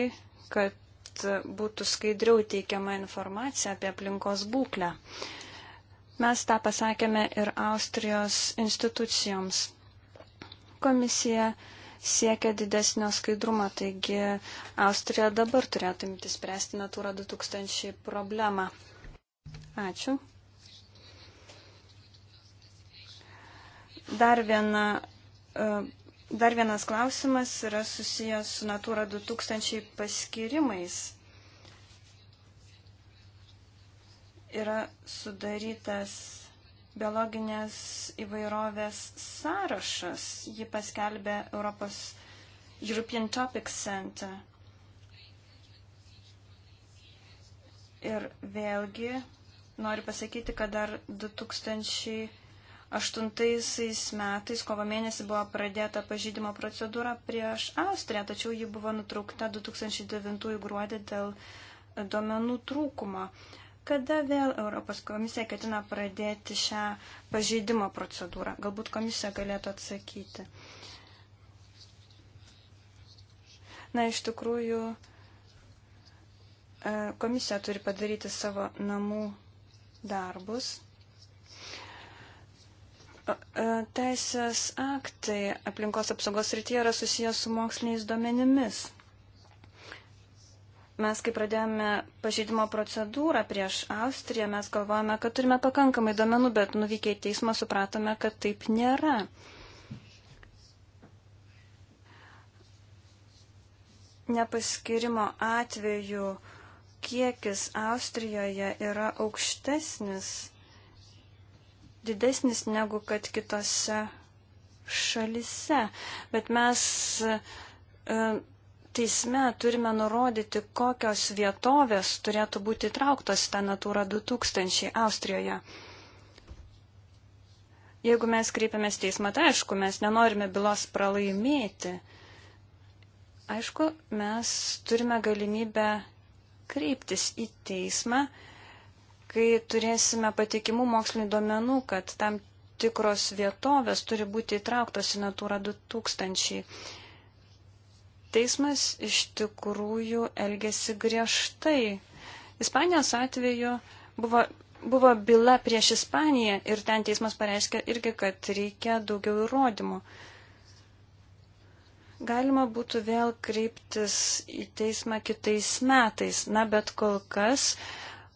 kad būtų skaidriau teikiama informacija apie aplinkos būklę. Mes tą pasakėme ir Austrijos institucijoms. Komisija uh, siekia didesnio skaidrumo, taigi Austrija dabar turėtų imti spręsti Natūra 2000 problemą. Ačiū. Dar, viena, e, dar vienas klausimas yra susijęs su Natūra 2000 paskirimais. Yra sudarytas biologinės įvairovės sąrašas. Ji paskelbė Europos European Topic Center. Ir vėlgi noriu pasakyti, kad dar 2008 metais kovo mėnesį buvo pradėta pažydimo procedūra prieš Austriją, tačiau ji buvo nutraukta 2009 gruodį dėl duomenų trūkumo. Kada vėl Europos komisija ketina pradėti šią pažeidimo procedūrą? Galbūt komisija galėtų atsakyti. Na, iš tikrųjų, e, komisija turi padaryti savo namų darbus. E, teisės aktai aplinkos apsaugos rytyje yra susijęs su moksliniais duomenimis mes, kai pradėjome pažeidimo procedūrą prieš Austriją, mes galvojame, kad turime pakankamai domenų, bet nuvykę į teismą supratome, kad taip nėra. Nepaskirimo atveju kiekis Austrijoje yra aukštesnis, didesnis negu kad kitose šalise. Bet mes. Uh, teisme turime nurodyti, kokios vietovės turėtų būti įtrauktos į tą Natūra 2000 Austrijoje. Jeigu mes kreipiamės teismą, tai aišku, mes nenorime bylos pralaimėti. Aišku, mes turime galimybę kreiptis į teismą, kai turėsime patikimų mokslinių duomenų, kad tam tikros vietovės turi būti įtrauktos į Natūra 2000. Teismas iš tikrųjų elgesi griežtai. Ispanijos atveju buvo, buvo byla prieš Ispaniją ir ten teismas pareiškė irgi, kad reikia daugiau įrodymų. Galima būtų vėl kreiptis į teismą kitais metais, na bet kol kas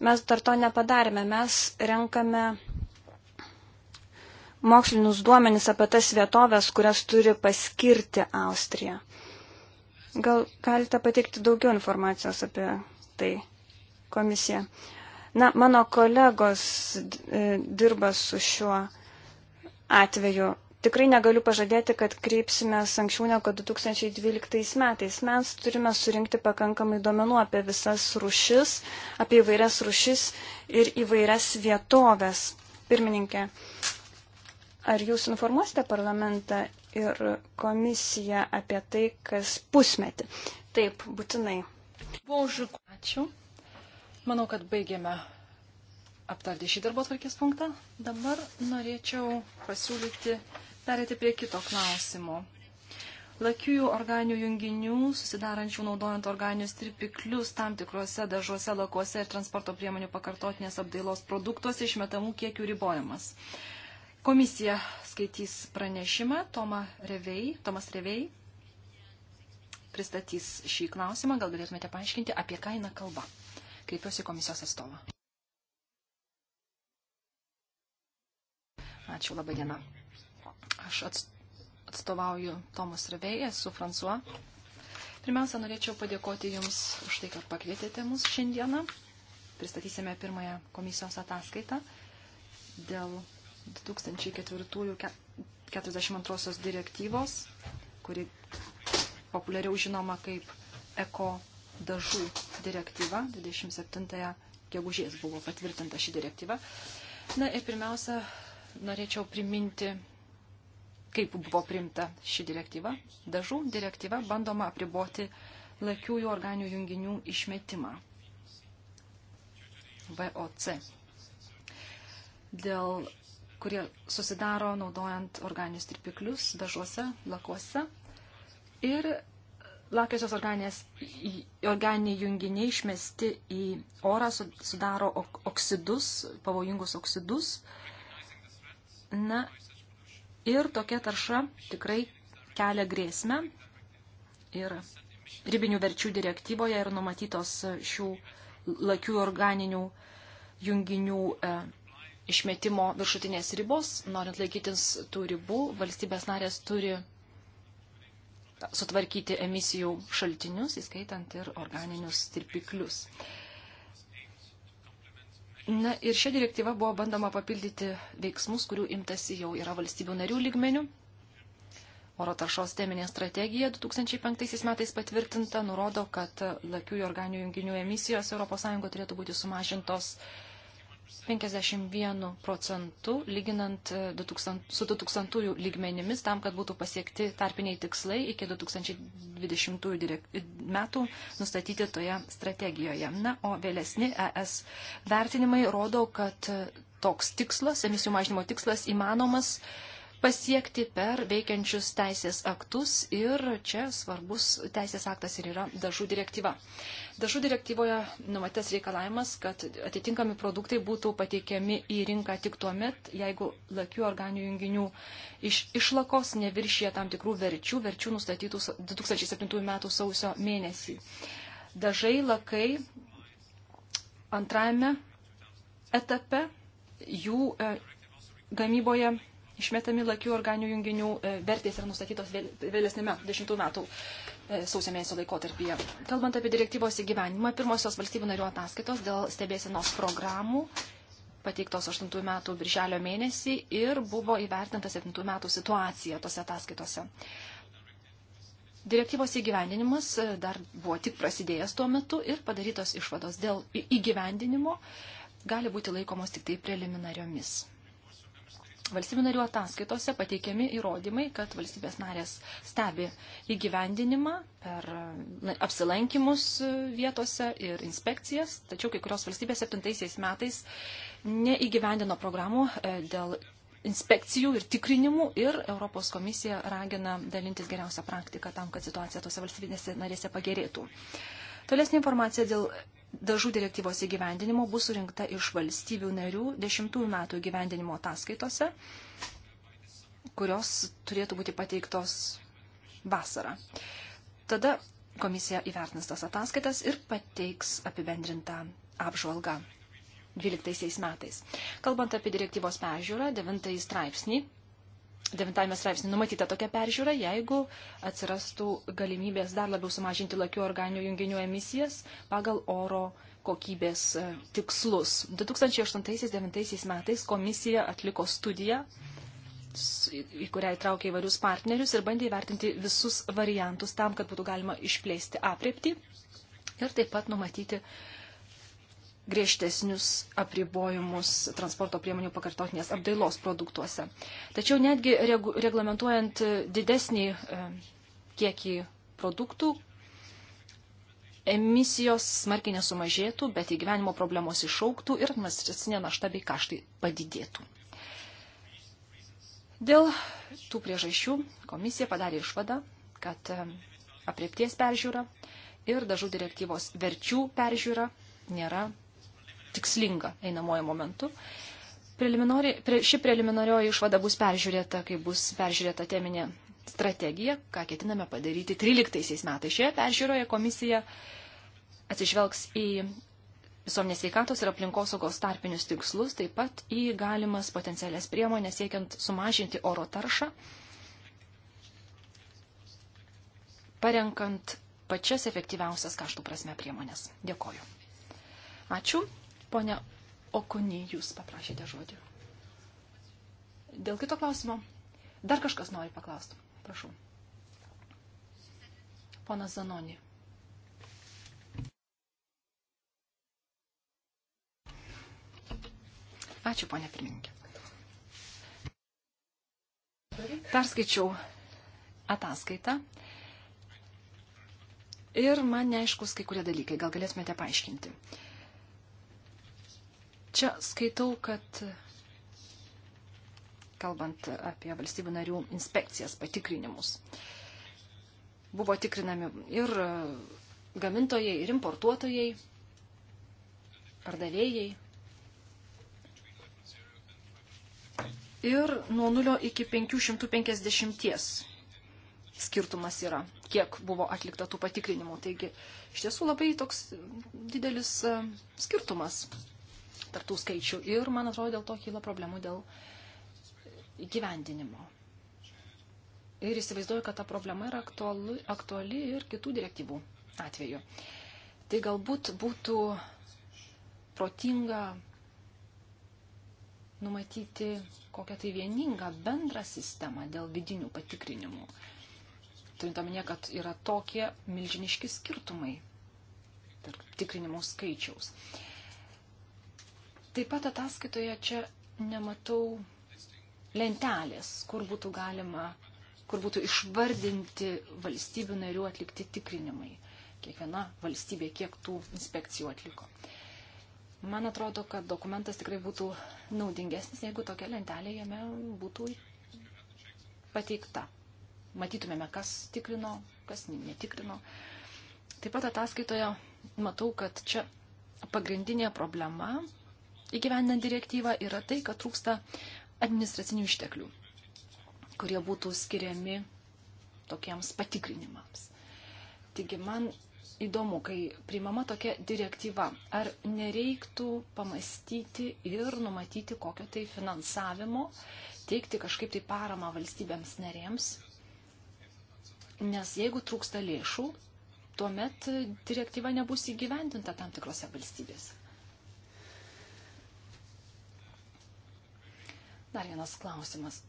mes dar to nepadarėme. Mes renkame mokslinius duomenis apie tas vietovės, kurias turi paskirti Austrija. Gal galite pateikti daugiau informacijos apie tai komisiją? Na, mano kolegos e, dirba su šiuo atveju. Tikrai negaliu pažadėti, kad kreipsime anksčiau negu 2012 metais. Mes turime surinkti pakankamai duomenų apie visas rušis, apie įvairias rušis ir įvairias vietovės. Pirmininkė, ar jūs informuosite parlamentą ir komisija apie tai, kas pusmetį. Taip, būtinai. Bonžu. Ačiū. Manau, kad baigėme aptarti šį darbo tvarkės punktą. Dabar norėčiau pasiūlyti perėti prie kito klausimo. Lakiųjų organinių junginių, susidarančių naudojant organinius tirpiklius tam tikrose dažuose, lakuose ir transporto priemonių pakartotinės apdailos produktuose išmetamų kiekių ribojimas. Komisija skaitys pranešimą, Toma Revei, Tomas Revei pristatys šį klausimą, gal galėtumėte paaiškinti, apie ką eina kalba. Kreipiuosi komisijos atstovą. Ačiū, labai diena. Aš atstovauju Tomas Revei, esu François. Pirmiausia, norėčiau padėkoti Jums už tai, kad pakvietėte mus šiandieną. Pristatysime pirmąją komisijos ataskaitą dėl 2004-42 direktyvos, kuri populiariau žinoma kaip eko dažų direktyva, 27 gegužės buvo patvirtinta ši direktyva. Na ir pirmiausia, norėčiau priminti, kaip buvo primta ši direktyva. Dažų direktyva bandoma apriboti lakiųjų organių junginių išmetimą. VOC. Dėl kurie susidaro naudojant organinius tirpiklius dažuose, lakuose. Ir lakiosios organiniai junginiai išmesti į orą sudaro oksidus, pavojingus oksidus. Na ir tokia tarša tikrai kelia grėsmę. Ir ribinių verčių direktyvoje yra numatytos šių lakių organinių junginių e, išmetimo viršutinės ribos. Norint laikytis tų ribų, valstybės narės turi sutvarkyti emisijų šaltinius, įskaitant ir organinius tirpiklius. Na ir šią direktyvą buvo bandoma papildyti veiksmus, kurių imtasi jau yra valstybių narių lygmenių. Oro taršos teminė strategija 2005 metais patvirtinta nurodo, kad lakiųjų organinių junginių emisijos ES turėtų būti sumažintos 0,5 51 procentų, lyginant 2000, e, su 2000 lygmenimis, tam, kad būtų pasiekti tarpiniai tikslai iki 2020 metų nustatyti toje strategijoje. Na, o vėlesni ES vertinimai rodo, kad e, toks tikslas, emisijų mažinimo tikslas įmanomas pasiekti per veikiančius teisės aktus ir čia svarbus teisės aktas ir yra dažų direktyva. Dažų direktyvoje numatytas reikalavimas, kad atitinkami produktai būtų pateikiami į rinką tik tuo met, jeigu lakių organinių junginių iš išlakos neviršyje tam tikrų verčių, verčių nustatytų 2007 m. sausio mėnesį. Dažai lakai antrajame etape jų e, gamyboje išmetami lakių organinių junginių e, vertės yra nustatytos vėlesnėme 10 metų e, sausio mėnesio laikotarpyje. Kalbant apie direktyvos įgyvenimą, pirmosios valstybių narių ataskaitos dėl stebėsenos programų pateiktos 8 metų birželio mėnesį ir buvo įvertinta 7 metų situacija tose ataskaitose. Direktyvos įgyvendinimas e, dar buvo tik prasidėjęs tuo metu ir padarytos išvados dėl įgyvendinimo gali būti laikomos tik tai preliminariomis. Valstybių narių ataskaitose pateikiami įrodymai, kad valstybės narės stebi įgyvendinimą per apsilankimus vietose ir inspekcijas, tačiau kai kurios valstybės 7 metais neįgyvendino programų e, dėl inspekcijų ir tikrinimų ir Europos komisija ragina dalintis geriausią praktiką tam, kad situacija tose valstybinėse narėse pagerėtų. Tolesnė informacija dėl dažų direktyvos įgyvendinimo bus surinkta iš valstybių narių 10 metų įgyvendinimo ataskaitose, kurios turėtų būti pateiktos vasarą. Tada komisija įvertins tas ataskaitas ir pateiks apibendrintą apžvalgą 12 metais. Kalbant apie direktyvos peržiūrą, 9 straipsnį devintame straipsnė numatyta tokia peržiūra, jeigu atsirastų galimybės dar labiau sumažinti lakių organinių junginių emisijas pagal oro kokybės e, tikslus. 2008-2009 metais komisija atliko studiją, į kurią įtraukė įvairius partnerius ir bandė įvertinti visus variantus tam, kad būtų galima išplėsti apriepti ir taip pat numatyti uh, griežtesnius apribojimus transporto priemonių pakartotinės apdailos produktuose. Tačiau netgi reglamentuojant didesnį e, kiekį produktų, emisijos smarkiai nesumažėtų, bet įgyvenimo problemos išauktų ir administracinė našta bei kaštai padidėtų. Dėl tų priežasčių komisija padarė išvadą, kad e, apriepties peržiūra ir dažų direktyvos verčių peržiūra nėra tikslinga einamojo momentu. Preliminari, pre, ši preliminarioji išvada bus peržiūrėta, kai bus peržiūrėta teminė strategija, ką ketiname padaryti 13 metais. Šioje peržiūroje komisija atsižvelgs į visuomenės veikatos ir aplinkosaugos tarpinius tikslus, taip pat į galimas potencialias priemonės siekiant sumažinti oro taršą, parenkant pačias efektyviausias kaštų prasme priemonės. Dėkoju. Ačiū. Pone Okonį, jūs paprašėte žodį. Dėl kito klausimo. Dar kažkas nori paklausti. Prašau. Ponas Zanoni. Ačiū, ponė pirmininkė. Perskaičiau ataskaitą ir man neaiškus kai kurie dalykai. Gal galėtumėte paaiškinti. Uh, Čia skaitau, kad kalbant apie valstybių narių inspekcijas, patikrinimus, buvo tikrinami ir gamintojai, ir importuotojai, pardavėjai. Ir nuo 0 iki 550 skirtumas yra, kiek buvo atlikta tų patikrinimų. Taigi, iš tiesų labai toks didelis e, skirtumas tarptų skaičių ir, man atrodo, dėl to kyla problemų dėl įgyvendinimo. Ir įsivaizduoju, kad ta problema yra aktuali, aktuali ir kitų direktyvų atveju. Tai galbūt būtų protinga numatyti kokią tai vieningą bendrą sistemą dėl vidinių patikrinimų. Turint omenyje, kad yra tokie milžiniški skirtumai tarp tikrinimų skaičiaus. Uh, Taip pat ataskaitoje čia nematau lentelės, kur būtų galima, kur būtų išvardinti valstybių narių atlikti tikrinimai. Kiekviena valstybė kiek tų inspekcijų atliko. Man atrodo, kad dokumentas tikrai būtų naudingesnis, jeigu tokia lentelė jame būtų pateikta. Matytumėme, kas tikrino, kas netikrino. Taip pat ataskaitoje matau, kad čia pagrindinė problema įgyvendinant direktyvą, yra tai, kad trūksta administracinių išteklių, kurie būtų skiriami tokiems patikrinimams. Taigi man įdomu, kai priimama tokia direktyva, ar nereiktų pamastyti ir numatyti kokio tai finansavimo, teikti kažkaip tai paramą valstybėms narėms, nes jeigu trūksta lėšų, tuomet direktyva nebus įgyvendinta tam tikrose valstybėse. Dar vienas klausimas.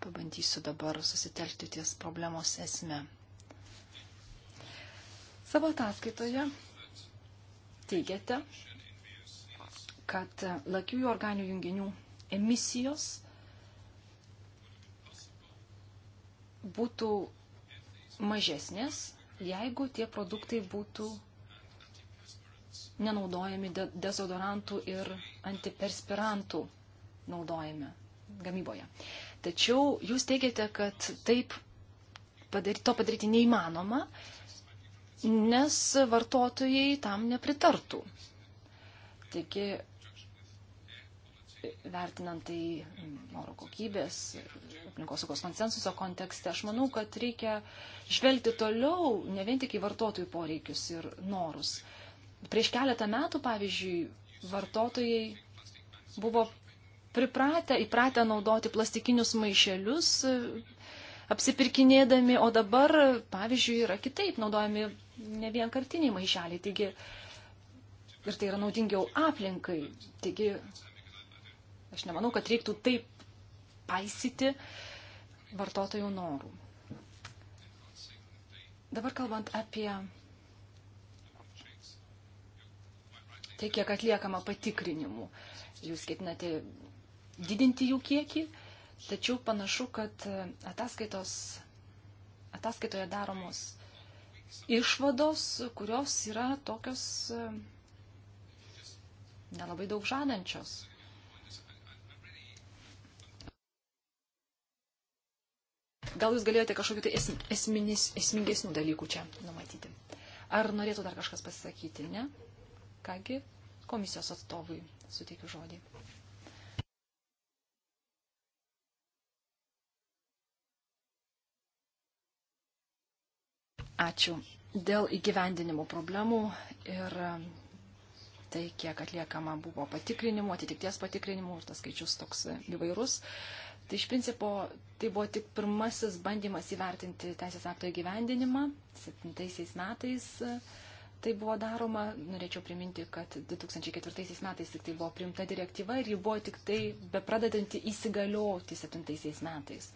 Pabandysiu dabar susitelkti ties problemos esme. Savo ataskaitoje teigiate, kad lakiųjų organinių junginių emisijos būtų mažesnės jeigu tie produktai būtų nenaudojami de dezodorantų ir antiperspirantų naudojame gamyboje. Tačiau jūs teigiate, kad taip padaryti, to padaryti neįmanoma, nes vartotojai tam nepritartų. Taigi vertinant tai mm, oro kokybės ir aplinkosaugos konsensuso kontekste, aš manau, kad reikia žvelgti toliau, ne vien tik į vartotojų poreikius ir norus. Prieš keletą metų, pavyzdžiui, vartotojai buvo pripratę, įpratę naudoti plastikinius maišelius e, apsipirkinėdami, o dabar, pavyzdžiui, yra kitaip naudojami ne vienkartiniai maišeliai. Taigi, ir tai yra naudingiau aplinkai. Taigi Aš nemanau, kad reiktų taip paisyti vartotojų norų. Dabar kalbant apie tai, kiek atliekama patikrinimų. Jūs ketinate didinti jų kiekį, tačiau panašu, kad ataskaitos, ataskaitoje daromos išvados, kurios yra tokios e, nelabai daug žadančios. Gal jūs galėjote kažkokiu tai esminis, esmingesnių dalykų čia numatyti? Ar norėtų dar kažkas pasisakyti? Ne? Kągi, komisijos atstovui suteikiu žodį. Ačiū. Dėl įgyvendinimo problemų ir um, tai, kiek atliekama buvo patikrinimų, atitikties patikrinimų ir tas skaičius toks įvairus. Tai iš principo tai buvo tik pirmasis bandymas įvertinti teisės akto įgyvendinimą. 7 metais e, tai buvo daroma. Norėčiau priminti, kad 2004 metais tik tai buvo priimta direktyva ir ji buvo tik tai bepradedanti įsigalioti 7 metais.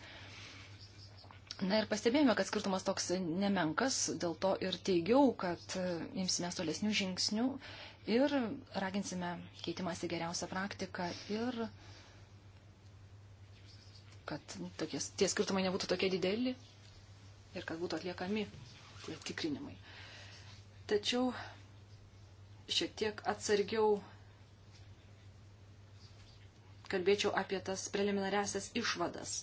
Na ir pastebėjome, kad skirtumas toks nemenkas, dėl to ir teigiau, kad e, imsime tolesnių žingsnių ir raginsime keitimąsi geriausią praktiką ir uh, kad nu, tokie, tie skirtumai nebūtų tokie dideli ir kad būtų atliekami tie tikrinimai. Tačiau šiek tiek atsargiau kalbėčiau apie tas preliminariasias išvadas.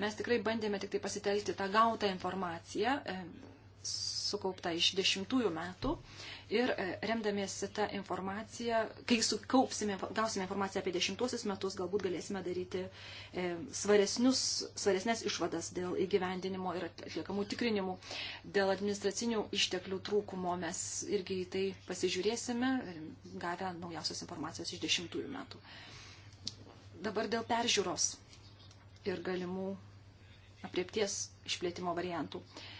Mes tikrai bandėme tik tai pasitelkti tą gautą informaciją, e, sukauptą iš dešimtųjų metų ir e, remdamiesi tą informaciją, kai sukaupsime, gausime informaciją apie dešimtuosius metus, galbūt galėsime daryti e, svaresnės išvadas dėl įgyvendinimo ir atliekamų tikrinimų. Dėl administracinių išteklių trūkumo mes irgi į tai pasižiūrėsime, gavę naujausios informacijos iš dešimtųjų metų. Dabar dėl peržiūros ir galimų apriepties išplėtimo variantų. Uh,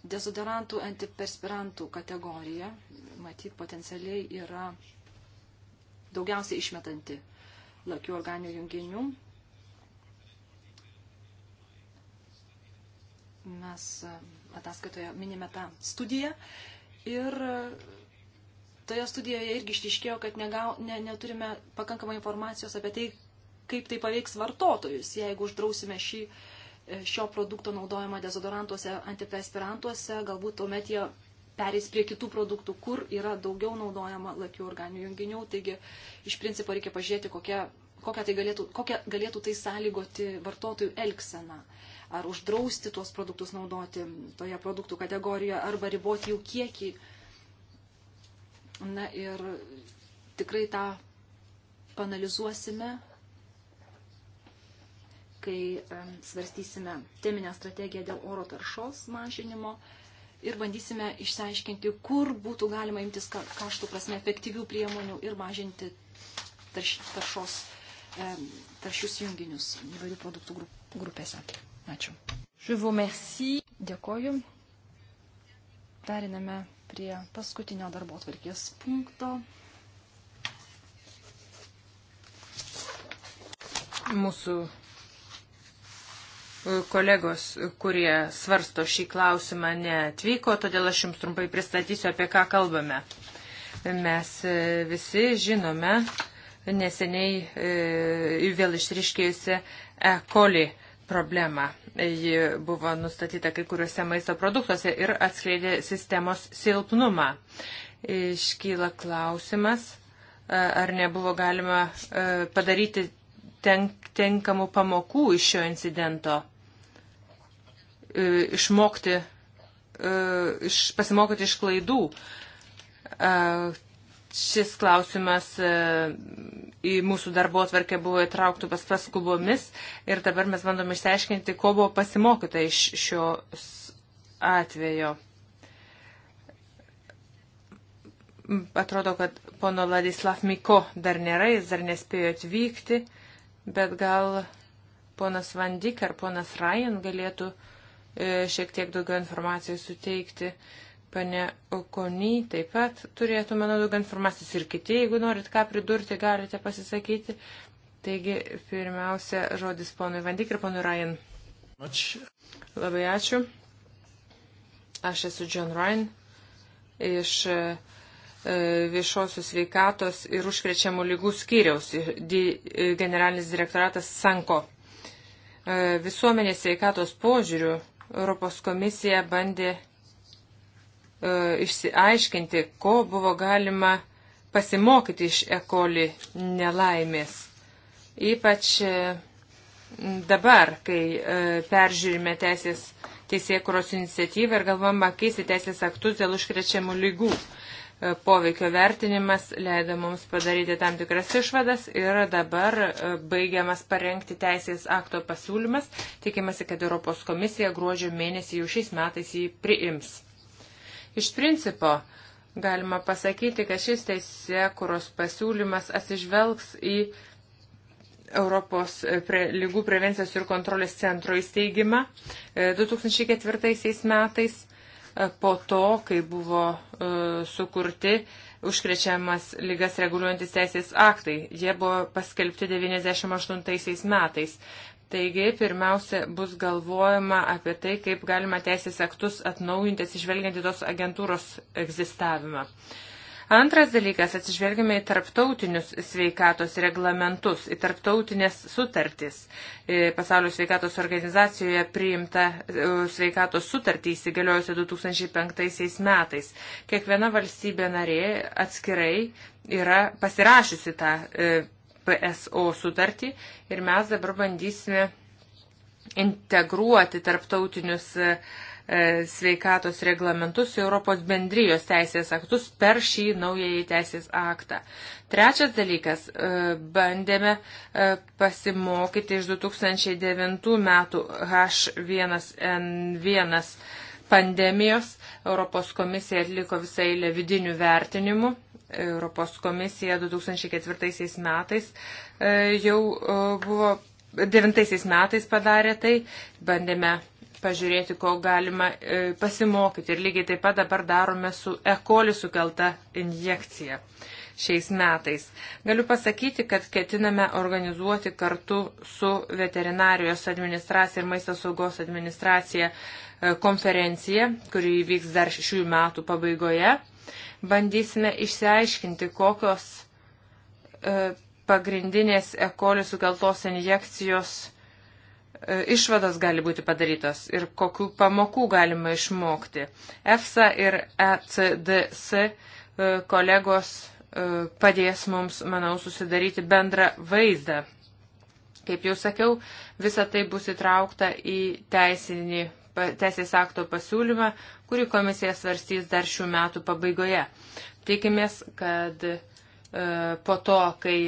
Dezodorantų antiperspirantų kategorija, matyt, potencialiai yra daugiausiai išmetanti lakių organinių junginių. Mes e, ataskaitoje minime tą studiją ir e, toje studijoje irgi ištiškėjo, kad negau, ne, neturime pakankamai informacijos apie tai, kaip tai paveiks vartotojus, jeigu uždrausime šį uh, šio produkto naudojama dezodorantuose, antiperspirantuose, galbūt tuomet jie pereis prie kitų produktų, kur yra daugiau naudojama lakių organinių junginių. Taigi, iš principo reikia pažiūrėti, kokia, kokia, tai galėtų, kokia galėtų tai sąlygoti vartotojų elgseną. Ar uždrausti tuos produktus naudoti toje produktų kategorijoje, arba riboti jų kiekį. Na ir tikrai tą panalizuosime kai svarstysime teminę strategiją dėl oro taršos mažinimo ir bandysime išsiaiškinti, kur būtų galima imtis kaštų prasme efektyvių priemonių ir mažinti tarš, taršos, taršius junginius įvairių produktų grupėse. Ačiū. Dėkoju. Periname prie paskutinio darbo atvarkės punkto. Mūsų Kolegos, kurie svarsto šį klausimą, neatvyko, todėl aš jums trumpai pristatysiu, apie ką kalbame. Mes e, visi žinome neseniai e, vėl išriškėjusi E. coli problemą. Ji buvo nustatyta kai kuriuose maisto produktuose ir atskleidė sistemos silpnumą. Iškyla klausimas, e, ar nebuvo galima padaryti tenk, tenkamų pamokų iš šio incidento, e, išmokti, e, iš, pasimokyti iš klaidų. E, šis klausimas e, į mūsų darbo atverkę buvo įtrauktų pas paskubomis ir dabar mes bandome išsiaiškinti, ko buvo pasimokyta iš šios atvejo. Atrodo, kad pono Ladislav Miko dar nėra, jis dar nespėjo atvykti bet gal ponas Vandik ar ponas Ryan galėtų e, šiek tiek daugiau informacijos suteikti. Pane Okony taip pat turėtų, manau, daug informacijos ir kiti, jeigu norit ką pridurti, galite pasisakyti. Taigi, pirmiausia, žodis ponui Vandik ir ponui Ryan. Ačiū. Labai ačiū. Aš esu John Ryan iš uh, E, viešosios veikatos ir užkrečiamų lygų skyriaus e, generalinis direktoratas Sanko. E, visuomenės veikatos požiūrių Europos komisija bandė išsiaiškinti, ko buvo galima pasimokyti iš ekoli nelaimės. Ypač dabar, kai peržiūrime teisės teisėkuros iniciatyvą ir galvojama keisti teisės aktus dėl užkrečiamų lygų poveikio vertinimas leido mums padaryti tam tikras išvadas ir dabar e, baigiamas parengti teisės akto pasiūlymas. Tikimasi, kad Europos komisija gruodžio mėnesį jau šiais metais jį priims. Iš principo, galima pasakyti, kad šis teisėkuros pasiūlymas atsižvelgs į Europos e, pre, lygų prevencijos ir kontrolės centro įsteigimą 2004 e, metais po to, kai buvo e, sukurti užkrečiamas lygas reguliuojantis teisės aktai. Jie buvo paskelbti 98 metais. Taigi, pirmiausia, bus galvojama apie tai, kaip galima teisės aktus atnaujinti, atsižvelgiant į tos agentūros egzistavimą. Uh, Antras dalykas, atsižvelgime į tarptautinius sveikatos reglamentus, į tarptautinės sutartys. E, Pasaulio sveikatos organizacijoje priimta e, sveikatos sutartį įsigaliojusi 2005 metais. Kiekviena valstybė narė atskirai yra pasirašiusi tą e, PSO sutartį ir mes dabar bandysime integruoti tarptautinius uh, E, sveikatos reglamentus Europos bendrijos teisės aktus per šį naująjį teisės aktą. Trečias dalykas, e, bandėme e, pasimokyti iš 2009 metų H1N1 pandemijos. Europos komisija atliko visą eilę vidinių vertinimų. Europos komisija 2004 metais jau buvo 2009 metais padarė tai, bandėme pažiūrėti, ko galima e, pasimokyti. Ir lygiai taip pat dabar darome su ekoli sukelta injekcija šiais metais. Galiu pasakyti, kad ketiname organizuoti kartu su veterinarijos administracija ir maisto saugos administracija e, konferenciją, kuri vyks dar šių metų pabaigoje. Bandysime išsiaiškinti, kokios e, pagrindinės ekoli sukeltos injekcijos E, išvados gali būti padarytos ir kokių pamokų galima išmokti. EFSA ir ECDC e, kolegos e, padės mums, manau, susidaryti bendrą vaizdą. Kaip jau sakiau, visa tai bus įtraukta į teisinį, teisės akto pasiūlymą, kurį komisija svarstys dar šių metų pabaigoje. Tikimės, kad po to, kai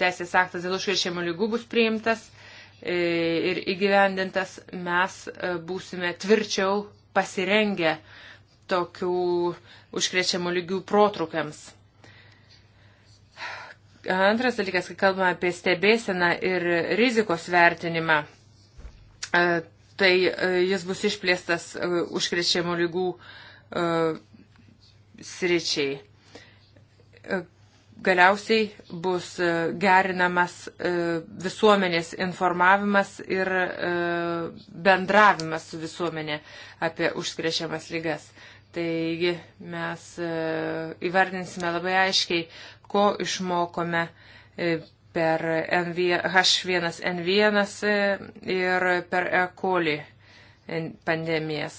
teisės aktas dėl užkrečiamų lygų bus priimtas, E, ir įgyvendintas, mes e, būsime tvirčiau pasirengę tokių užkrečiamų lygių protrukiams. Antras dalykas, kai kalbame apie stebėseną ir rizikos vertinimą, e, tai jis bus išplėstas užkrečiamų lygų sričiai galiausiai bus e, gerinamas e, visuomenės informavimas ir e, bendravimas su visuomenė apie užskrečiamas lygas. Taigi mes įvardinsime labai aiškiai, ko išmokome per H1N1 ir per E. coli pandemijas.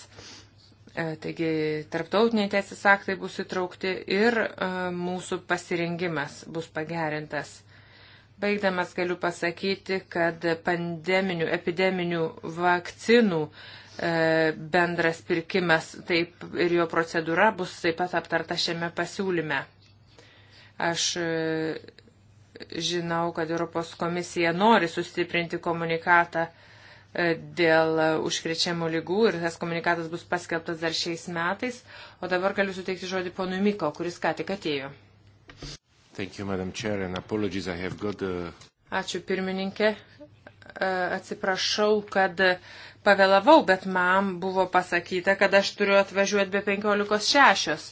E, taigi tarptautiniai teisės aktai bus įtraukti ir e, mūsų pasirengimas bus pagerintas. Baigdamas galiu pasakyti, kad pandeminių, epideminių vakcinų e, bendras pirkimas taip, ir jo procedūra bus taip pat aptarta šiame pasiūlyme. Aš žinau, kad Europos komisija nori sustiprinti komunikatą dėl užkrečiamų lygų ir tas komunikatas bus paskelbtas dar šiais metais. O dabar galiu suteikti žodį ponui Miko, kuris ką tik atėjo. Thank you, Madam Chair, and apologies, I have got the... Uh, Ačiū pirmininkė. E, atsiprašau, kad pavėlavau, bet man buvo pasakyta, kad aš turiu atvažiuoti be 15.6.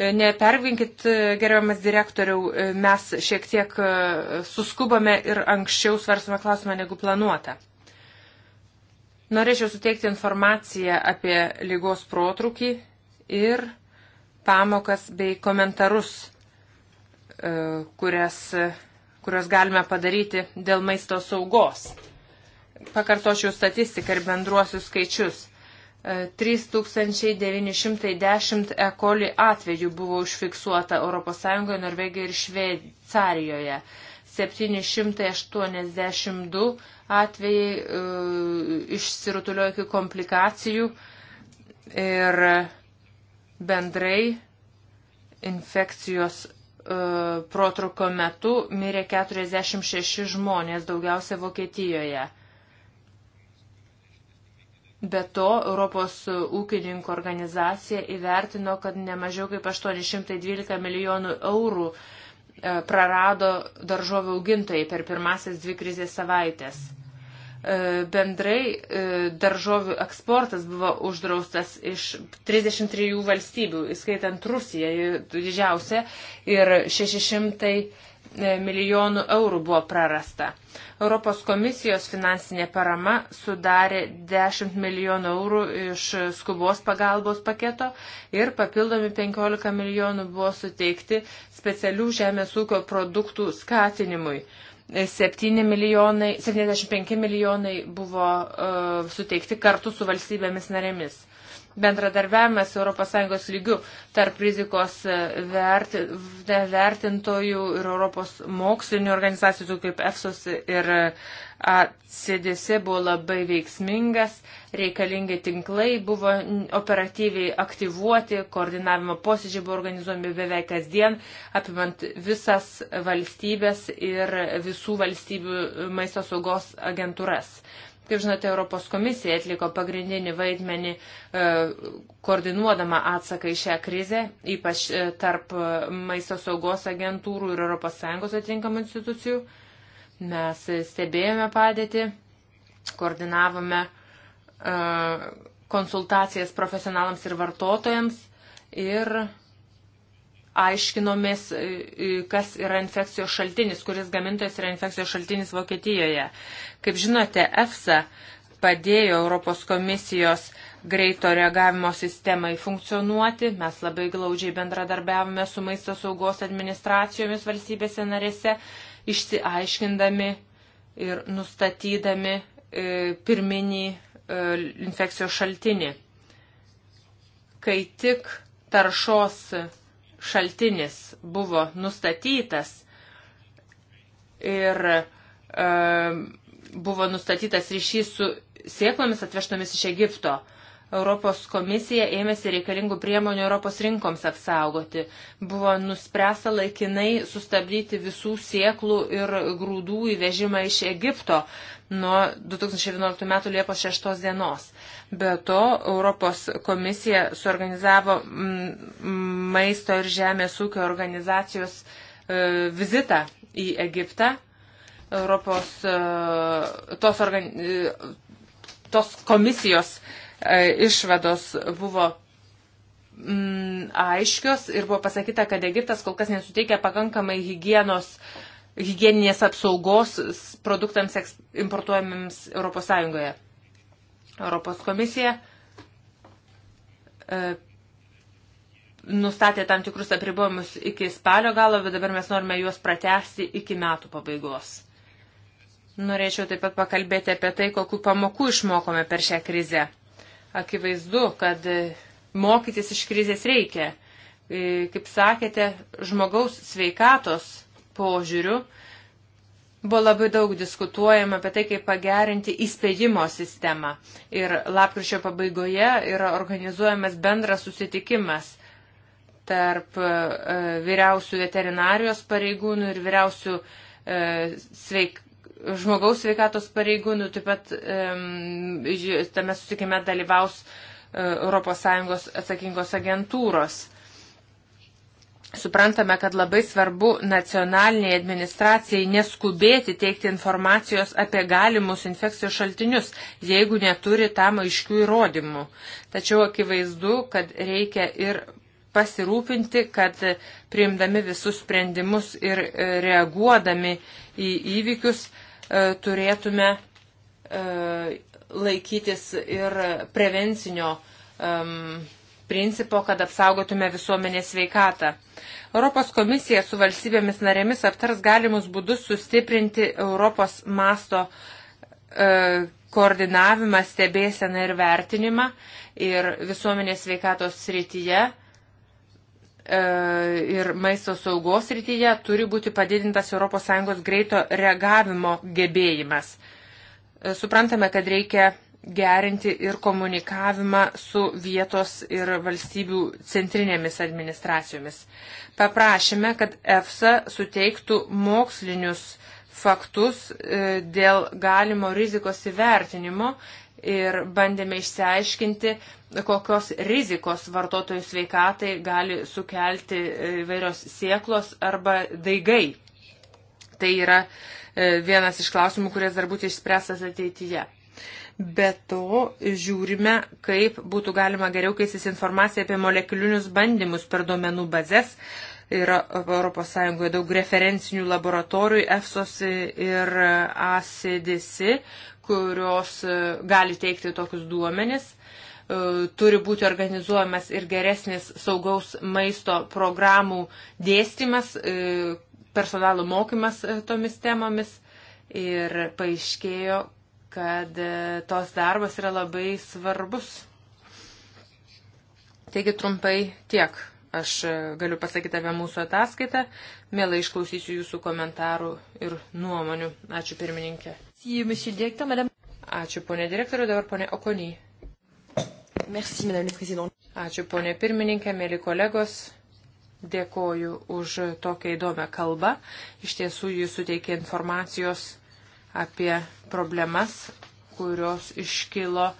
E, Nepervinkit, e, gerbiamas direktoriau, mes šiek tiek suskubame ir anksčiau svarstame klausimą negu planuota. Norėčiau suteikti informaciją apie lygos protrukį ir pamokas bei komentarus, e, kurias, kurios galime padaryti dėl maisto saugos. Pakartočiau statistiką ir bendruosius skaičius. 3910 e, e. coli atvejų buvo užfiksuota ES, Norvegijoje ir Šveicarijoje. 782 atvejai e, išsirutuliojo iki komplikacijų ir bendrai infekcijos e, protruko metu mirė 46 žmonės, daugiausia Vokietijoje. Be to, Europos ūkininkų organizacija įvertino, kad nemažiau kaip 812 milijonų eurų E, prarado daržovių augintojai per pirmasis dvi krizės savaitės. E, bendrai e, daržovių eksportas buvo uždraustas iš 33 valstybių, įskaitant Rusiją didžiausią, ir 600 E, milijonų eurų buvo prarasta. Europos komisijos finansinė parama sudarė 10 milijonų eurų iš skubos pagalbos paketo ir papildomi 15 milijonų buvo suteikti specialių žemės ūkio produktų skatinimui. 7 e, milijonai, 75 milijonai buvo uh, suteikti kartu su valstybėmis narėmis bendradarbiavimas ES lygių tarp rizikos e, verti, vertintojų ir Europos mokslinių organizacijų, tokių kaip EFSOS ir e, ACDC, buvo labai veiksmingas, reikalingi tinklai buvo operatyviai aktyvuoti, koordinavimo posėdžiai buvo organizuojami beveik kasdien, apimant visas valstybės ir visų valstybių maisto saugos agentūras. Kaip žinote, Europos komisija atliko pagrindinį vaidmenį e, koordinuodama atsaką į šią krizę, ypač e, tarp e, maisto saugos agentūrų ir ES atitinkamų institucijų. Mes stebėjome padėtį, koordinavome konsultacijas profesionalams ir vartotojams ir aiškinomės, e, e, kas yra infekcijos šaltinis, kuris gamintojas yra infekcijos šaltinis Vokietijoje. Kaip žinote, EFSA padėjo Europos komisijos greito reagavimo sistemai funkcionuoti. Mes labai glaudžiai bendradarbiavome su maisto saugos administracijomis valstybėse narėse, išsiaiškindami ir nustatydami e, pirminį infekcijos šaltinį. Kai tik taršos šaltinis buvo nustatytas ir e, buvo nustatytas ryšys su sėklomis atvežtomis iš Egipto. Europos komisija ėmėsi reikalingų priemonių Europos rinkoms apsaugoti. Buvo nuspręsta laikinai sustabdyti visų sieklų ir grūdų įvežimą iš Egipto nuo 2011 m. Liepos 6 dienos. Be to, Europos komisija suorganizavo mm, maisto ir žemės ūkio organizacijos e, vizitą į Egiptą. Europos e, tos, organ, e, tos komisijos išvados buvo mm, aiškios ir buvo pasakyta, kad Egiptas kol kas nesuteikia pakankamai hygienos, hygieninės apsaugos produktams importuojamiems ES. Europos komisija e, nustatė tam tikrus apribojimus iki spalio galo, bet dabar mes norime juos pratesti iki metų pabaigos. Norėčiau taip pat pakalbėti apie tai, kokiu pamokų išmokome per šią krizę. Akivaizdu, kad e, mokytis iš krizės reikia. E, kaip sakėte, žmogaus sveikatos požiūrių Buvo labai daug diskutuojama apie tai, kaip pagerinti įspėjimo sistemą. Ir lapkričio pabaigoje yra organizuojamas bendras susitikimas tarp e, vyriausių veterinarijos pareigūnų ir vyriausių e, sveik, žmogaus sveikatos pareigūnų. Taip pat tame susitikime dalyvaus ES atsakingos agentūros. Suprantame, kad labai svarbu nacionaliniai administracijai neskubėti teikti informacijos apie galimus infekcijos šaltinius, jeigu neturi tam aiškių įrodymų. Tačiau akivaizdu, kad reikia ir pasirūpinti, kad priimdami visus sprendimus ir e, reaguodami į įvykius e, turėtume e, laikytis ir prevencinio um, principo, kad apsaugotume visuomenės sveikatą. Europos komisija su valstybėmis narėmis aptars galimus būdus sustiprinti Europos masto e, koordinavimą, stebėseną ir vertinimą ir visuomenės sveikatos srityje e, ir maisto saugos srityje turi būti padidintas ES greito reagavimo gebėjimas. E, suprantame, kad reikia gerinti ir komunikavimą su vietos ir valstybių centrinėmis administracijomis. Paprašėme, kad EFSA suteiktų mokslinius faktus e, dėl galimo rizikos įvertinimo ir bandėme išsiaiškinti, kokios rizikos vartotojų sveikatai gali sukelti e, vairios sieklos arba daigai. Tai yra e, vienas iš klausimų, kuris dar būtų išspręstas ateityje. Be to, žiūrime, kaip būtų galima geriau keistis informacija apie molekulinius bandymus per duomenų bazės. Yra ES daug referencinių laboratorijų, EFSOS ir ACDC, kurios e, gali teikti tokius duomenis. E, turi būti organizuojamas ir geresnis saugaus maisto programų dėstymas, e, personalo mokymas tomis temomis. Ir paaiškėjo, kad e, tos darbas yra labai svarbus. Taigi trumpai tiek aš e, galiu pasakyti apie mūsų ataskaitą. Mielai išklausysiu jūsų komentarų ir nuomonių. Ačiū pirmininkė. Ačiū ponė direktorių, dabar ponė Okony. Ačiū ponė pirmininkė, mėly kolegos. Dėkoju už tokią įdomią kalbą. Iš tiesų, jis suteikė informacijos apie problemas, kurios iškilo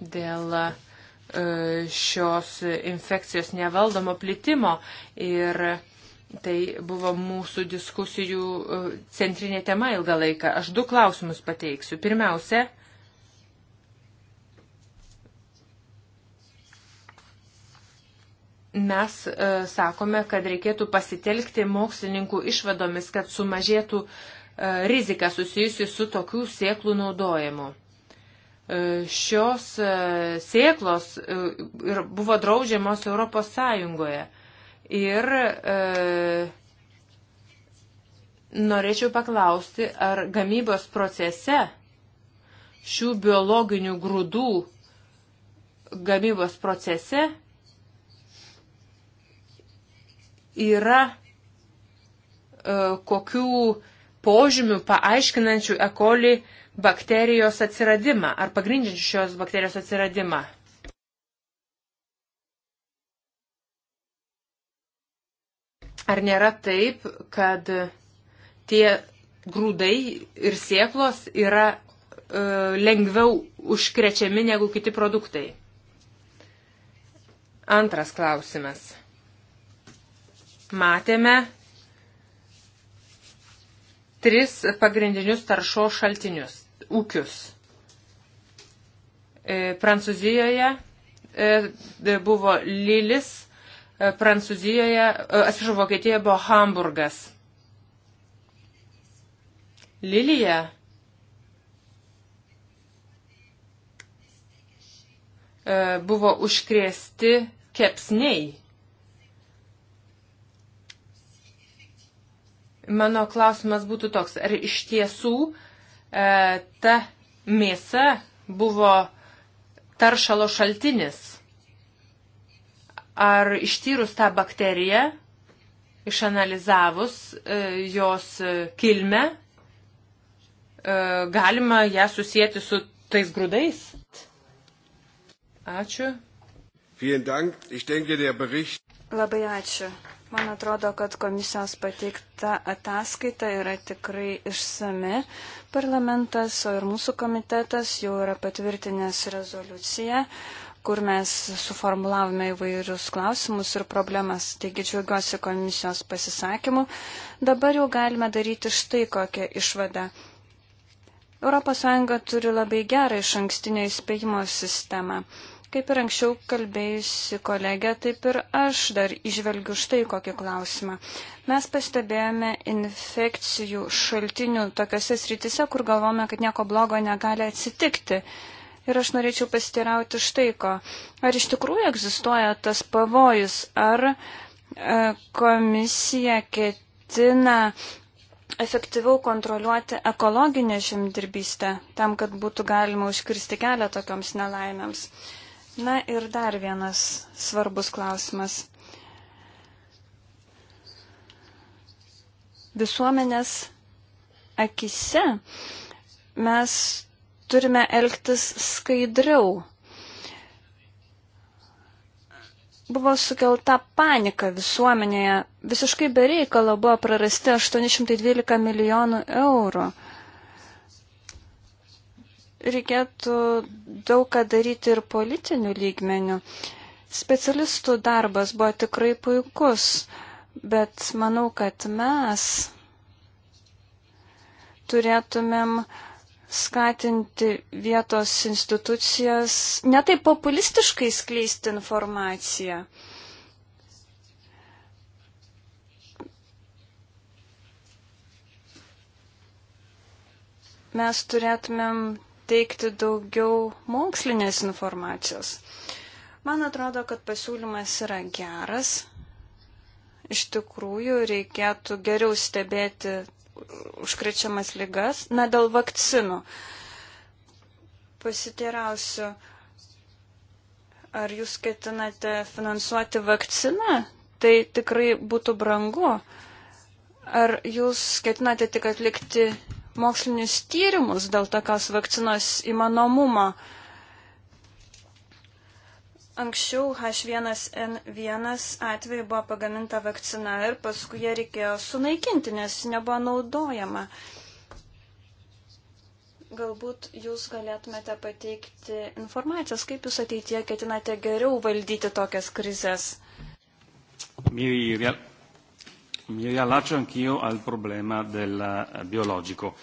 dėl e, šios infekcijos nevaldomo plitimo. Ir tai buvo mūsų diskusijų e, centrinė tema ilgą laiką. Aš du klausimus pateiksiu. Pirmiausia, mes e, sakome, kad reikėtų pasitelkti mokslininkų išvadomis, kad sumažėtų e, E, riziką susijusi su tokių sėklų naudojimu. E, šios e, sėklos buvo draudžiamos Europos Sąjungoje. Ir norėčiau paklausti, ar gamybos procese šių biologinių grūdų gamybos procese yra e, kokių požymių paaiškinančių ekoli bakterijos atsiradimą ar pagrindžiančių šios bakterijos atsiradimą. Ar nėra taip, kad tie grūdai ir sėklos yra e, lengviau užkrečiami negu kiti produktai? Antras klausimas. Matėme, tris pagrindinius taršo šaltinius - ūkius. E, Prancūzijoje e, buvo Lilis, e, Prancūzijoje, atsiprašau, Vokietijoje buvo Hamburgas. Lilyje buvo užkrėsti kepsniai Mano klausimas būtų toks, ar iš tiesų e, ta mėsa buvo taršalo šaltinis? Ar ištyrus tą bakteriją, išanalizavus e, jos kilmę, e, galima ją susijęti su tais grūdais? Ačiū. Labai ačiū. Man atrodo, kad komisijos pateikta ataskaita yra tikrai išsami. Parlamentas, o ir mūsų komitetas jau yra patvirtinęs rezoliuciją, kur mes suformulavome įvairius klausimus ir problemas. Taigi džiaugiuosi komisijos pasisakymu. Dabar jau galime daryti štai kokią išvadą. ES turi labai gerą iš ankstinio įspėjimo sistemą. Kaip ir anksčiau kalbėjusi kolegė, taip ir aš dar išvelgiu štai kokį klausimą. Mes pastebėjome infekcijų šaltinių tokiuose srityse, kur galvome, kad nieko blogo negali atsitikti. Ir aš norėčiau pasitirauti štai ko. Ar iš tikrųjų egzistuoja tas pavojus, ar e, komisija ketina efektyviau kontroliuoti ekologinę žemdirbystę, tam, kad būtų galima užkirsti kelią tokioms nelaimėms. Na ir dar vienas svarbus klausimas. Visuomenės akise mes turime elgtis skaidriau. Buvo sukelta panika visuomenėje, visiškai bereikalo buvo prarasti 812 milijonų eurų reikėtų daug ką daryti ir politinių lygmenių. Specialistų darbas buvo tikrai puikus, bet manau, kad mes turėtumėm skatinti vietos institucijas netai populistiškai skleisti informaciją. mes turėtumėm pateikti daugiau mokslinės informacijos. Man atrodo, kad pasiūlymas yra geras. Iš tikrųjų, reikėtų geriau stebėti užkrečiamas lygas. Na, dėl vakcinų. Pasiteirausiu, ar jūs ketinate finansuoti vakciną? Tai tikrai būtų brangu. Ar jūs ketinate tik atlikti mokslinius tyrimus dėl tokios vakcinos įmanomumo. Anksčiau H1N1 atveju buvo pagaminta vakcina ir paskui ją reikėjo sunaikinti, nes nebuvo naudojama. Galbūt jūs galėtumėte pateikti informacijos, kaip jūs ateityje ketinate geriau valdyti tokias krizės. Miriam, mi allaccio anch'io al problema del eh, biologico.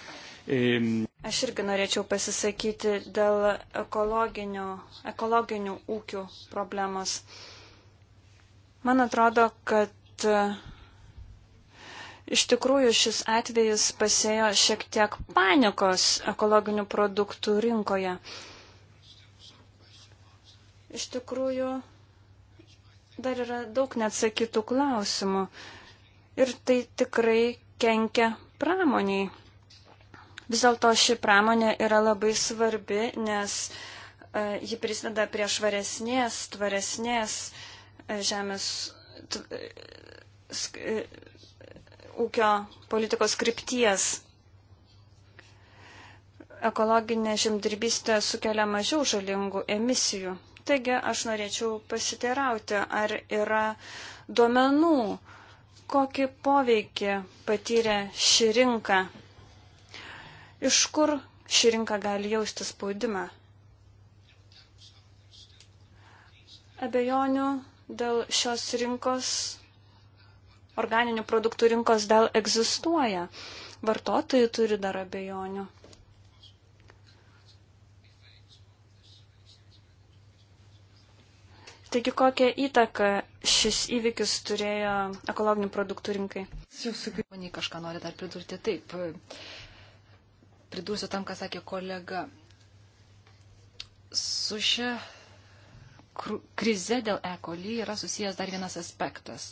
E... Aš irgi norėčiau pasisakyti dėl ekologinių, ekologinių ūkių problemos. Man atrodo, kad eh, iš tikrųjų šis atvejis pasėjo šiek tiek panikos ekologinių produktų rinkoje. Iš tikrųjų, dar yra daug neatsakytų klausimų. Uh, ir tai tikrai kenkia pramoniai. Vis dėlto ši pramonė yra labai svarbi, nes e, ji prisideda prie švaresnės, tvaresnės e, žemės e, ūkio politikos krypties. Ekologinė žemdirbystė sukelia mažiau žalingų emisijų. Taigi aš norėčiau pasiteirauti, ar yra duomenų, kokį poveikį patyrė ši rinka, iš kur ši rinka gali jausti spaudimą. Abejonių dėl šios rinkos, organinių produktų rinkos dėl egzistuoja. Vartotojai turi dar abejonių. Taigi kokią įtaką šis įvykis turėjo ekologinių produktų rinkai? Jūsų kažką nori dar pridurti. Taip, pridursiu tam, ką sakė kolega. Su šia krize dėl ekoly yra susijęs dar vienas aspektas.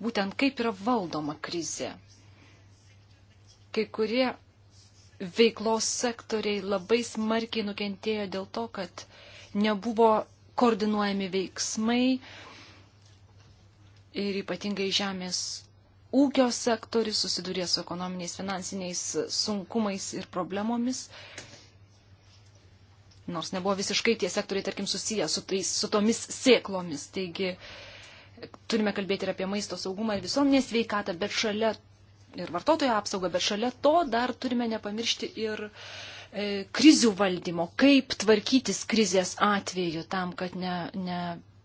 Būtent kaip yra valdoma krize. Kai kurie veiklos sektoriai labai smarkiai nukentėjo dėl to, kad nebuvo koordinuojami veiksmai ir ypatingai žemės ūkio sektorius susidurė su ekonominiais, finansiniais sunkumais ir problemomis. Nors nebuvo visiškai tie sektoriai, tarkim, susiję su, tais, su tomis sėklomis. Taigi turime kalbėti ir apie maisto saugumą ir visuomenės veikatą, bet šalia ir vartotojo apsaugą, bet šalia to dar turime nepamiršti ir uh, E, krizių valdymo, kaip tvarkytis krizės atveju tam, kad ne, ne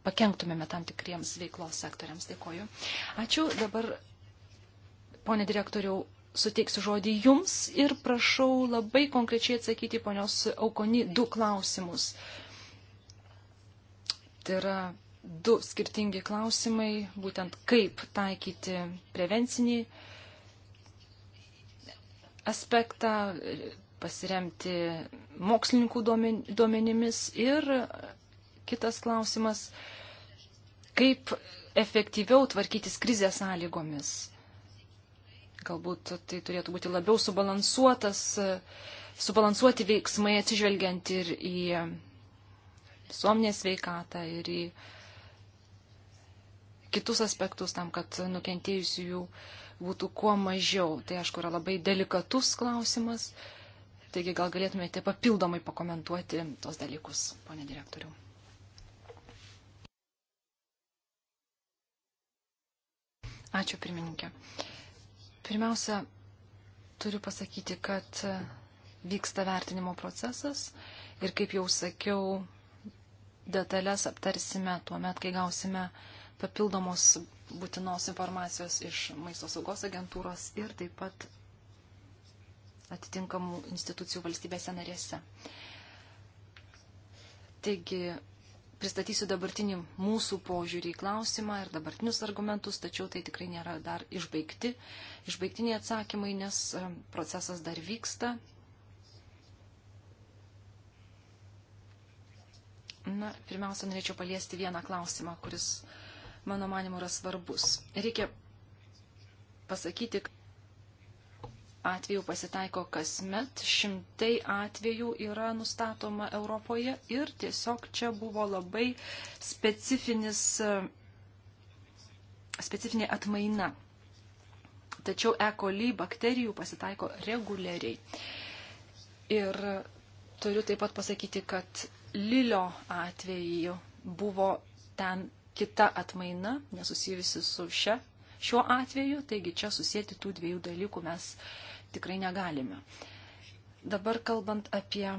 pakenktumėme tam tikriems veiklos sektoriams. Dėkoju. Ačiū. Dabar, ponė direktoriau, suteiksiu žodį jums ir prašau labai konkrečiai atsakyti ponios Aukoni du klausimus. Tai yra du skirtingi klausimai, būtent kaip taikyti prevencinį aspektą, pasiremti mokslininkų duomenimis. Ir kitas klausimas, kaip efektyviau tvarkytis krizės sąlygomis. Galbūt tai turėtų būti labiau subalansuotas, subalansuoti veiksmai atsižvelgiant ir į visuomenės veikatą, ir į kitus aspektus tam, kad nukentėjusių jų būtų kuo mažiau. Tai aišku yra labai delikatus klausimas. Uh, Taigi gal galėtumėte papildomai pakomentuoti tos dalykus, ponė direktoriu. Ačiū pirmininkė. Pirmiausia, turiu pasakyti, kad vyksta vertinimo procesas ir kaip jau sakiau, detalės aptarsime tuo met, kai gausime papildomos būtinos informacijos iš Maisto saugos agentūros ir taip pat atitinkamų institucijų valstybėse narėse. Taigi, pristatysiu dabartinį mūsų požiūrį į klausimą ir dabartinius argumentus, tačiau tai tikrai nėra dar išbaigti. Išbaigtiniai atsakymai, nes e, procesas dar vyksta. Na, pirmiausia, norėčiau paliesti vieną klausimą, kuris mano manimu yra svarbus. Reikia pasakyti, kad atvejų pasitaiko kasmet, šimtai atvejų yra nustatoma Europoje ir tiesiog čia buvo labai specifinis, specifinė atmaina. Tačiau E. coli bakterijų pasitaiko reguliariai. Ir turiu taip pat pasakyti, kad Lilio atveju buvo ten kita atmaina, nesusijusi su šia šiuo atveju, taigi čia susijęti tų dviejų dalykų mes uh, tikrai negalime. Dabar kalbant apie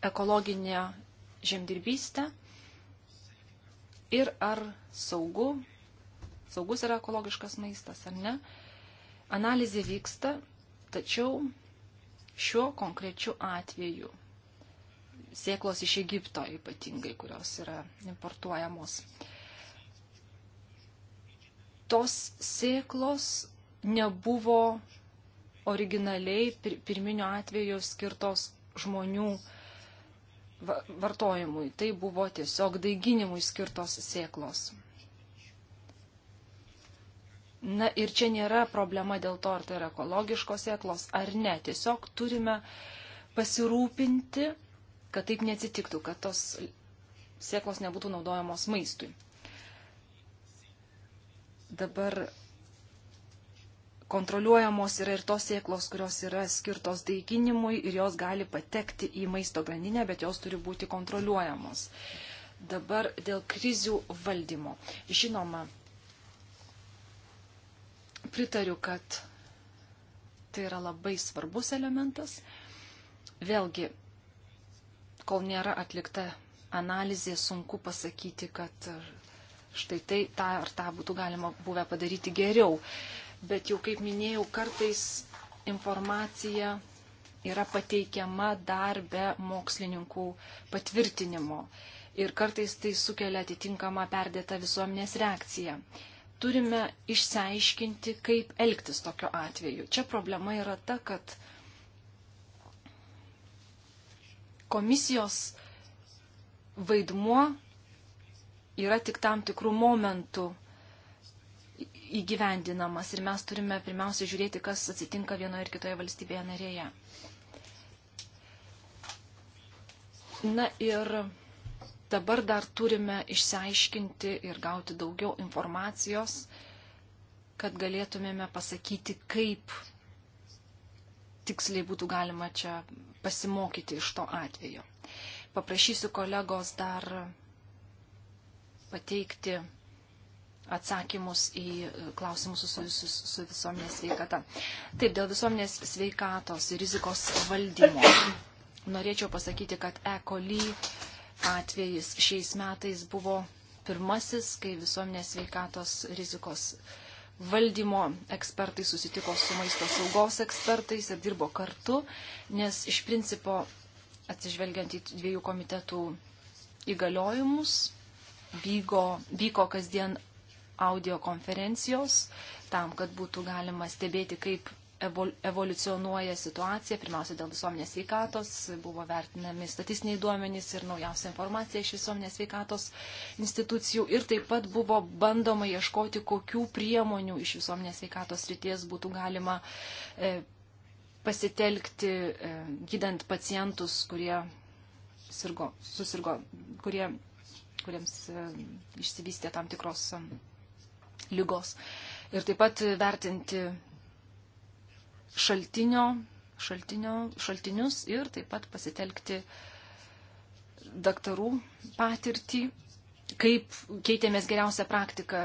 ekologinę žemdirbystę ir ar saugu, saugus yra ekologiškas maistas ar ne. Analizė vyksta, tačiau šiuo konkrečiu atveju sėklos iš Egipto ypatingai, kurios yra importuojamos. Uh, tos sėklos nebuvo originaliai pirminio atveju skirtos žmonių vartojimui. Tai buvo tiesiog daiginimui skirtos sėklos. Na ir čia nėra problema dėl to, ar tai yra ekologiškos sėklos ar ne. Tiesiog turime pasirūpinti, kad taip neatsitiktų, kad tos sėklos nebūtų naudojamos maistui dabar kontroliuojamos yra ir tos sėklos, kurios yra skirtos daiginimui ir jos gali patekti į maisto grandinę, bet jos turi būti kontroliuojamos. Dabar dėl krizių valdymo. Žinoma, pritariu, kad tai yra labai svarbus elementas. Vėlgi, kol nėra atlikta analizė, sunku pasakyti, kad štai tai tą ar tą būtų galima buvę padaryti geriau. Bet jau kaip minėjau, kartais informacija yra pateikiama dar be mokslininkų patvirtinimo. Ir kartais tai sukelia atitinkamą perdėtą visuomenės reakciją. Turime išsiaiškinti, kaip elgtis tokiu atveju. Čia problema yra ta, kad komisijos vaidmuo yra tik tam tikrų momentų įgyvendinamas ir mes turime pirmiausia žiūrėti, kas atsitinka vienoje ir kitoje valstybėje narėje. Na ir dabar dar turime išsiaiškinti ir gauti daugiau informacijos, kad galėtumėme pasakyti, kaip tiksliai būtų galima čia pasimokyti iš to atveju. Paprašysiu kolegos dar pateikti atsakymus į klausimus susijusius su, su visuomenės sveikata. Taip, dėl visuomenės sveikatos ir rizikos valdymo. Norėčiau pasakyti, kad E. coli atvejis šiais metais buvo pirmasis, kai visuomenės sveikatos rizikos valdymo ekspertai susitiko su maisto saugos ekspertais ir dirbo kartu, nes iš principo atsižvelgiant į dviejų komitetų įgaliojimus, vyko, vyko kasdien audio konferencijos tam, kad būtų galima stebėti, kaip evoliucionuoja situacija, pirmiausia dėl visuomenės veikatos, buvo vertinami statistiniai duomenys ir naujausia informacija iš visuomenės veikatos institucijų ir taip pat buvo bandoma ieškoti, kokių priemonių iš visuomenės veikatos ryties būtų galima e, pasitelkti e, gydant pacientus, kurie sirgo, susirgo, kurie kuriems e, išsivystė tam tikros e, lygos. Ir taip pat vertinti šaltinio, šaltinio, šaltinius ir taip pat pasitelkti daktarų patirtį, kaip keitėmės geriausią praktiką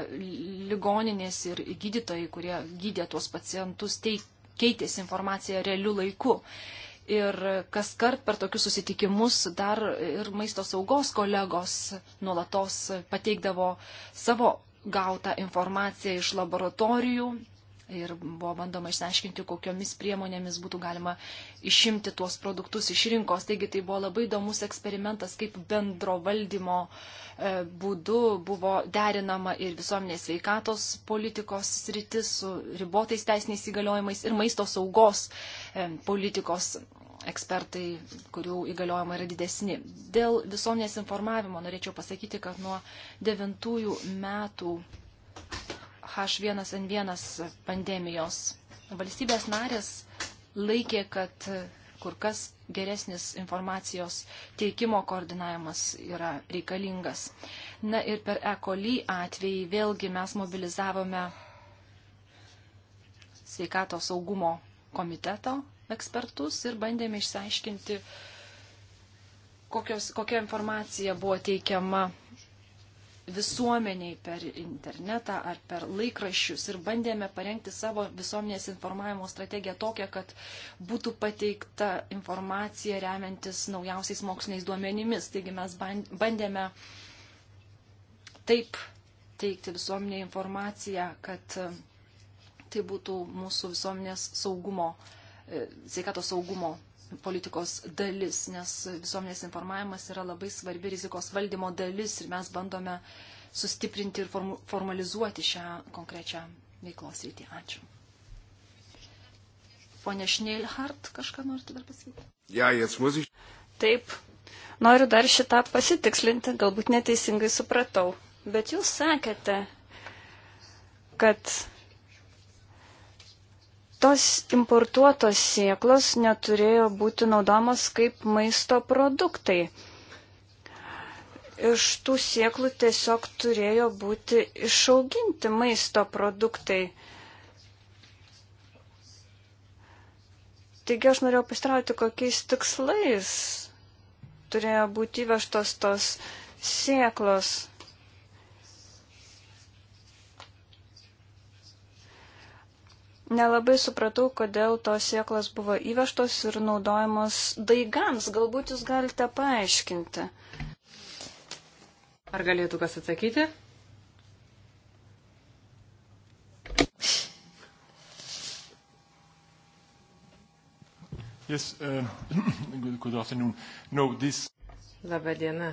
ligoninės ir gydytojai, kurie gydė tuos pacientus, tai keitėsi informacija realiu laiku. Ir kas kart per tokius susitikimus dar ir maisto saugos kolegos nuolatos pateikdavo savo gautą informaciją iš laboratorijų, ir buvo bandoma išsiaiškinti, kokiomis priemonėmis būtų galima išimti tuos produktus iš rinkos. Taigi tai buvo labai įdomus eksperimentas, kaip bendro valdymo e, būdu buvo derinama ir visuomenės veikatos politikos sritis su ribotais teisiniais įgaliojimais ir maisto saugos e, politikos ekspertai, kurių įgaliojimai yra didesni. Dėl visuomenės informavimo norėčiau pasakyti, kad nuo devintųjų metų H1N1 pandemijos. Valstybės narės laikė, kad kur kas geresnis informacijos teikimo koordinavimas yra reikalingas. Na ir per ECOLI atvejį vėlgi mes mobilizavome sveikato saugumo komiteto ekspertus ir bandėme išsiaiškinti, kokios, kokia informacija buvo teikiama visuomeniai per internetą ar per laikraščius ir bandėme parengti savo visuomenės informavimo strategiją tokią, kad būtų pateikta informacija remiantis naujausiais moksliniais duomenimis. Taigi mes bandėme taip teikti visuomenė informaciją, kad e, tai būtų mūsų visuomenės saugumo, e, sveikato saugumo politikos dalis, nes visuomenės informavimas yra labai svarbi rizikos valdymo dalis ir mes bandome sustiprinti ir formalizuoti šią konkrečią veiklos rytį. Ačiū. Pone Šneilhart, kažką norite dar pasakyti? Ja, ich... Taip, noriu dar šitą pasitikslinti, galbūt neteisingai supratau, bet jūs sakėte, kad tos importuotos sėklos neturėjo būti naudojamos kaip maisto produktai. Iš tų sėklų tiesiog turėjo būti išauginti maisto produktai. Taigi aš norėjau pastrauti, kokiais tikslais turėjo būti įvežtos tos sėklos. Nelabai supratau, kodėl tos sieklas buvo įvežtos ir naudojamos daigams. Galbūt jūs galite paaiškinti. Ar galėtų kas atsakyti? Yes, uh, good, <clears throat> good afternoon. No, this... Labą dieną.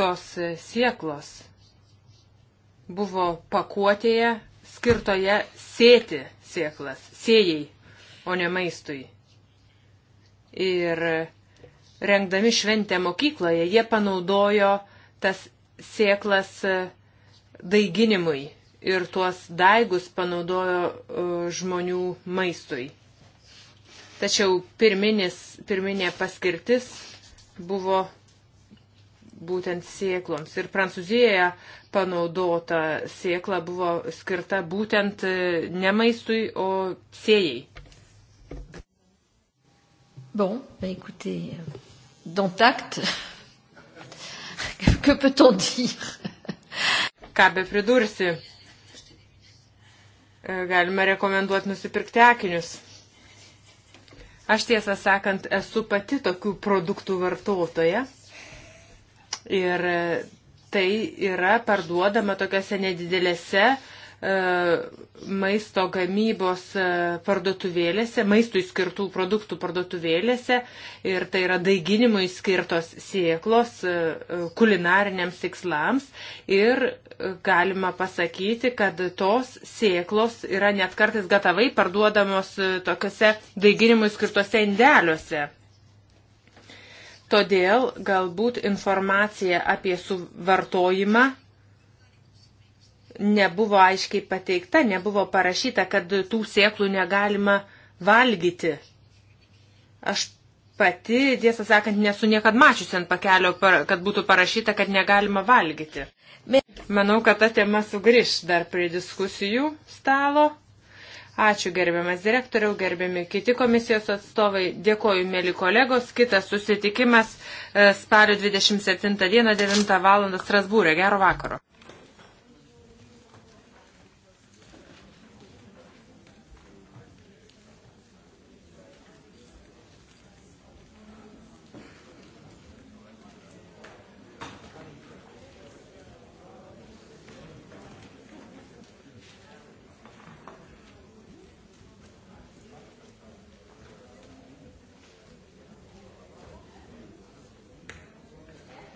Tos sieklos buvo pakuotėje skirtoje sėti sėklas, sėjai, o ne maistui. Ir rengdami šventę mokykloje jie panaudojo tas sėklas e, daiginimui ir tuos daigus panaudojo e, žmonių maistui. Tačiau pirminis, pirminė paskirtis buvo būtent siekloms. Ir Prancūzijoje panaudota siekla buvo skirta būtent e, ne maistui, o sėjai. Bon, bah écoutez, euh, dans acte, <laughs> que peut-on dire Ką be pridursi? E, galima rekomenduoti nusipirkti akinius. Aš tiesą sakant esu pati tokių produktų vartotoja. Ir e, tai yra parduodama tokiuose nedidelėse e, maisto gamybos e, parduotuvėlėse, maistui skirtų produktų parduotuvėlėse ir tai yra daiginimui skirtos sieklos kulinariniams tikslams ir galima pasakyti, kad tos sieklos yra net kartais gatavai parduodamos tokiuose daiginimui skirtuose indeliuose. Todėl galbūt informacija apie suvartojimą nebuvo aiškiai pateikta, nebuvo parašyta, kad tų sėklų negalima valgyti. Aš pati, tiesą sakant, nesu niekad mačiusi ant pakelio, kad būtų parašyta, kad negalima valgyti. Manau, kad ta tema sugrįž dar prie diskusijų stalo. Ačiū gerbiamas direktoriau, gerbiami kiti komisijos atstovai. Dėkoju, mėly kolegos. Kitas susitikimas e, spalio 27 dieną 9 val. Strasbūrė. Gero vakaro.